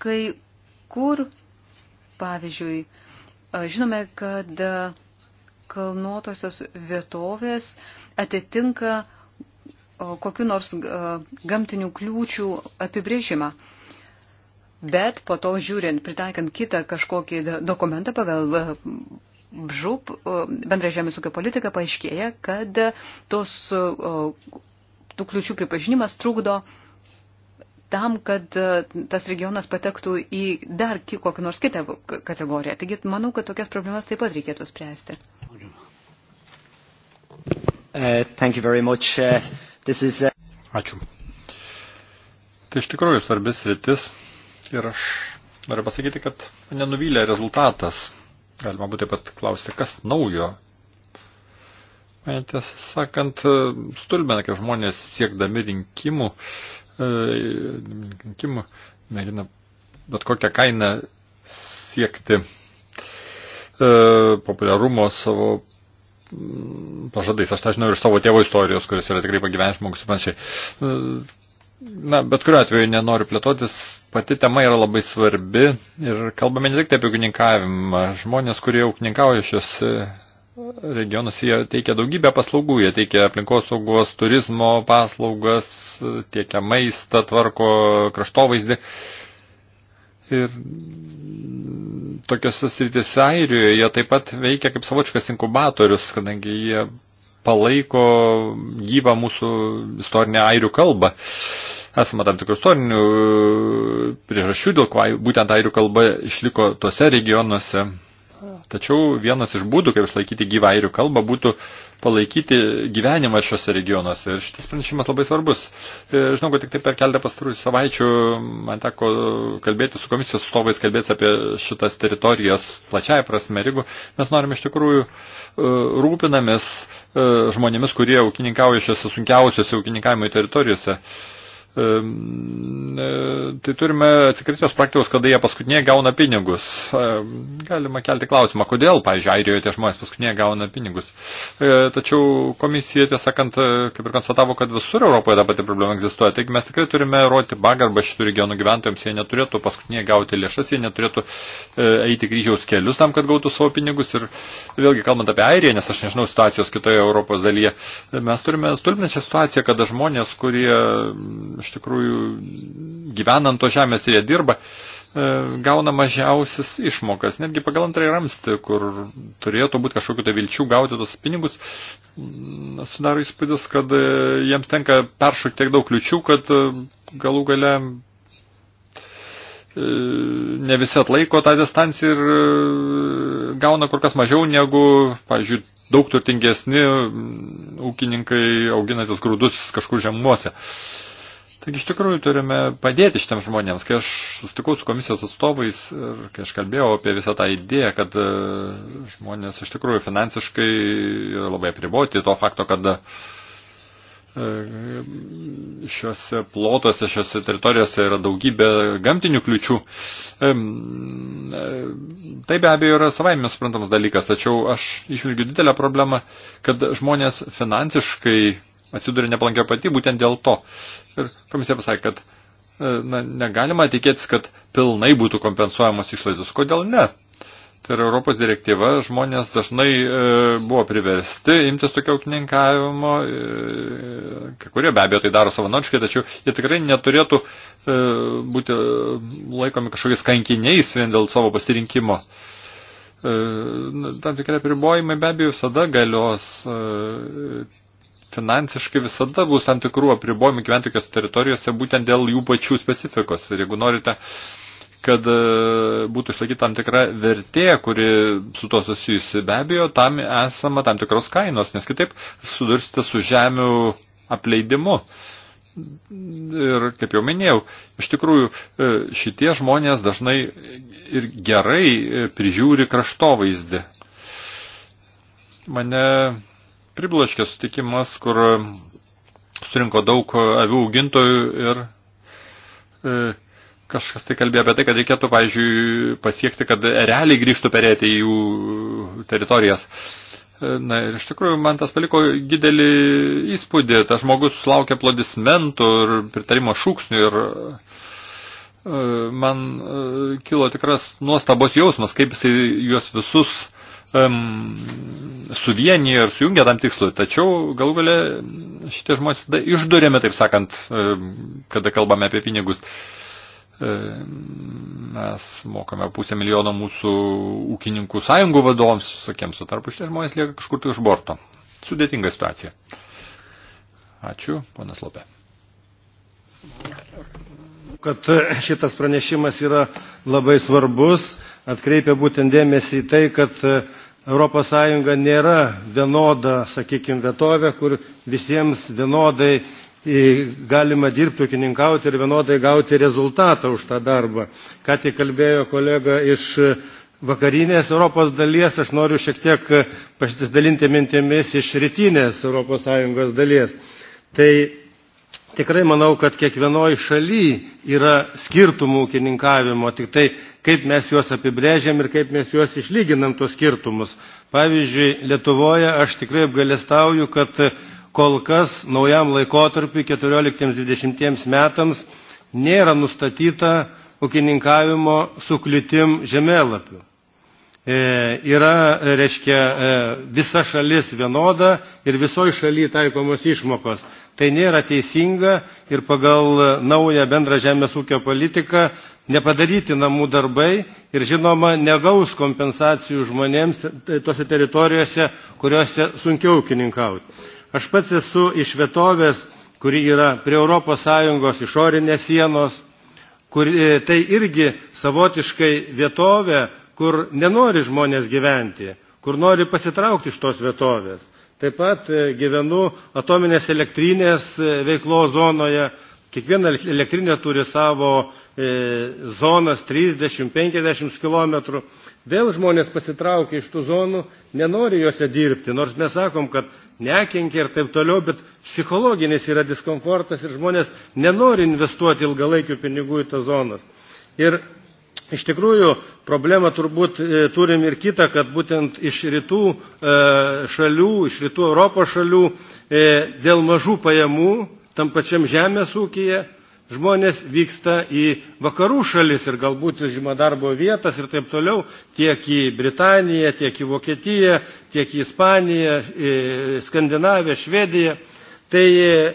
Kai kur, pavyzdžiui, žinome, kad kalnuotosios vietovės atitinka kokiu nors gamtinių kliūčių apibrėžimą. Bet po to žiūrint, pritaikant kitą kažkokį dokumentą pagal žūp, bendra žemės ūkio politika, paaiškėja, kad tos, tų kliūčių pripažinimas trukdo uh, tam, kad e, tas regionas patektų į dar kokią nors kitą kategoriją. Taigi, manau, kad tokias problemas taip pat reikėtų spręsti. Uh, thank you very much. Uh, this is, uh... Ačiū. Tai iš tikrųjų svarbis rytis ir aš noriu pasakyti, kad mane nuvylė rezultatas. Galima būtų taip pat klausti, kas naujo. Mane tiesą sakant, stulbina, kaip žmonės siekdami rinkimų E, rinkimų mėgina bet kokią kainą siekti e, populiarumo savo mm, pažadais. Aš tą žinau iš savo tėvo istorijos, kuris yra tikrai pagyvenęs žmogus ir panašiai. E, na, bet kuriuo atveju nenoriu plėtotis, pati tema yra labai svarbi ir kalbame ne tik apie ūkininkavimą. Žmonės, kurie ūkininkauja šios regionus, jie teikia daugybę paslaugų, jie teikia aplinkosaugos, turizmo paslaugas, tiekia maistą, tvarko kraštovaizdį. Ir tokiuose srityse Airijoje jie taip pat veikia kaip savočkas inkubatorius, kadangi jie palaiko gyvą mūsų istorinę airių kalbą. Esama tam tikrų istorinių priežasčių, dėl ko būtent airių kalba išliko tuose regionuose Tačiau vienas iš būdų, kaip išlaikyti gyvą airių kalbą, būtų palaikyti gyvenimą šiuose regionuose. Ir šitas pranešimas labai svarbus. E, žinau, kad tik tai per keletą pastarųjų savaičių man teko kalbėti su komisijos stovais, kalbėti apie šitas teritorijas plačiaja prasme. Ir jeigu mes norime iš tikrųjų e, rūpinamės e, žmonėmis, kurie ūkininkauja šiuose sunkiausiuose ūkininkavimo teritorijose, Ehm, e, tai turime atsikirti tos praktikos, kada jie paskutinėje gauna pinigus. Ehm, galima kelti klausimą, kodėl, pavyzdžiui, Airijoje tie žmonės paskutinėje gauna pinigus. E, tačiau komisija, tiesąkant, e, kaip ir konstatavo, kad visur Europoje ta pati problema egzistuoja. Taigi mes tikrai turime rodyti bagarbą šitų regionų gyventojams. Jie neturėtų paskutinėje gauti lėšas, jie neturėtų eiti kryžiaus kelius tam, kad gautų savo pinigus. Ir vėlgi, kalbant apie Airiją, nes aš nežinau situacijos kitoje Europos dalyje, mes turime stulbinančią situaciją, kada žmonės, kurie iš tikrųjų gyvenant to žemės ir jie dirba, e, gauna mažiausias išmokas. Netgi pagal antrąjį ramstį, kur turėtų būti kažkokiu tai vilčių gauti tos pinigus, sudaro įspūdis, kad e, jiems tenka peršokti tiek daug kliučių, kad e, galų gale ne visi atlaiko tą distanciją ir gauna kur kas mažiau negu, pavyzdžiui, daug turtingesni ūkininkai auginantis grūdus kažkur žemuose. Uh, Taigi iš tikrųjų turime padėti šitiems žmonėms. Kai aš sustikau su komisijos atstovais ir kai aš kalbėjau apie visą tą idėją, kad e, žmonės iš tikrųjų finansiškai labai apriboti to fakto, kad e, šiuose plotuose, šiuose teritorijose yra daugybė gamtinių kliučių. E, tai be abejo yra savaime suprantamas dalykas, tačiau aš išvilgiu didelę problemą, kad žmonės finansiškai atsidūrė nepalankio pati būtent dėl to. Ir komisija pasakė, kad e, na, negalima tikėtis, kad pilnai būtų kompensuojamos išlaidos. Kodėl ne? Tai yra Europos direktyva, žmonės dažnai e, buvo priversti imtis tokio ūkininkavimo, e, kai kurie be abejo tai daro savanoriškai, tačiau jie tikrai neturėtų e, būti laikomi kažkokiais kankiniais vien dėl savo pasirinkimo. E, tam tikrai pribojimai be abejo visada galios e, finansiškai visada bus tam tikrų apribojimų gyventi tokios teritorijose būtent dėl jų pačių specifikos. Ir jeigu norite, kad e, būtų išlaikyta tam tikra vertė, kuri su to susijusi, be abejo, tam esama tam tikros kainos, nes kitaip sudursite su žemių apleidimu. Ir kaip jau minėjau, iš tikrųjų e, šitie žmonės dažnai ir gerai e, prižiūri kraštovaizdį. Mane priblaškė sutikimas, kur e, surinko daug e, avių augintojų ir e, kažkas tai kalbėjo apie tai, kad reikėtų, pavyzdžiui, pasiekti, kad realiai grįžtų perėti į jų teritorijas. E, na ir iš tikrųjų man tas paliko didelį įspūdį, tas žmogus sulaukė aplodismentų ir pritarimo šūksnių ir man kilo tikras nuostabos jausmas, kaip jis juos visus uh, um, suvienijo ir sujungė tam tikslui. Tačiau galų gale šitie žmonės išdurėme, taip sakant, um, kada kalbame apie pinigus. Um, mes mokame pusę milijono mūsų ūkininkų sąjungų vadovams, sakėm, su tarpu šitie žmonės lieka kažkur tai už borto. Sudėtinga situacija. Ačiū, ponas Lopė. Kad e, šitas pranešimas yra labai svarbus, atkreipia būtent dėmesį į tai, kad e, ES nėra vienoda, sakykime, vietovė, kur visiems vienodai e, galima dirbti, ūkininkauti ir vienodai gauti rezultatą už tą darbą. Ką tik kalbėjo kolega iš e, vakarinės Europos dalies, aš noriu šiek tiek pasidalinti mintimis iš rytinės ES dalies. Tai Tikrai manau, kad kiekvienoje šalyje yra skirtumų ūkininkavimo, tik tai kaip mes juos apibrėžiam ir kaip mes juos išlyginam tuos skirtumus. Pavyzdžiui, Lietuvoje aš tikrai apgalestauju, kad kol kas naujam laikotarpiu 14-20 metams nėra nustatyta ūkininkavimo suklitim žemėlapių. E, yra, e, reiškia, e, visa šalis vienoda ir visoji šalyje taikomos išmokos. Tai nėra teisinga ir pagal naują bendrą žemės ūkio politiką nepadaryti namų darbai ir, žinoma, negaus kompensacijų žmonėms tose teritorijose, kuriuose sunkiau ūkininkauti. Aš pats esu iš vietovės, kuri yra prie ES išorinės sienos, kur, tai irgi savotiškai vietovė, kur nenori žmonės gyventi, kur nori pasitraukti iš tos vietovės. Taip pat e, gyvenu atominės elektrinės e, veiklos zonoje. Kiekviena elektrinė turi savo e, zonas 30-50 km. Vėl žmonės pasitraukia iš tų zonų, nenori juose dirbti, nors mes sakom, kad nekenkia ir taip toliau, bet psichologinis yra diskomfortas ir žmonės nenori investuoti ilgalaikių pinigų į tas zonas. Ir Iš tikrųjų, problemą turbūt e, turim ir kitą, kad būtent iš rytų e, šalių, iš rytų Europos šalių e, dėl mažų pajamų tam pačiam žemės ūkyje žmonės vyksta į vakarų šalis ir galbūt užima darbo vietas ir taip toliau, tiek į Britaniją, tiek į Vokietiją, tiek į Ispaniją, į Skandinaviją, Švediją. Tai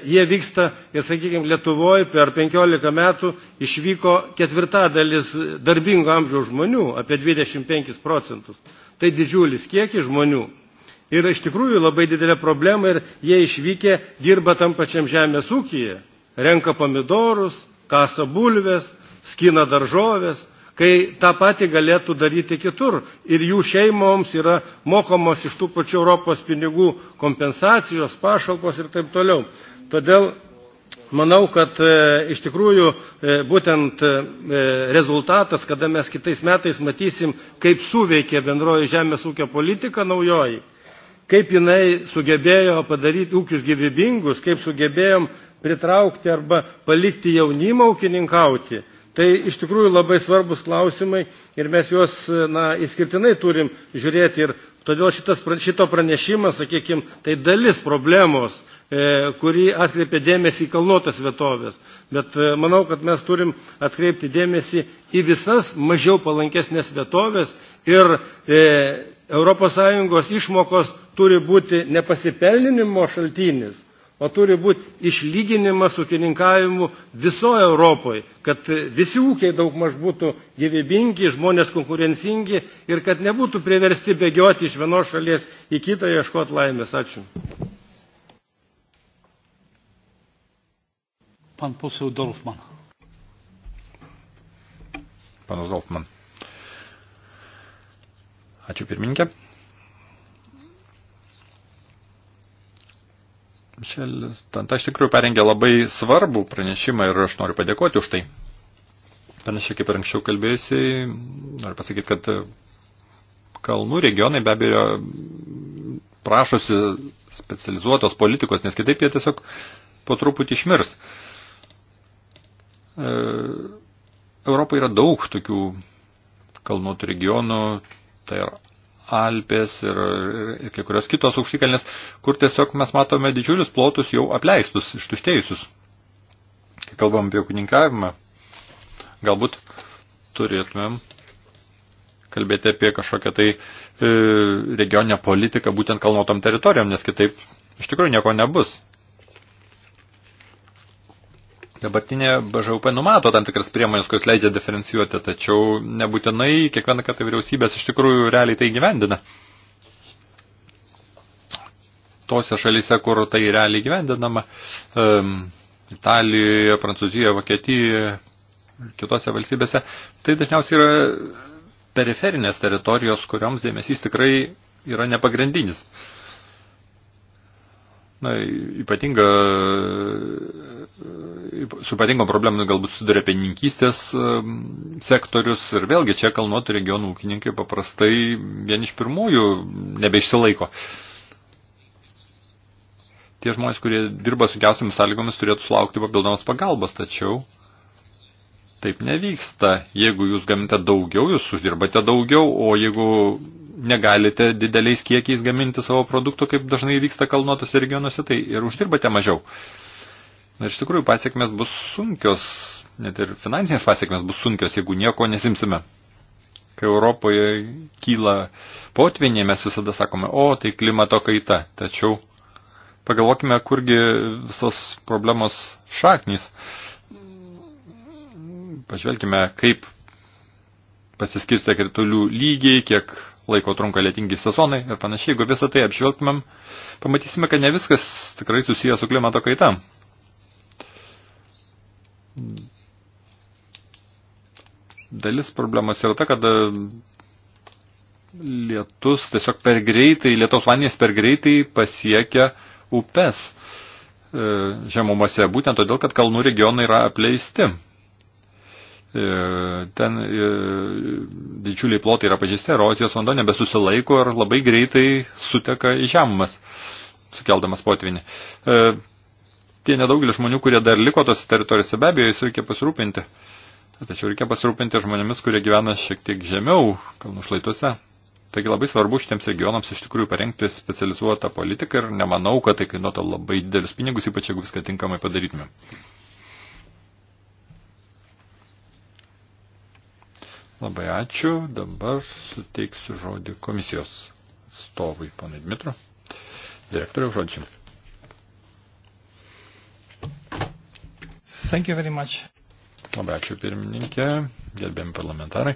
jie vyksta ir, sakykime, Lietuvoje per 15 metų išvyko ketvirtadalis darbingo amžiaus žmonių, apie 25 procentus. Tai didžiulis kiekis žmonių. Ir iš tikrųjų labai didelė problema ir jie išvykę dirba tam pačiam žemės ūkyje. Renka pomidorus, kasa bulves, skina daržovės, kai tą patį galėtų daryti kitur. Ir jų šeimoms yra mokomos iš tų pačių Europos pinigų kompensacijos, pašalpos ir taip toliau. Todėl Manau, kad e, iš tikrųjų e, būtent e, e, rezultatas, kada mes kitais metais matysim, kaip suveikė bendroji žemės ūkio politika naujoji, kaip jinai sugebėjo padaryti ūkius gyvybingus, kaip sugebėjom pritraukti arba palikti jaunimą ūkininkauti Tai iš tikrųjų labai svarbus klausimai ir mes juos na, įskirtinai turim žiūrėti ir todėl šitas, šito pranešimas, sakykime, tai dalis problemos, e, kuri atkreipia dėmesį į kalnuotas vietovės. Bet e, manau, kad mes turim atkreipti dėmesį į visas mažiau palankesnės vietovės ir e, ES išmokos turi būti nepasipelninimo šaltinis, o turi būti išlyginimas ūkininkavimu visoje Europoje, kad visi ūkiai daug maž būtų gyvybingi, žmonės konkurencingi ir kad nebūtų priversti bėgioti iš vienos šalies į kitą ieškoti laimės. Ačiū. Pan posel Dorfman. Panas Dorfman. Ačiū pirmininkė. Mišelis Tanta iš tikrųjų parengė labai svarbų pranešimą ir aš noriu padėkoti už tai. Panašiai kaip ir anksčiau kalbėjusiai, noriu pasakyti, kad kalnų regionai be abejo prašosi specializuotos politikos, nes kitaip jie tiesiog po truputį išmirs. E, Europoje yra daug tokių kalnuotų regionų, tai yra Alpės ir, ir kai kurios kitos aukštikalnės, kur tiesiog mes matome didžiulius plotus jau apleistus, ištuštėjusius. Kai kalbam apie ūkininkavimą, galbūt turėtumėm kalbėti apie kažkokią tai e, regioninę politiką būtent kalnuotom teritorijom, nes kitaip iš tikrųjų nieko nebus. Dabartinė BŽUP numato tam tikras priemonės, kurios leidžia diferencijuoti, tačiau nebūtinai kiekvieną kartą vyriausybės iš tikrųjų realiai tai gyvendina. Tose šalyse, kur tai realiai gyvendinama, um, Italijoje, Prancūzijoje, Vokietijoje, kitose valstybėse, tai dažniausiai yra periferinės teritorijos, kurioms dėmesys tikrai yra nepagrindinis. Na, ypatinga su ypatingom problemom nu, galbūt suduria pieninkystės ehm, sektorius ir vėlgi čia kalnuotų regionų ūkininkai paprastai vieni iš pirmųjų nebeišsilaiko. Tie žmonės, kurie dirba sunkiausiamis sąlygomis, turėtų sulaukti papildomas pagalbos, tačiau taip nevyksta. Jeigu jūs gamite daugiau, jūs uždirbate daugiau, o jeigu negalite dideliais kiekiais gaminti savo produktų, kaip dažnai vyksta kalnuotose regionuose, tai ir uždirbate mažiau. Uh, Na, iš tikrųjų, pasiekmes bus sunkios, net ir finansinės pasiekmes bus sunkios, jeigu nieko nesimsime. Kai Europoje kyla potvinė, mes visada sakome, o, tai klimato kaita. Tačiau pagalvokime, kurgi visos problemos šaknys. Pažvelkime, kaip pasiskirstė kritulių lygiai, kiek laiko trunka lėtingi sezonai ir panašiai. Jeigu visą tai apžvelgtumėm, pamatysime, kad ne viskas tikrai susijęs su klimato kaita. Dalis problemos yra ta, kad e, lietus tiesiog per greitai, lietaus vandenys per greitai pasiekia upes e, žemumose, būtent todėl, kad kalnų regionai yra apleisti. E, ten didžiuliai plotai yra pažįsti, erozijos vanduo nebesusilaiko ir labai greitai suteka į žemumas, sukeldamas potvinį tie nedaugelis žmonių, kurie dar liko tose teritorijose, be abejo, jis reikia pasirūpinti. Tačiau reikia pasirūpinti žmonėmis, kurie gyvena šiek tiek žemiau kalnų šlaituose. Taigi labai svarbu šitiems regionams iš tikrųjų parengti specializuotą politiką ir nemanau, kad tai kainuotų labai didelius pinigus, ypač jeigu viską tinkamai padarytumėm. Labai ačiū. Dabar suteiksiu žodį komisijos atstovui, panai Dmitru. Direktoriau, žodžiu. Thank you very much. Labai ačiū pirmininkė, gerbėm parlamentarai.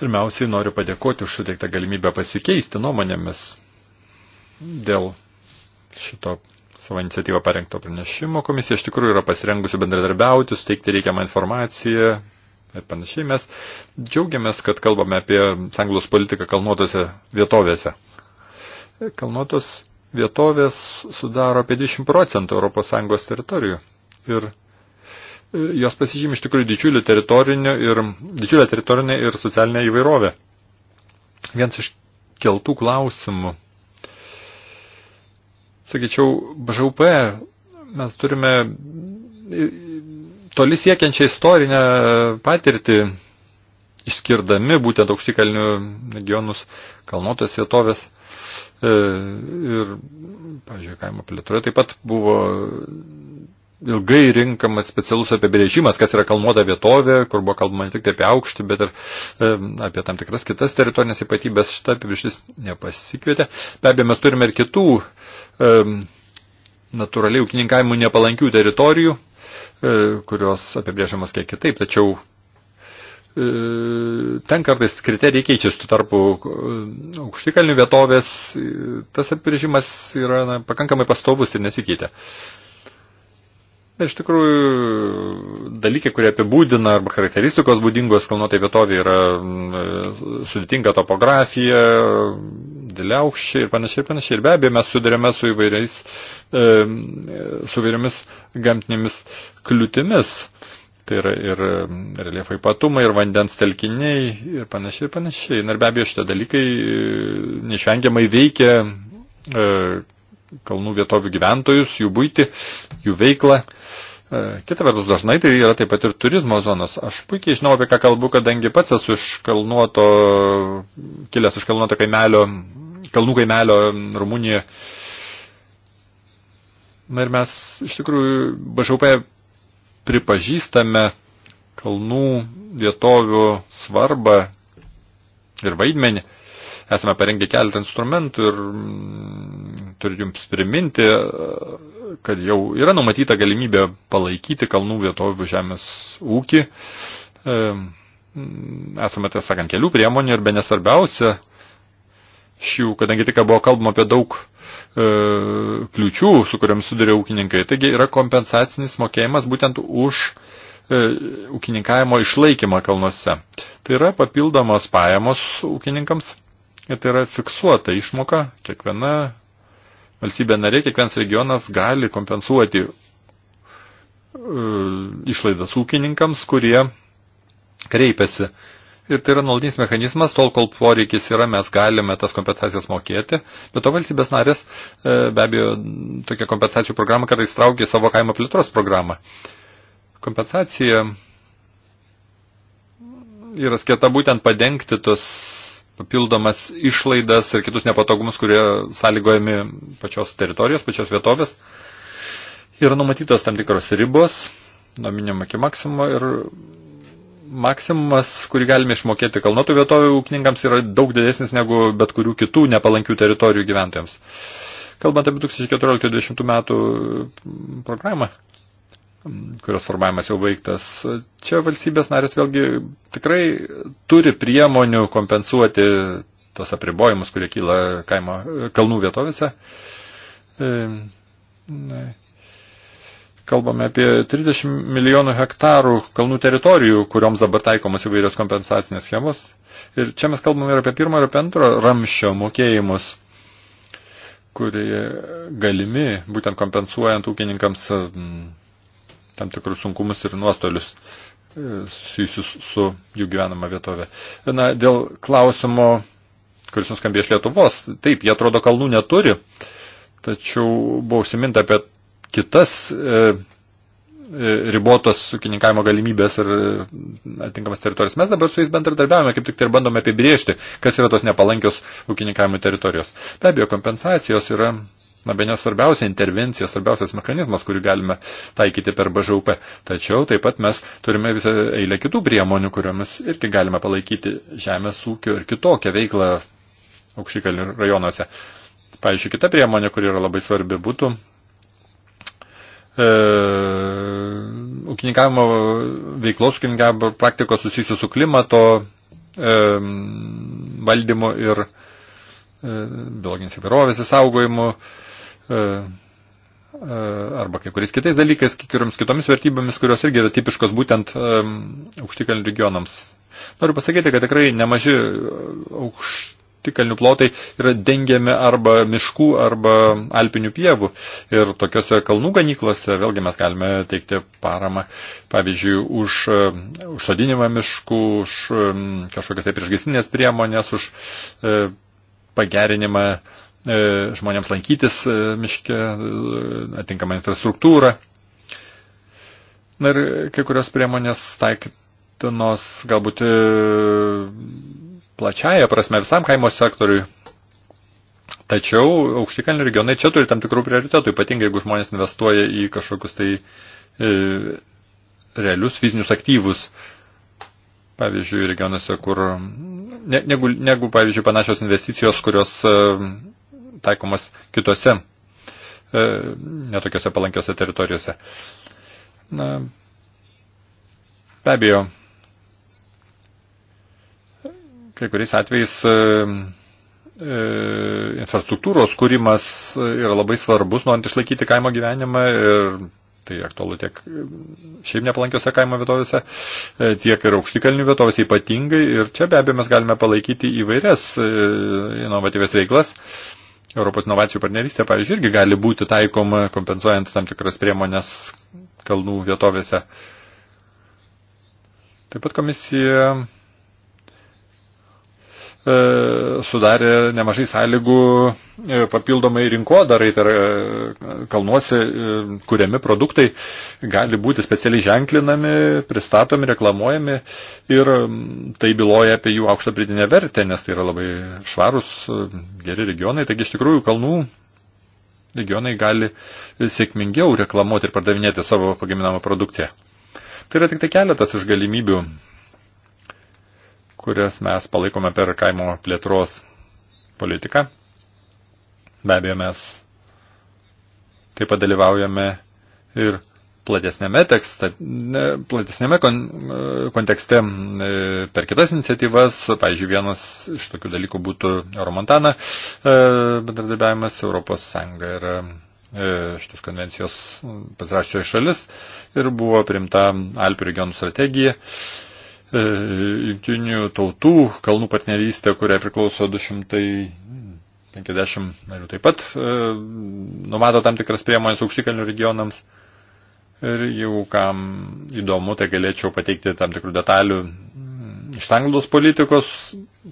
Pirmiausiai noriu padėkoti už suteiktą galimybę pasikeisti nuomonėmis dėl šito savo iniciatyvą parengto pranešimo. Komisija iš tikrųjų yra pasirengusi bendradarbiauti, suteikti reikiamą informaciją ir panašiai. Mes džiaugiamės, kad kalbame apie sanglos politiką kalnuotose vietovėse. Kalnuotos vietovės sudaro apie 20 procentų ES teritorijų. Ir e, jos pasižymi iš tikrųjų didžiulį teritorinį ir, didžiulę teritorinę ir socialinę įvairovę. Vienas iš keltų klausimų. Sakyčiau, BŽP mes turime e, toli siekiančią istorinę patirtį, išskirdami būtent aukštikalnių regionus, kalnuotas vietovės. E, ir, pažiūrėjau, kaimo plėtroje taip pat buvo ilgai rinkamas specialus apibrėžimas, kas yra kalnuota vietovė, kur buvo kalbama ne tik apie aukštį, bet ir e, apie tam tikras kitas teritorinės ypatybės. Šitą apibrėžtis nepasikvietė. Be abejo, mes turime ir kitų e, natūraliai ūkininkavimų nepalankių teritorijų, e, kurios apibrėžiamas kiek kitaip, tačiau E, ten kartais kriterijai keičiasi, tu tarpu e, aukštikalnių vietovės, e, tas apibrėžimas yra na, pakankamai pastovus ir nesikeitė. Na, iš tikrųjų, dalykai, kurie apibūdina arba charakteristikos būdingos kalnuotai vietovė yra mm, sudėtinga topografija, dėliaukščiai ir panašiai ir panašiai. Ir be abejo, mes sudarėme su įvairiais, su įvairiomis gamtinėmis kliūtimis. Tai yra ir um, reliefo ypatumai, ir vandens telkiniai, ir panašiai, ir panašiai. Ir be abejo, šitie dalykai e, neišvengiamai veikia e, kalnų vietovių gyventojus, jų būti, jų veiklą. E, kita vertus, dažnai tai yra taip pat ir turizmo zonos. Aš puikiai žinau, apie ką kalbu, kadangi pats esu iš kalnuoto, kilęs iš kalnuoto kaimelio, kalnų kaimelio Rumunijoje. Na ir mes iš tikrųjų BŽP pripažįstame kalnų vietovių svarbą ir vaidmenį. Esame parengę keletą instrumentų ir mm, turiu jums priminti, kad jau yra numatyta galimybė palaikyti kalnų vietovių žemės ūkį. E, mm, esame, tiesą sakant, kelių priemonių ir be nesvarbiausia šių, kadangi tik buvo kalbama apie daug E, kliučių, su kuriam sudarė ūkininkai. Taigi yra kompensacinis mokėjimas būtent už e, ūkininkavimo išlaikymą kalnuose. Tai yra papildomos pajamos ūkininkams ir tai yra fiksuota išmoka. Kiekviena valstybė narė, kiekvienas regionas gali kompensuoti e, išlaidas ūkininkams, kurie kreipiasi Ir tai yra nuolatinis mechanizmas, tol kol poreikis yra, mes galime tas kompensacijas mokėti. Bet to valstybės narės e, be abejo tokią kompensacijų programą kartais traukia į savo kaimo plėtros programą. Kompensacija yra skirta būtent padengti tos papildomas išlaidas ir kitus nepatogumus, kurie sąlygojami pačios teritorijos, pačios vietovės. Yra numatytos tam tikros ribos, nuo minimumo iki maksimo ir maksimumas, kurį galime išmokėti kalnotų vietovių ūkininkams, yra daug didesnis negu bet kurių kitų nepalankių teritorijų gyventojams. Kalbant apie 2014-2020 metų programą, kurios formavimas jau baigtas, čia valstybės narės vėlgi tikrai turi priemonių kompensuoti tos apribojimus, kurie kyla kaimo kalnų vietovėse. E, kalbame apie 30 milijonų hektarų kalnų teritorijų, kurioms dabar taikomas įvairios kompensacinės schemos. Ir čia mes kalbame ir apie pirmo ir apie antro ramščio mokėjimus, kurie galimi būtent kompensuojant ūkininkams mm, tam tikrus sunkumus ir nuostolius e, susijusius su jų gyvenama vietovė. Na, dėl klausimo, kuris nuskambėjo iš Lietuvos, taip, jie atrodo kalnų neturi, tačiau buvo užsiminta apie kitas e, e, ribotos sukininkavimo galimybės ir e, atinkamas teritorijas. Mes dabar su jais bendradarbiavome, kaip tik tai ir bandome apibriežti, kas yra tos nepalankios ūkininkavimo teritorijos. Be abejo, kompensacijos yra na, be nesvarbiausia intervencija, svarbiausias mechanizmas, kurį galime taikyti per BŽUP. Tačiau taip pat mes turime visą eilę kitų priemonių, kuriomis irgi galime palaikyti žemės ūkio ir kitokią veiklą aukštikalių rajonuose. Pavyzdžiui, kita priemonė, kuri yra labai svarbi, būtų e, ūkininkavimo veiklos, ūkininkavimo praktikos susijusios su klimato e, valdymu ir e, biologinės įvairovės įsaugojimu. E, e arba kai kuriais kitais dalykais, kai kuriams kitomis vertybėmis, kurios irgi yra tipiškos būtent um, aukštikalnių regionams. Noriu pasakyti, kad tikrai nemaži aukš, kiti kalnių plotai yra dengiami arba miškų, arba alpinių pievų. Ir tokiuose kalnų ganyklose vėlgi mes galime teikti paramą, pavyzdžiui, už e, užsodinimą miškų, už e, kažkokias tai priešgaisinės priemonės, už e, pagerinimą e, žmonėms lankytis e, miške, e, atinkamą infrastruktūrą. Na ir kai kurios priemonės taikytinos galbūt plačiaja prasme visam kaimo sektoriui. Tačiau aukštikalnių regionai čia turi tam tikrų prioritetų, ypatingai jeigu žmonės investuoja į kažkokius tai e, realius fizinius aktyvus. Pavyzdžiui, regionuose, kur ne, negu, negu, pavyzdžiui, panašios investicijos, kurios e, taikomas kitose e, netokiose palankiose teritorijose. Na, be abejo, Kai kuriais atvejais e, e, infrastruktūros kūrimas e, yra labai svarbus, norint išlaikyti kaimo gyvenimą ir tai aktualu tiek e, šiaip nepalankiose kaimo vietovėse, e, tiek ir aukštikalnių vietovėse ypatingai. Ir čia be abejo mes galime palaikyti įvairias inovatyvės veiklas. Europos inovacijų partnerystė, pavyzdžiui, irgi gali būti taikoma kompensuojant tam tikras priemonės kalnų vietovėse. Taip pat komisija E, sudarė nemažai sąlygų e, papildomai rinkodarai, tai e, kalnuose kuriami produktai gali būti specialiai ženklinami, pristatomi, reklamuojami ir tai byloja apie jų aukštą pridinę vertę, nes tai yra labai švarus, geri regionai, taigi iš tikrųjų kalnų regionai gali sėkmingiau reklamuoti ir pardavinėti savo pagaminamą produkciją. Tai yra tik tai keletas iš galimybių kurias mes palaikome per kaimo plėtros politiką. Be abejo, mes taip pat dalyvaujame ir platesnėme, tekste, platesnėme kon, kontekste e, per kitas iniciatyvas. Pavyzdžiui, vienas iš tokių dalykų būtų Euromontana e, bendradarbiavimas Europos Sąjunga ir e, šitos konvencijos pasirašė šalis ir buvo primta Alpių regionų strategija. E, E, jungtinių tautų kalnų partnerystę, kuriai priklauso 250 narių taip pat, e, numato tam tikras priemonės aukštikalnių regionams. Ir jau kam įdomu, tai galėčiau pateikti tam tikrų detalių iš anglos politikos,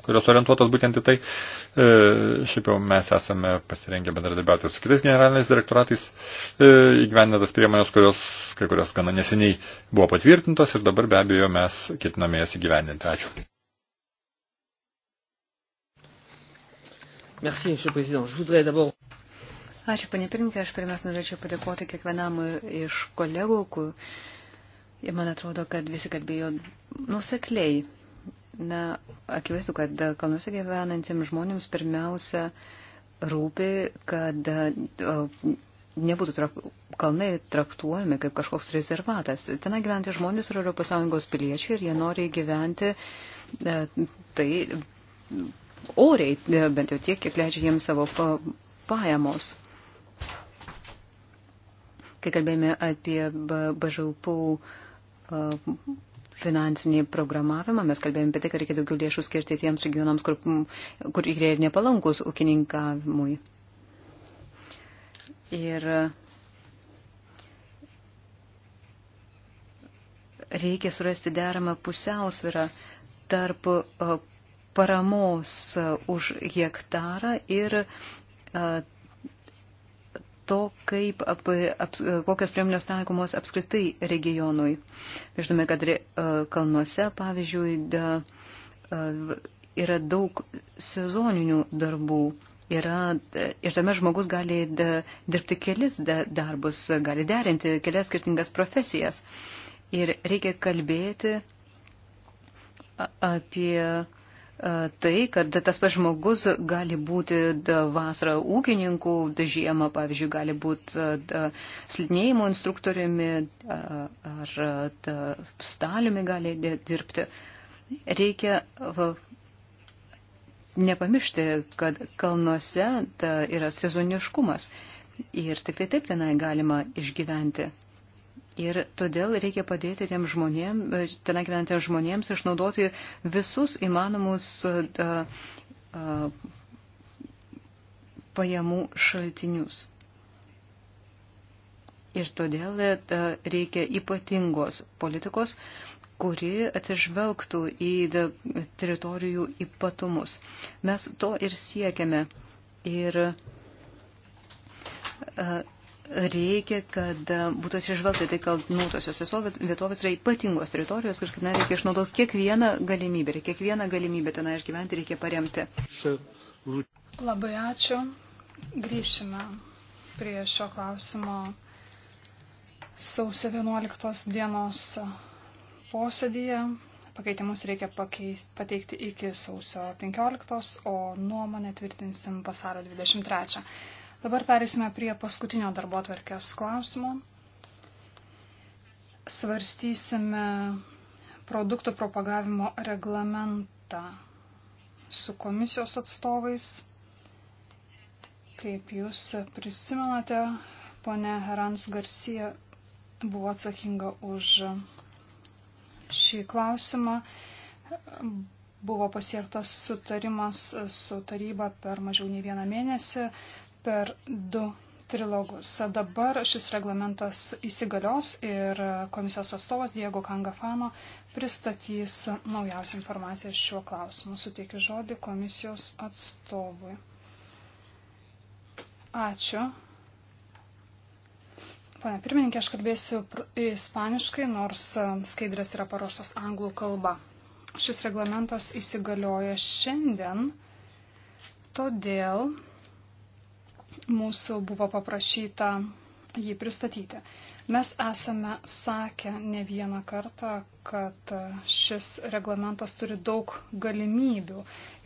kurios orientuotas būtent į tai. E, šiaip jau mes esame pasirengę bendradarbiauti su kitais generaliniais direktoratais, e, įgyvendintas priemonės, kurios, kai kurios gana neseniai buvo patvirtintos ir dabar be abejo mes ketiname jas įgyvendinti. Ačiū. Merci, Monsieur le Président. Je voudrais d'abord. Ačiū, panė pirmininkė, aš pirmiausia norėčiau padėkoti kiekvienam iš kolegų, kur, ir man atrodo, kad visi kalbėjo nusekliai. Na, akivaizdu, kad kalnuose gyvenantiems žmonėms pirmiausia rūpi, kad nebūtų trak, kalnai traktuojami kaip kažkoks rezervatas. Ten gyventi žmonės yra ES piliečiai ir jie nori gyventi e, tai oriai, e, bent jau tiek, kiek leidžia jiems savo pajamos. Kai kalbėjome apie bažaupų finansinį programavimą. Mes kalbėjome apie tai, kad reikia daugiau lėšų skirti tiems regionams, kur, kur jie ir nepalankus ūkininkavimui. Ir reikia surasti deramą pusiausvyrą tarp uh, paramos uh, už hektarą ir uh, to, kaip, ap, ap, kokios priemonės taikomos apskritai regionui. Žinome, kad e, kalnuose, pavyzdžiui, da, e, yra daug sezoninių darbų. Yra, e, ir tame žmogus gali da, dirbti kelis da, darbus, gali derinti kelias skirtingas profesijas. Ir reikia kalbėti apie E, tai, kad tas pats žmogus gali būti vasarą ūkininkų, žiemą, pavyzdžiui, gali būti e, slidinėjimo instruktoriumi e, ar staliumi gali dirbti. Reikia nepamiršti, kad kalnuose yra sezoniškumas ir tik tai taip tenai galima išgyventi. Ir todėl reikia padėti tiem žmonėm, e, ten gyventiems žmonėms išnaudoti visus įmanomus uh, uh, pajamų šaltinius. Ir todėl reikia ypatingos politikos, kuri atsižvelgtų į teritorijų ypatumus. Mes to ir siekiame. Ir uh, reikia, kad būtų atsižvelgta tai, kad nuotosios vietovės yra ypatingos teritorijos, kažkaip na, reikia išnaudoti kiekvieną galimybę, ir kiekvieną galimybę tenai išgyventi reikia paremti. Labai ačiū. Grįšime prie šio klausimo sausio 11 dienos posėdyje. Pakeitimus reikia pakeis, pateikti iki sausio 15, o nuomonę tvirtinsim vasario 23. Dabar perėsime prie paskutinio darbo atverkės klausimo. Svarstysime produktų propagavimo reglamentą su komisijos atstovais. Kaip jūs prisimenate, ponė Herans Garcia buvo atsakinga už šį klausimą. Buvo pasiektas sutarimas su taryba per mažiau nei vieną mėnesį per du trilogus. Dabar šis reglamentas įsigalios ir komisijos atstovas Diego Kangafano pristatys naujausią informaciją šiuo klausimu. Suteikiu žodį komisijos atstovui. Ačiū. Pane pirmininkė, aš kalbėsiu ispaniškai, nors um, skaidrės yra paruoštos anglų kalba. Šis reglamentas įsigalioja šiandien, todėl mūsų buvo paprašyta jį pristatyti. Mes esame sakę ne vieną kartą, kad šis reglamentas turi daug galimybių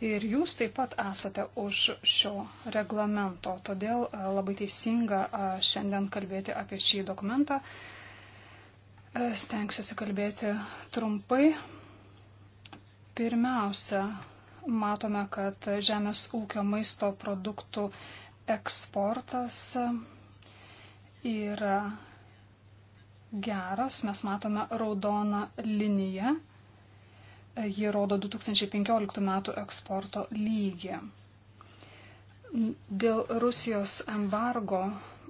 ir jūs taip pat esate už šio reglamento. Todėl e, labai teisinga e, šiandien kalbėti apie šį dokumentą. E, stengsiuosi kalbėti trumpai. Pirmiausia, matome, kad žemės ūkio maisto produktų eksportas yra geras, mes matome raudoną liniją, ji rodo 2015 metų eksporto lygį. Dėl Rusijos embargo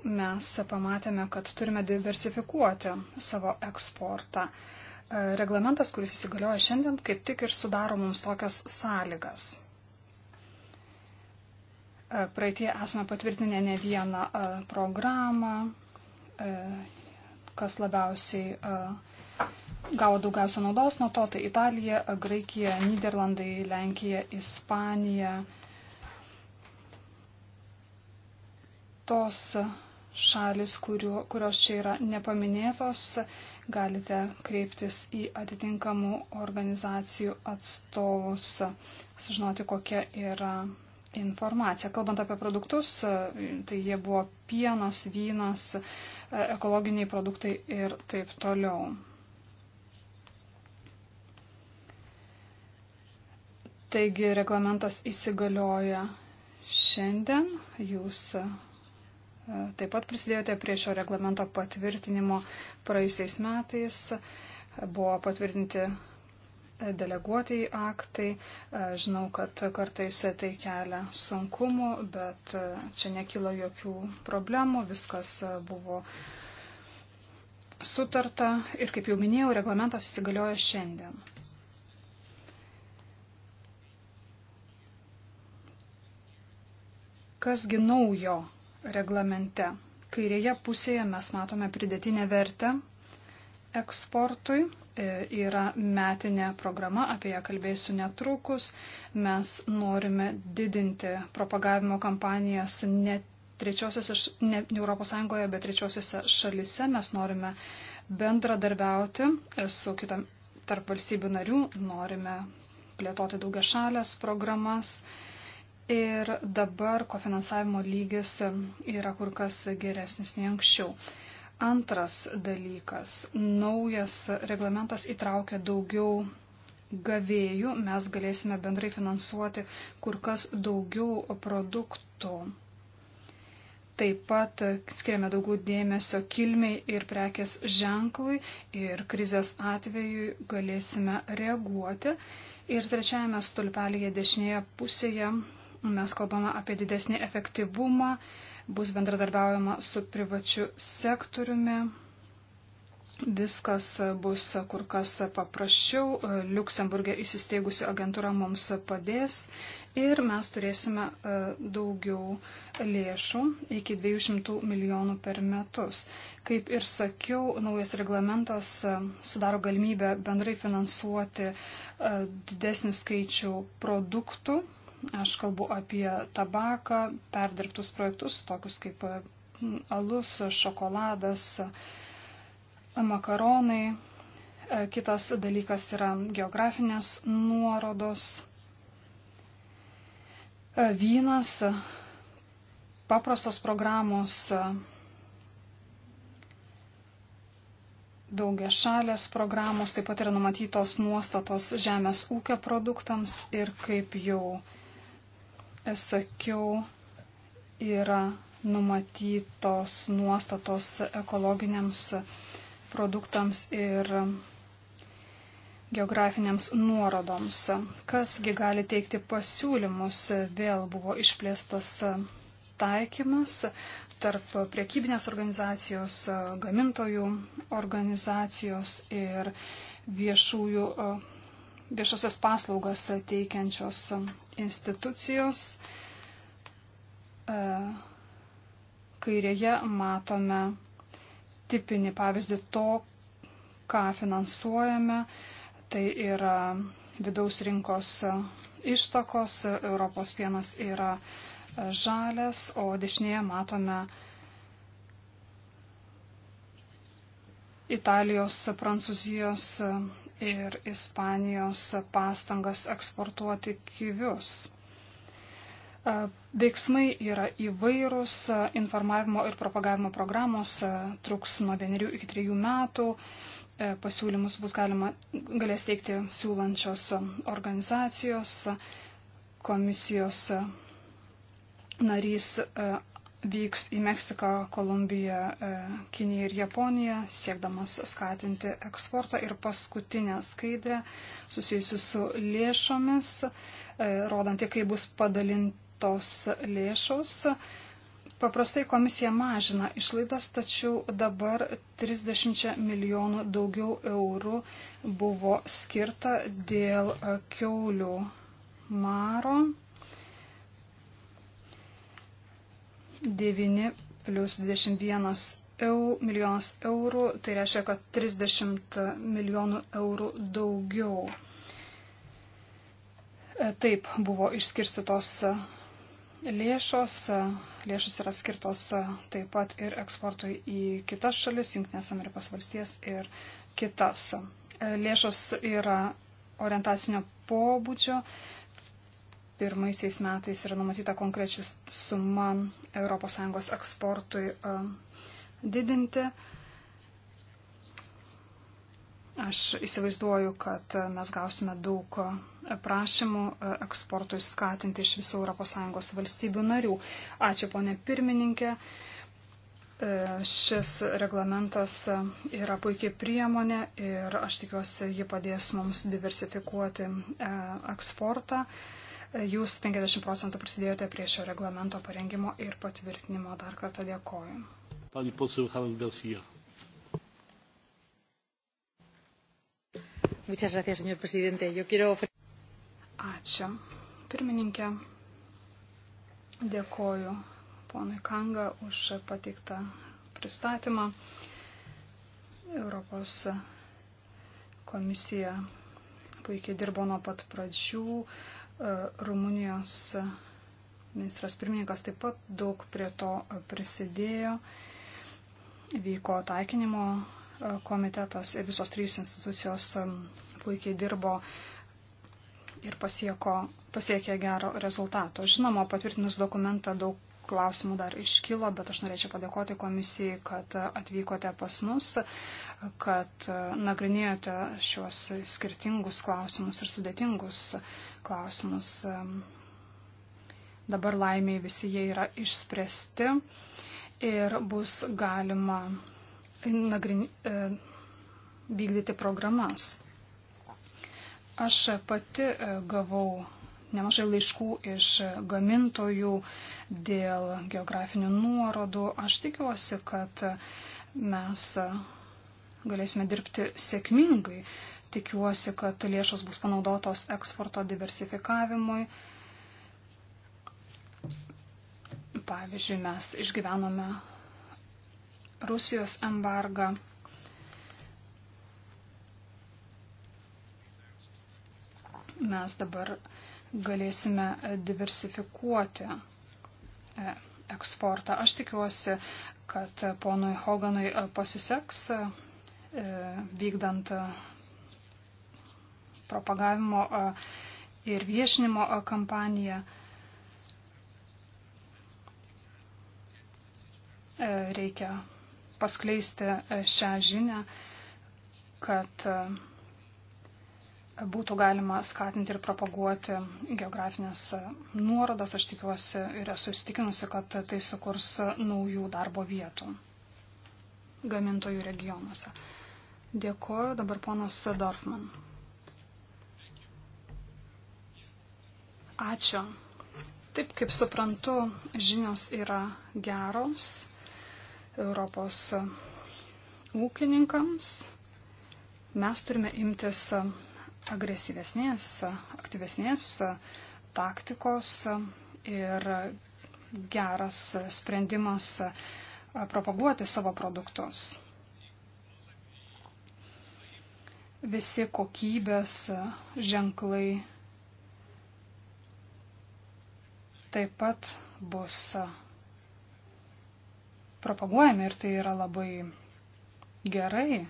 mes pamatėme, kad turime diversifikuoti savo eksportą. Reglamentas, kuris įsigalioja šiandien, kaip tik ir sudaro mums tokias sąlygas. E, praeitie esame patvirtinę ne vieną e, programą, e, kas labiausiai gavo daugiausia naudos nuo to, tai Italija, Graikija, Niderlandai, Lenkija, Ispanija. Tos šalis, kuriuo, kurios čia yra nepaminėtos, galite kreiptis į atitinkamų organizacijų atstovus, sužinoti, kokia yra informaciją. Kalbant apie produktus, e, tai jie buvo pienas, vynas, e, ekologiniai produktai ir taip toliau. Taigi reglamentas įsigalioja šiandien. Jūs e, taip pat prisidėjote prie šio reglamento patvirtinimo praėjusiais metais. Buvo patvirtinti deleguotieji aktai. E, žinau, kad kartais tai kelia sunkumų, bet e, čia nekilo jokių problemų, viskas e, buvo sutarta ir, kaip jau minėjau, reglamentas įsigalioja šiandien. Kasgi naujo reglamente? Kairėje pusėje mes matome pridėtinę vertę eksportui. E, yra metinė programa, apie ją kalbėsiu netrukus. Mes norime didinti propagavimo kampanijas ne trečiosiuose, ne Europos Sąjungoje, bet trečiosiuose šalise. Mes norime bendradarbiauti e, su kitam tarp valstybių narių, norime plėtoti daugia šalės programas. Ir dabar kofinansavimo lygis e, yra kur kas geresnis nei anksčiau. Antras dalykas. Naujas reglamentas įtraukia daugiau gavėjų. Mes galėsime bendrai finansuoti kur kas daugiau produktų. Taip pat skiriame daugiau dėmesio kilmiai ir prekės ženklui ir krizės atveju galėsime reaguoti. Ir trečiajame stulpelėje dešinėje pusėje mes kalbame apie didesnį efektyvumą, bus bendradarbiaujama su privačiu sektoriumi. Viskas bus kur kas paprasčiau. Luksemburgė įsisteigusi agentūra mums padės ir mes turėsime e, daugiau lėšų iki 200 milijonų per metus. Kaip ir sakiau, naujas reglamentas e, sudaro galimybę bendrai finansuoti e, didesnį skaičių produktų. Aš kalbu apie tabaką, perdirbtus projektus, tokius kaip alus, šokoladas, makaronai. Kitas dalykas yra geografinės nuorodos E, vynas, e, paprastos programos, e, daugia šalės programos, taip pat yra numatytos nuostatos žemės ūkio produktams ir kaip jau sakiau, yra numatytos nuostatos ekologiniams produktams ir geografinėms nuorodoms. Kasgi gali teikti pasiūlymus, vėl buvo išplėstas taikymas tarp priekybinės organizacijos, gamintojų organizacijos ir viešųjų, viešasias paslaugas teikiančios institucijos. Kairėje matome tipinį pavyzdį to, ką finansuojame, Tai yra vidaus rinkos ištakos, Europos pienas yra žalias, o dešinėje matome Italijos, Prancūzijos ir Ispanijos pastangas eksportuoti kivius. Veiksmai yra įvairūs, informavimo ir propagavimo programos truks nuo vienerių iki trijų metų, E, pasiūlymus bus galima, galės teikti siūlančios organizacijos, komisijos narys e, vyks į Meksiką, Kolumbiją, e, Kiniją ir Japoniją, siekdamas skatinti eksportą. Ir paskutinė skaidrė susijusi su lėšomis, rodanti, kaip bus padalintos lėšos. Paprastai komisija mažina išlaidas, tačiau dabar 30 milijonų daugiau eurų buvo skirta dėl e, keulių maro 9 plus 21 eur, milijonas eurų, tai reiškia, kad 30 milijonų eurų daugiau. E, taip buvo išskirstytos tos e, lėšos. Lėšos yra skirtos taip pat ir eksportui į kitas šalis, Junktinės Amerikos valstijas ir kitas. Lėšos yra orientacinio pobūdžio. Pirmaisiais metais yra numatyta konkrečius suma ES eksportui didinti. Aš įsivaizduoju, kad mes gausime daug prašymų e, eksportui skatinti iš visų ES valstybių narių. Ačiū, ponė pirmininkė. E, šis reglamentas yra puikiai priemonė ir aš tikiuosi, ji padės mums diversifikuoti e, eksportą. Jūs 50 procentų prisidėjote prie šio reglamento parengimo ir patvirtinimo. Dar kartą dėkoju. Pani posėdė, Havel Garcia. Gracias, señor presidente. Yo quiero... Ačiū. Pirmininkė, dėkoju ponui Kanga už pateiktą pristatymą. Europos komisija puikiai dirbo nuo pat pradžių. E, Rumunijos ministras pirmininkas taip pat daug prie to prisidėjo. Vyko taikinimo komitetas ir visos trys institucijos puikiai dirbo ir pasieko, pasiekė gero rezultato. Žinoma, patvirtinus dokumentą daug klausimų dar iškilo, bet aš norėčiau padėkoti komisijai, kad atvykote pas mus, kad nagrinėjote šios skirtingus klausimus ir sudėtingus klausimus. Dabar laimiai visi jie yra išspręsti ir bus galima nagrin, e, vykdyti programas. Aš pati e, gavau nemažai laiškų iš gamintojų dėl geografinių nuorodų. Aš tikiuosi, kad mes galėsime dirbti sėkmingai. Tikiuosi, kad lėšos bus panaudotos eksporto diversifikavimui. Pavyzdžiui, mes išgyvenome Rusijos embargą. Mes dabar galėsime diversifikuoti e, eksportą. Aš tikiuosi, kad ponui Hoganui pasiseks e, vykdant propagavimo e, ir viešinimo kampaniją. Reikia paskleisti e, šią žinę, kad e, būtų galima skatinti ir propaguoti geografinės e, nuorodas. Aš tikiuosi ir esu įstikinusi, kad tai sukurs naujų darbo vietų gamintojų regionuose. Dėkuoju dabar ponas Dorfman. Ačiū. Taip kaip suprantu, žinios yra geros Europos ūkininkams. Mes turime imtis agresyvesnės, aktyvesnės taktikos ir geras sprendimas propaguoti savo produktus. Visi kokybės ženklai taip pat bus propaguojami ir tai yra labai gerai.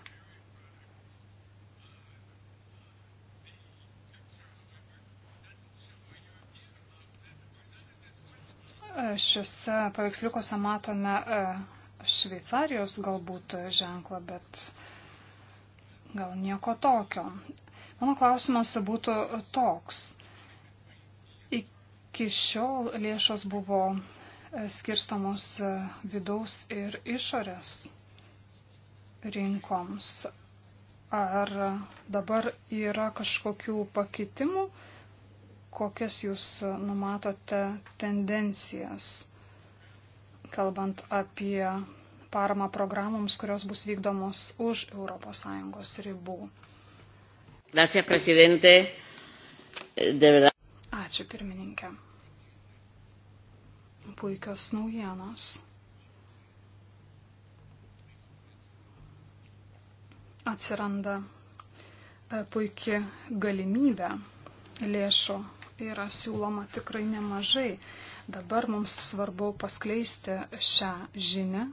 Šiuose paveiksliukose matome e, Šveicarijos galbūt ženklą, bet gal nieko tokio. Mano klausimas būtų toks. Iki šiol lėšos buvo skirstamos e, vidaus ir išorės rinkoms. Ar dabar yra kažkokių pakitimų, kokias jūs numatote tendencijas, kalbant apie paramą programoms, kurios bus vykdomos už ES ribų? Gracias, presidente. De verdad. Ačiū pirmininkė puikios naujienos. Atsiranda e, puikia galimybė. Lėšų yra siūloma tikrai nemažai. Dabar mums svarbu paskleisti šią žinią,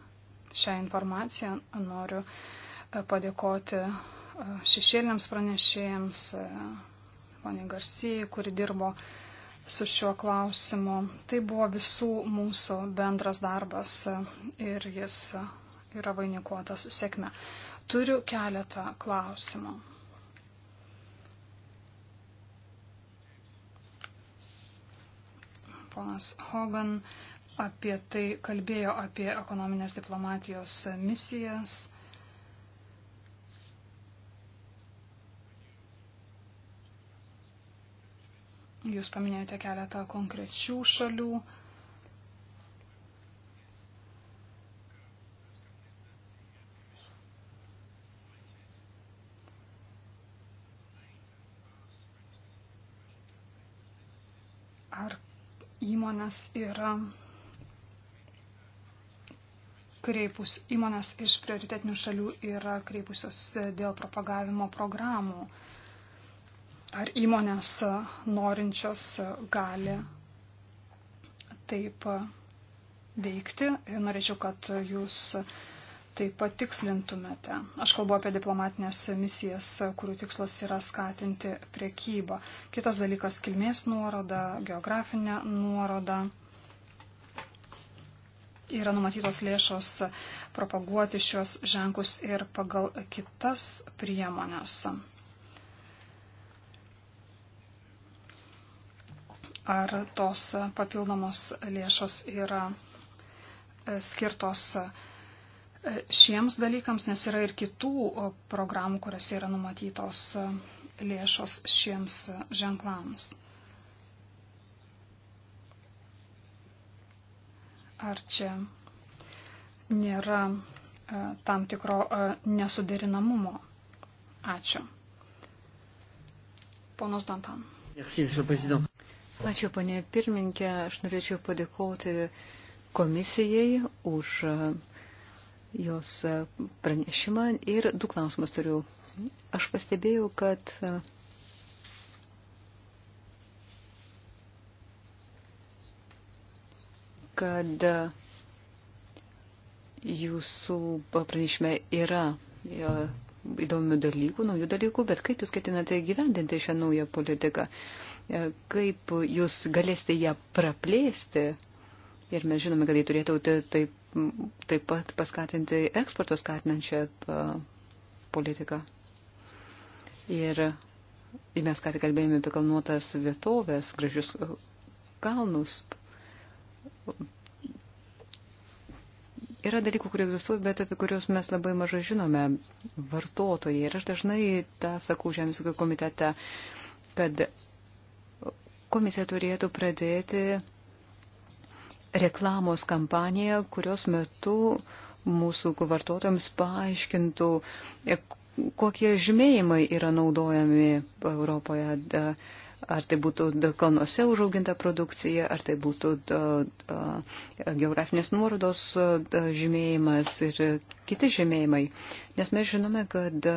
šią informaciją. Noriu e, padėkoti e, šešėliams pranešėjams, poniai Garsijai, kuri dirbo uh, su šiuo klausimu. Tai buvo visų mūsų bendras darbas ir jis yra vainikuotas sėkme. Turiu keletą klausimų. Ponas Hogan apie tai kalbėjo apie ekonominės diplomatijos misijas Jūs paminėjote keletą konkrečių šalių. Ar įmonės yra kreipus, įmonės iš prioritetinių šalių yra kreipusios dėl propagavimo programų. Uh, ar įmonės norinčios gali taip veikti. Norėčiau, kad jūs taip pat tikslintumėte. Aš kalbu apie diplomatinės misijas, kurių tikslas yra skatinti priekybą. Kitas dalykas - kilmės nuoroda, geografinė nuoroda. Yra numatytos lėšos propaguoti šios ženklus ir pagal kitas priemonės. ar tos papildomos lėšos yra e, skirtos e, šiems dalykams, nes yra ir kitų programų, kuriuose yra numatytos e, lėšos šiems ženklams. Ar čia nėra tam tikro nesuderinamumo? Ačiū. Ponas Dantan. Merci, Ačiū, ponė pirmininkė. Aš norėčiau padėkoti komisijai už e, jos e, pranešimą ir du klausimus turiu. Aš pastebėjau, kad e, kad jūsų pranešime yra įdomių dalykų, naujų dalykų, bet kaip jūs ketinate gyvendinti šią naują politiką? Uh, E, kaip jūs galėsite ją praplėsti. Ir mes žinome, kad jį turėtų taip, taip pat paskatinti eksporto skatinančią e, politiką. Ir mes ką tik kalbėjome apie kalnuotas vietovės, gražius kalnus. Yra dalykų, kurie egzistuoja, bet apie kuriuos mes labai mažai žinome vartotojai. Ir aš dažnai tą sakau Žemės ūkio komitete, kad komisija turėtų pradėti reklamos kampaniją, kurios metu mūsų vartotojams paaiškintų, e, kokie žymėjimai yra naudojami Europoje. Da, ar tai būtų kalnuose užauginta produkcija, ar tai būtų da, da, geografinės nuorodos da, žymėjimas ir kiti žymėjimai. Nes mes žinome, kad da,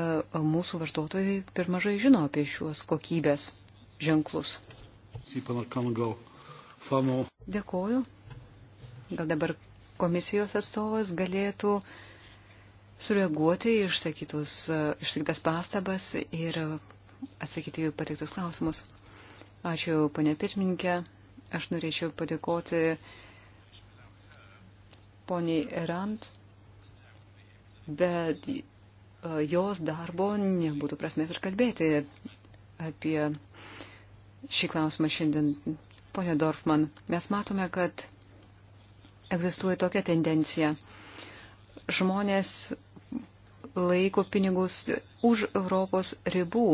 mūsų vartotojai per mažai žino apie šiuos kokybės ženklus. Dėkuoju. Gal dabar komisijos atstovas galėtų sureaguoti išsakytas pastabas ir atsakyti jų patiktus klausimus. Ačiū, ponė pirmininkė. Aš norėčiau padėkoti poniai Erant, bet e, jos darbo nebūtų prasmės ir kalbėti apie šį klausimą šiandien. Pone Dorfman, mes matome, kad egzistuoja tokia tendencija. Žmonės laiko pinigus už Europos ribų,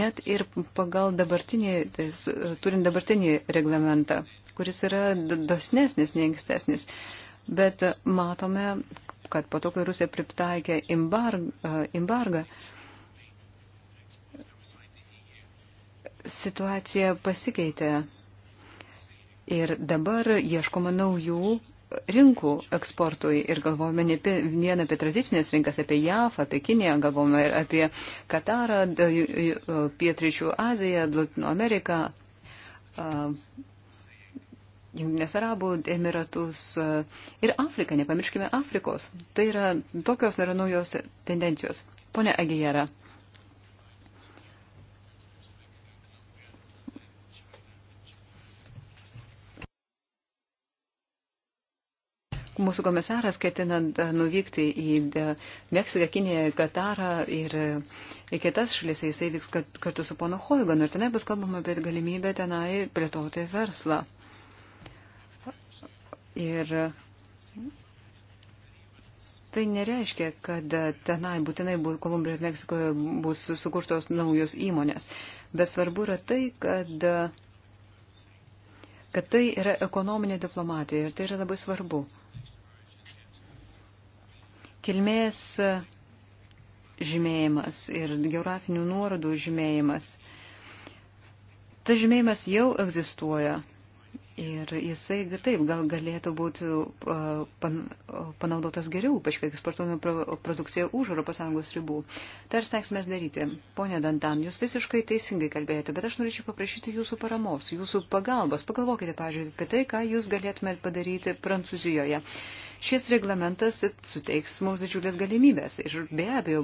net ir pagal dabartinį, tai, turint dabartinį reglamentą, kuris yra dosnesnis, nei ankstesnis. Bet matome, kad po to, kai Rusija pritaikė embargą, situacija pasikeitė ir dabar ieškoma naujų rinkų eksportui ir galvojame ne vien apie tradicinės rinkas, apie JAF, apie Kiniją, galvojame ir apie Katarą, Pietričių Aziją, Latino Ameriką, Junginės Arabų Emiratus ir Afriką, nepamirškime Afrikos. Tai yra tokios yra naujos tendencijos. Pone Agijera, Mūsų komisaras ketinant e, nuvykti į e, Meksiką, Kiniją, Katarą ir į e, kitas šalis, jisai vyks kartu su pono Hoiganu ir tenai bus kalbama apie galimybę tenai plėtoti verslą. Ir tai nereiškia, kad tenai būtinai Kolumbijoje ir Meksikoje bus sukurtos naujos įmonės, bet svarbu yra tai, kad kad tai yra ekonominė diplomatija ir tai yra labai svarbu. Kilmės žymėjimas ir geografinių nuorodų žymėjimas. Tas žymėjimas jau egzistuoja Ir jisai taip gal galėtų būti panaudotas geriau, ypač kai eksportuojame produkciją už ES ribų. Tai ir stengsime daryti. Pone Dantan, jūs visiškai teisingai kalbėjote, bet aš norėčiau paprašyti jūsų paramos, jūsų pagalbos. Pagalvokite, pažiūrėjau, apie tai, ką jūs galėtumėte padaryti Prancūzijoje. Šis reglamentas suteiks mums didžiulės galimybės ir be abejo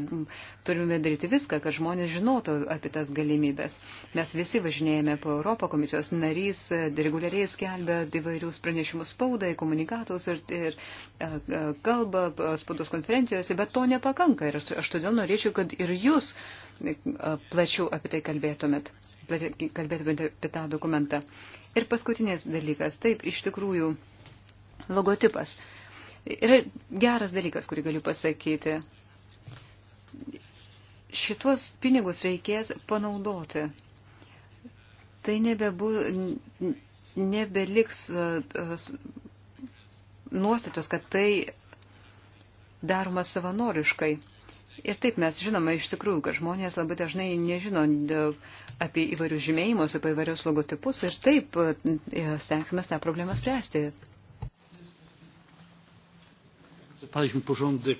turime daryti viską, kad žmonės žinotų apie tas galimybės. Mes visi važinėjame po Europą, komisijos narys e, reguliariai skelbia įvairius pranešimus spaudai, komunikatus ir, ir e, e, kalba spaudos konferencijose, bet to nepakanka ir aš, aš todėl norėčiau, kad ir jūs plačiau apie tai kalbėtumėt, kalbėtumėt apie tą dokumentą. Ir paskutinis dalykas, taip, iš tikrųjų, logotipas. Yra geras dalykas, kurį galiu pasakyti. Šitos pinigus reikės panaudoti. Tai nebebu, nebeliks e, nuostatos, kad tai daroma savanoriškai. Ir taip mes žinome iš tikrųjų, kad žmonės labai dažnai nežino apie įvairius žymėjimus, apie įvairius logotipus ir taip e, stengsime tą problemą spręsti wyczerpaliśmy porządek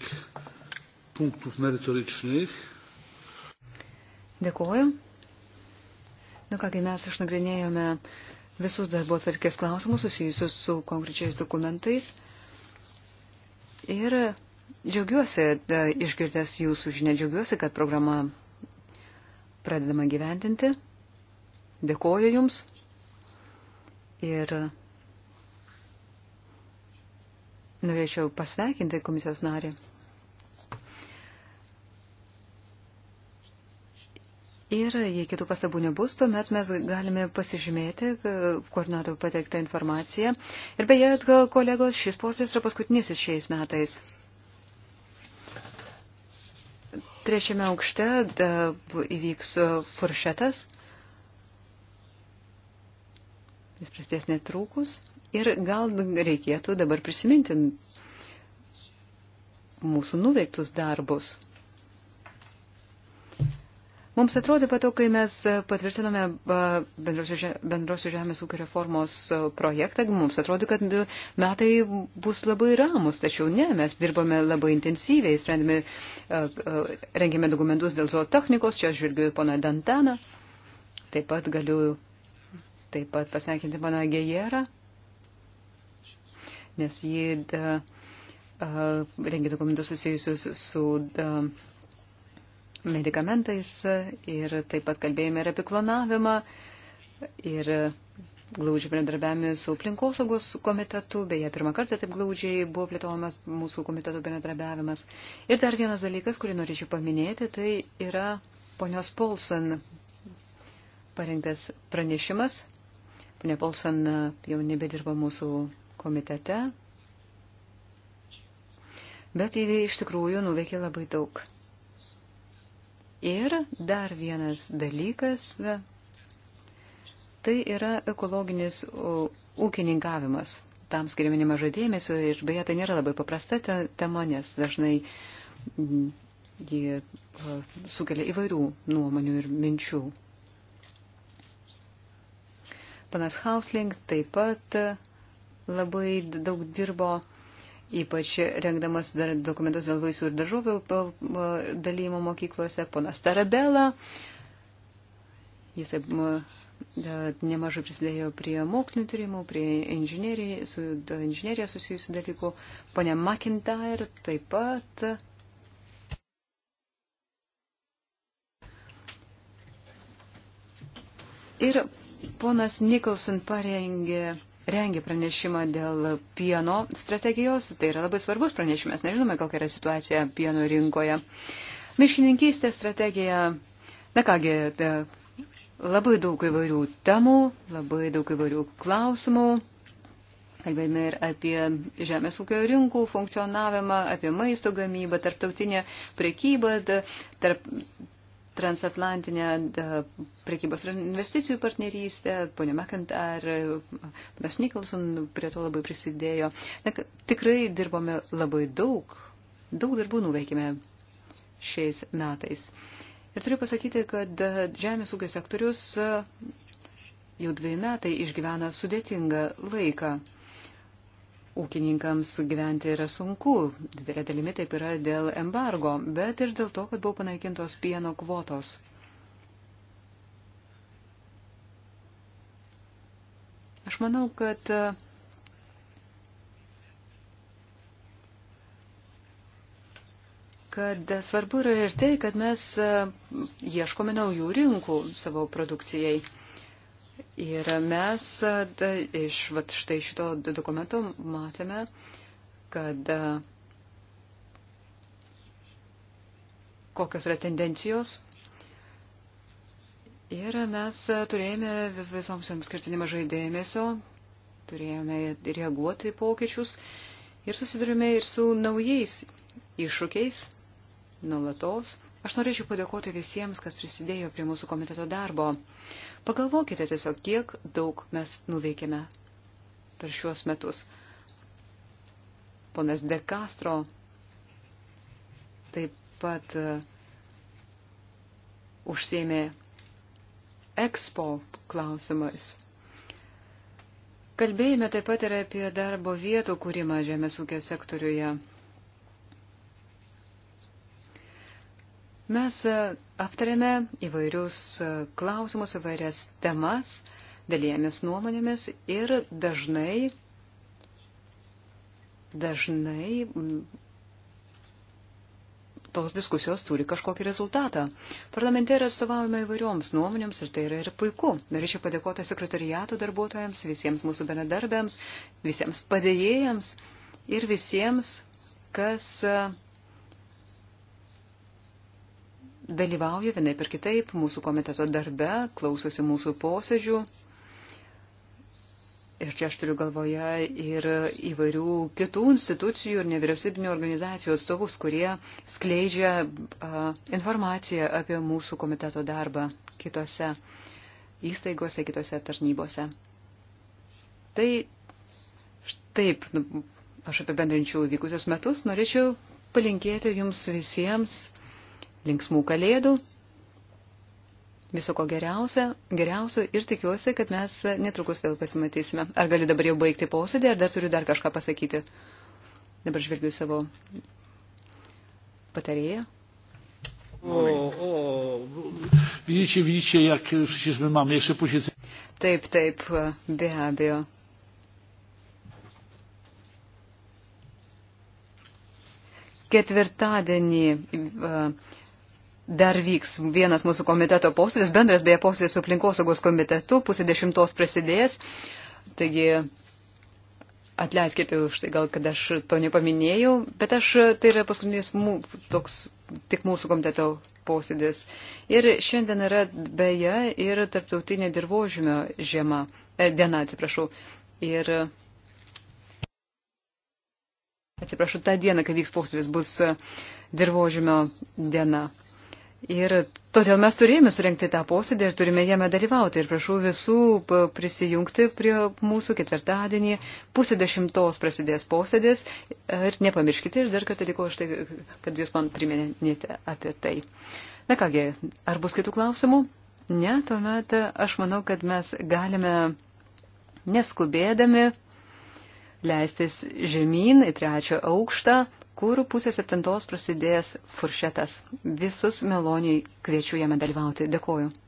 punktów merytorycznych. Dėkuoju. Nu kągi mes išnagrinėjome visus darbo atvarkės klausimus susijusius su konkrečiais dokumentais. Ir džiaugiuosi da, e, išgirdęs jūsų žinia, džiaugiuosi, kad programa pradedama gyventinti. Dėkuoju Jums. Ir Norėčiau pasveikinti komisijos narį. Ir jei kitų pastabų nebus, tuomet mes galime pasižymėti e, koordinatų pateiktą informaciją. Ir beje, kolegos, šis postas yra paskutinisis šiais metais. Trečiame aukšte da, įvyks e, furšetas. Jis prasidės netrukus. Ir gal reikėtų dabar prisiminti mūsų nuveiktus darbus. Mums atrodė pato, kai mes patvirtinome bendrosios žemės ūkio reformos projektą, mums atrodė, kad metai bus labai ramus, tačiau ne, mes dirbame labai intensyviai, sprendėme, rengėme dokumentus dėl zootechnikos, čia aš žvelgiu į poną Dantaną, taip pat galiu taip pat pasveikinti poną Gejerą nes jie da, rengia dokumentus susijusius su da, medikamentais ir taip pat kalbėjome ir apie klonavimą ir glaudžiai bendradarbiavime su aplinkosaugos komitetu, beje, pirmą kartą taip glaudžiai buvo plėtojamas mūsų komiteto bendradarbiavimas. Ir dar vienas dalykas, kurį norėčiau paminėti, tai yra ponios Polson parengtas pranešimas. Ponia Polson jau nebedirba mūsų komitete, bet jie iš tikrųjų nuveikė labai daug. Ir dar vienas dalykas, tai yra ekologinis ūkininkavimas. Tam skiriame nemažai dėmesio ir beje, tai nėra labai paprasta tema, nes dažnai ji sukelia įvairių nuomonių ir minčių. Panas Hausling taip pat labai daug dirbo, ypač rengdamas dokumentus dėl vaisių ir daržovių dalymo mokyklose, ponas Tarabela. Jis nemažai prisidėjo prie mokslinių tyrimų, prie inžinierija, su inžinierija susijusių dalykų. Pone McIntyre taip pat. Ir ponas Nicholson parengė rengė pranešimą dėl pieno strategijos. Tai yra labai svarbus pranešimas. Nežinome, kokia yra situacija pieno rinkoje. Miškininkystės strategija. Na kągi, e, labai daug įvairių temų, labai daug įvairių klausimų. Kalbėjome ir apie žemės ūkio rinkų funkcionavimą, apie maisto gamybą, tarptautinę prekybą, tarp, transatlantinę prekybos ir investicijų partnerystę, ponė Mekantar, panas Nikolson prie to labai prisidėjo. Na, tikrai dirbome labai daug, daug darbų nuveikėme šiais metais. Ir turiu pasakyti, kad žemės ūkio sektorius jau dviejų metai išgyvena sudėtingą laiką ūkininkams gyventi yra sunku. Didelė dalimi taip yra dėl embargo, bet ir dėl to, kad buvo panaikintos pieno kvotos. Aš manau, kad kad svarbu yra ir tai, kad mes e, ieškome naujų rinkų savo produkcijai. Ir mes da, iš vat, štai šito dokumento matėme, kad kokios yra tendencijos. Ir mes turėjome visoms joms skirti nemažai dėmesio, turėjome reaguoti į pokyčius ir susidurime ir su naujais iššūkiais nuolatos. Aš norėčiau padėkoti visiems, kas prisidėjo prie mūsų komiteto darbo. Pagalvokite tiesiog, kiek daug mes nuveikėme per šiuos metus. Ponas De Castro taip pat uh, užsėmė Expo klausimais. Kalbėjome taip pat ir apie darbo vietų kūrimą žemės ūkio sektoriuje. Mes e, aptarėme įvairius e, klausimus, įvairias temas, dalėjomės nuomonėmis ir dažnai, dažnai tos diskusijos turi kažkokį rezultatą. Parlamente yra atstovaujama įvairioms nuomonėms ir tai yra ir puiku. Norėčiau padėkoti sekretariato darbuotojams, visiems mūsų benedarbėms, visiems padėjėjams ir visiems, kas dalyvauja vienai per kitaip mūsų komiteto darbe, klausosi mūsų posėdžių. Ir čia aš turiu galvoje ir įvairių kitų institucijų ir nevyriausybinio organizacijų atstovus, kurie skleidžia a, informaciją apie mūsų komiteto darbą kitose įstaigose, kitose tarnybose. Tai taip, nu, aš apibendrinčiau vykusius metus, norėčiau palinkėti jums visiems linksmų kalėdų, viso ko geriausio, geriausio ir tikiuosi, kad mes netrukus vėl pasimatysime. Ar galiu dabar jau baigti posėdį, ar dar turiu dar kažką pasakyti? Dabar žvelgiu savo patarėją. O, o, widzicie, widzicie, jak przecież my mamy jeszcze posiedzenie. Taip, taip, be abejo. Ketvirtadienį uh, dar vyks vienas mūsų komiteto posėdis, bendras beje posėdis su aplinkosaugos komitetu, pusė dešimtos prasidės. Taigi atleiskite už tai, gal kad aš to nepaminėjau, bet aš tai yra paskutinis mū, toks tik mūsų komiteto posėdis. Ir šiandien yra beje ir tarptautinė dirbožymio žiema, e, diena, atsiprašau. Ir atsiprašau, tą dieną, kai vyks posėdis, bus dirbožymio diena. Ir todėl mes turėjome surenkti tą posėdį ir turime jame dalyvauti. Ir prašau visų prisijungti prie mūsų ketvirtadienį. Pusė dešimtos prasidės posėdis. Ir nepamirškite ir dar kartą dėkuoju už tai, kad jūs man priminėte apie tai. Na kągi, ar bus kitų klausimų? Ne, tuomet aš manau, kad mes galime neskubėdami leistis žemyn į trečią aukštą kur pusė septintos prasidės furšetas. Visus Melonijai kviečiu jame dalyvauti. Dėkoju.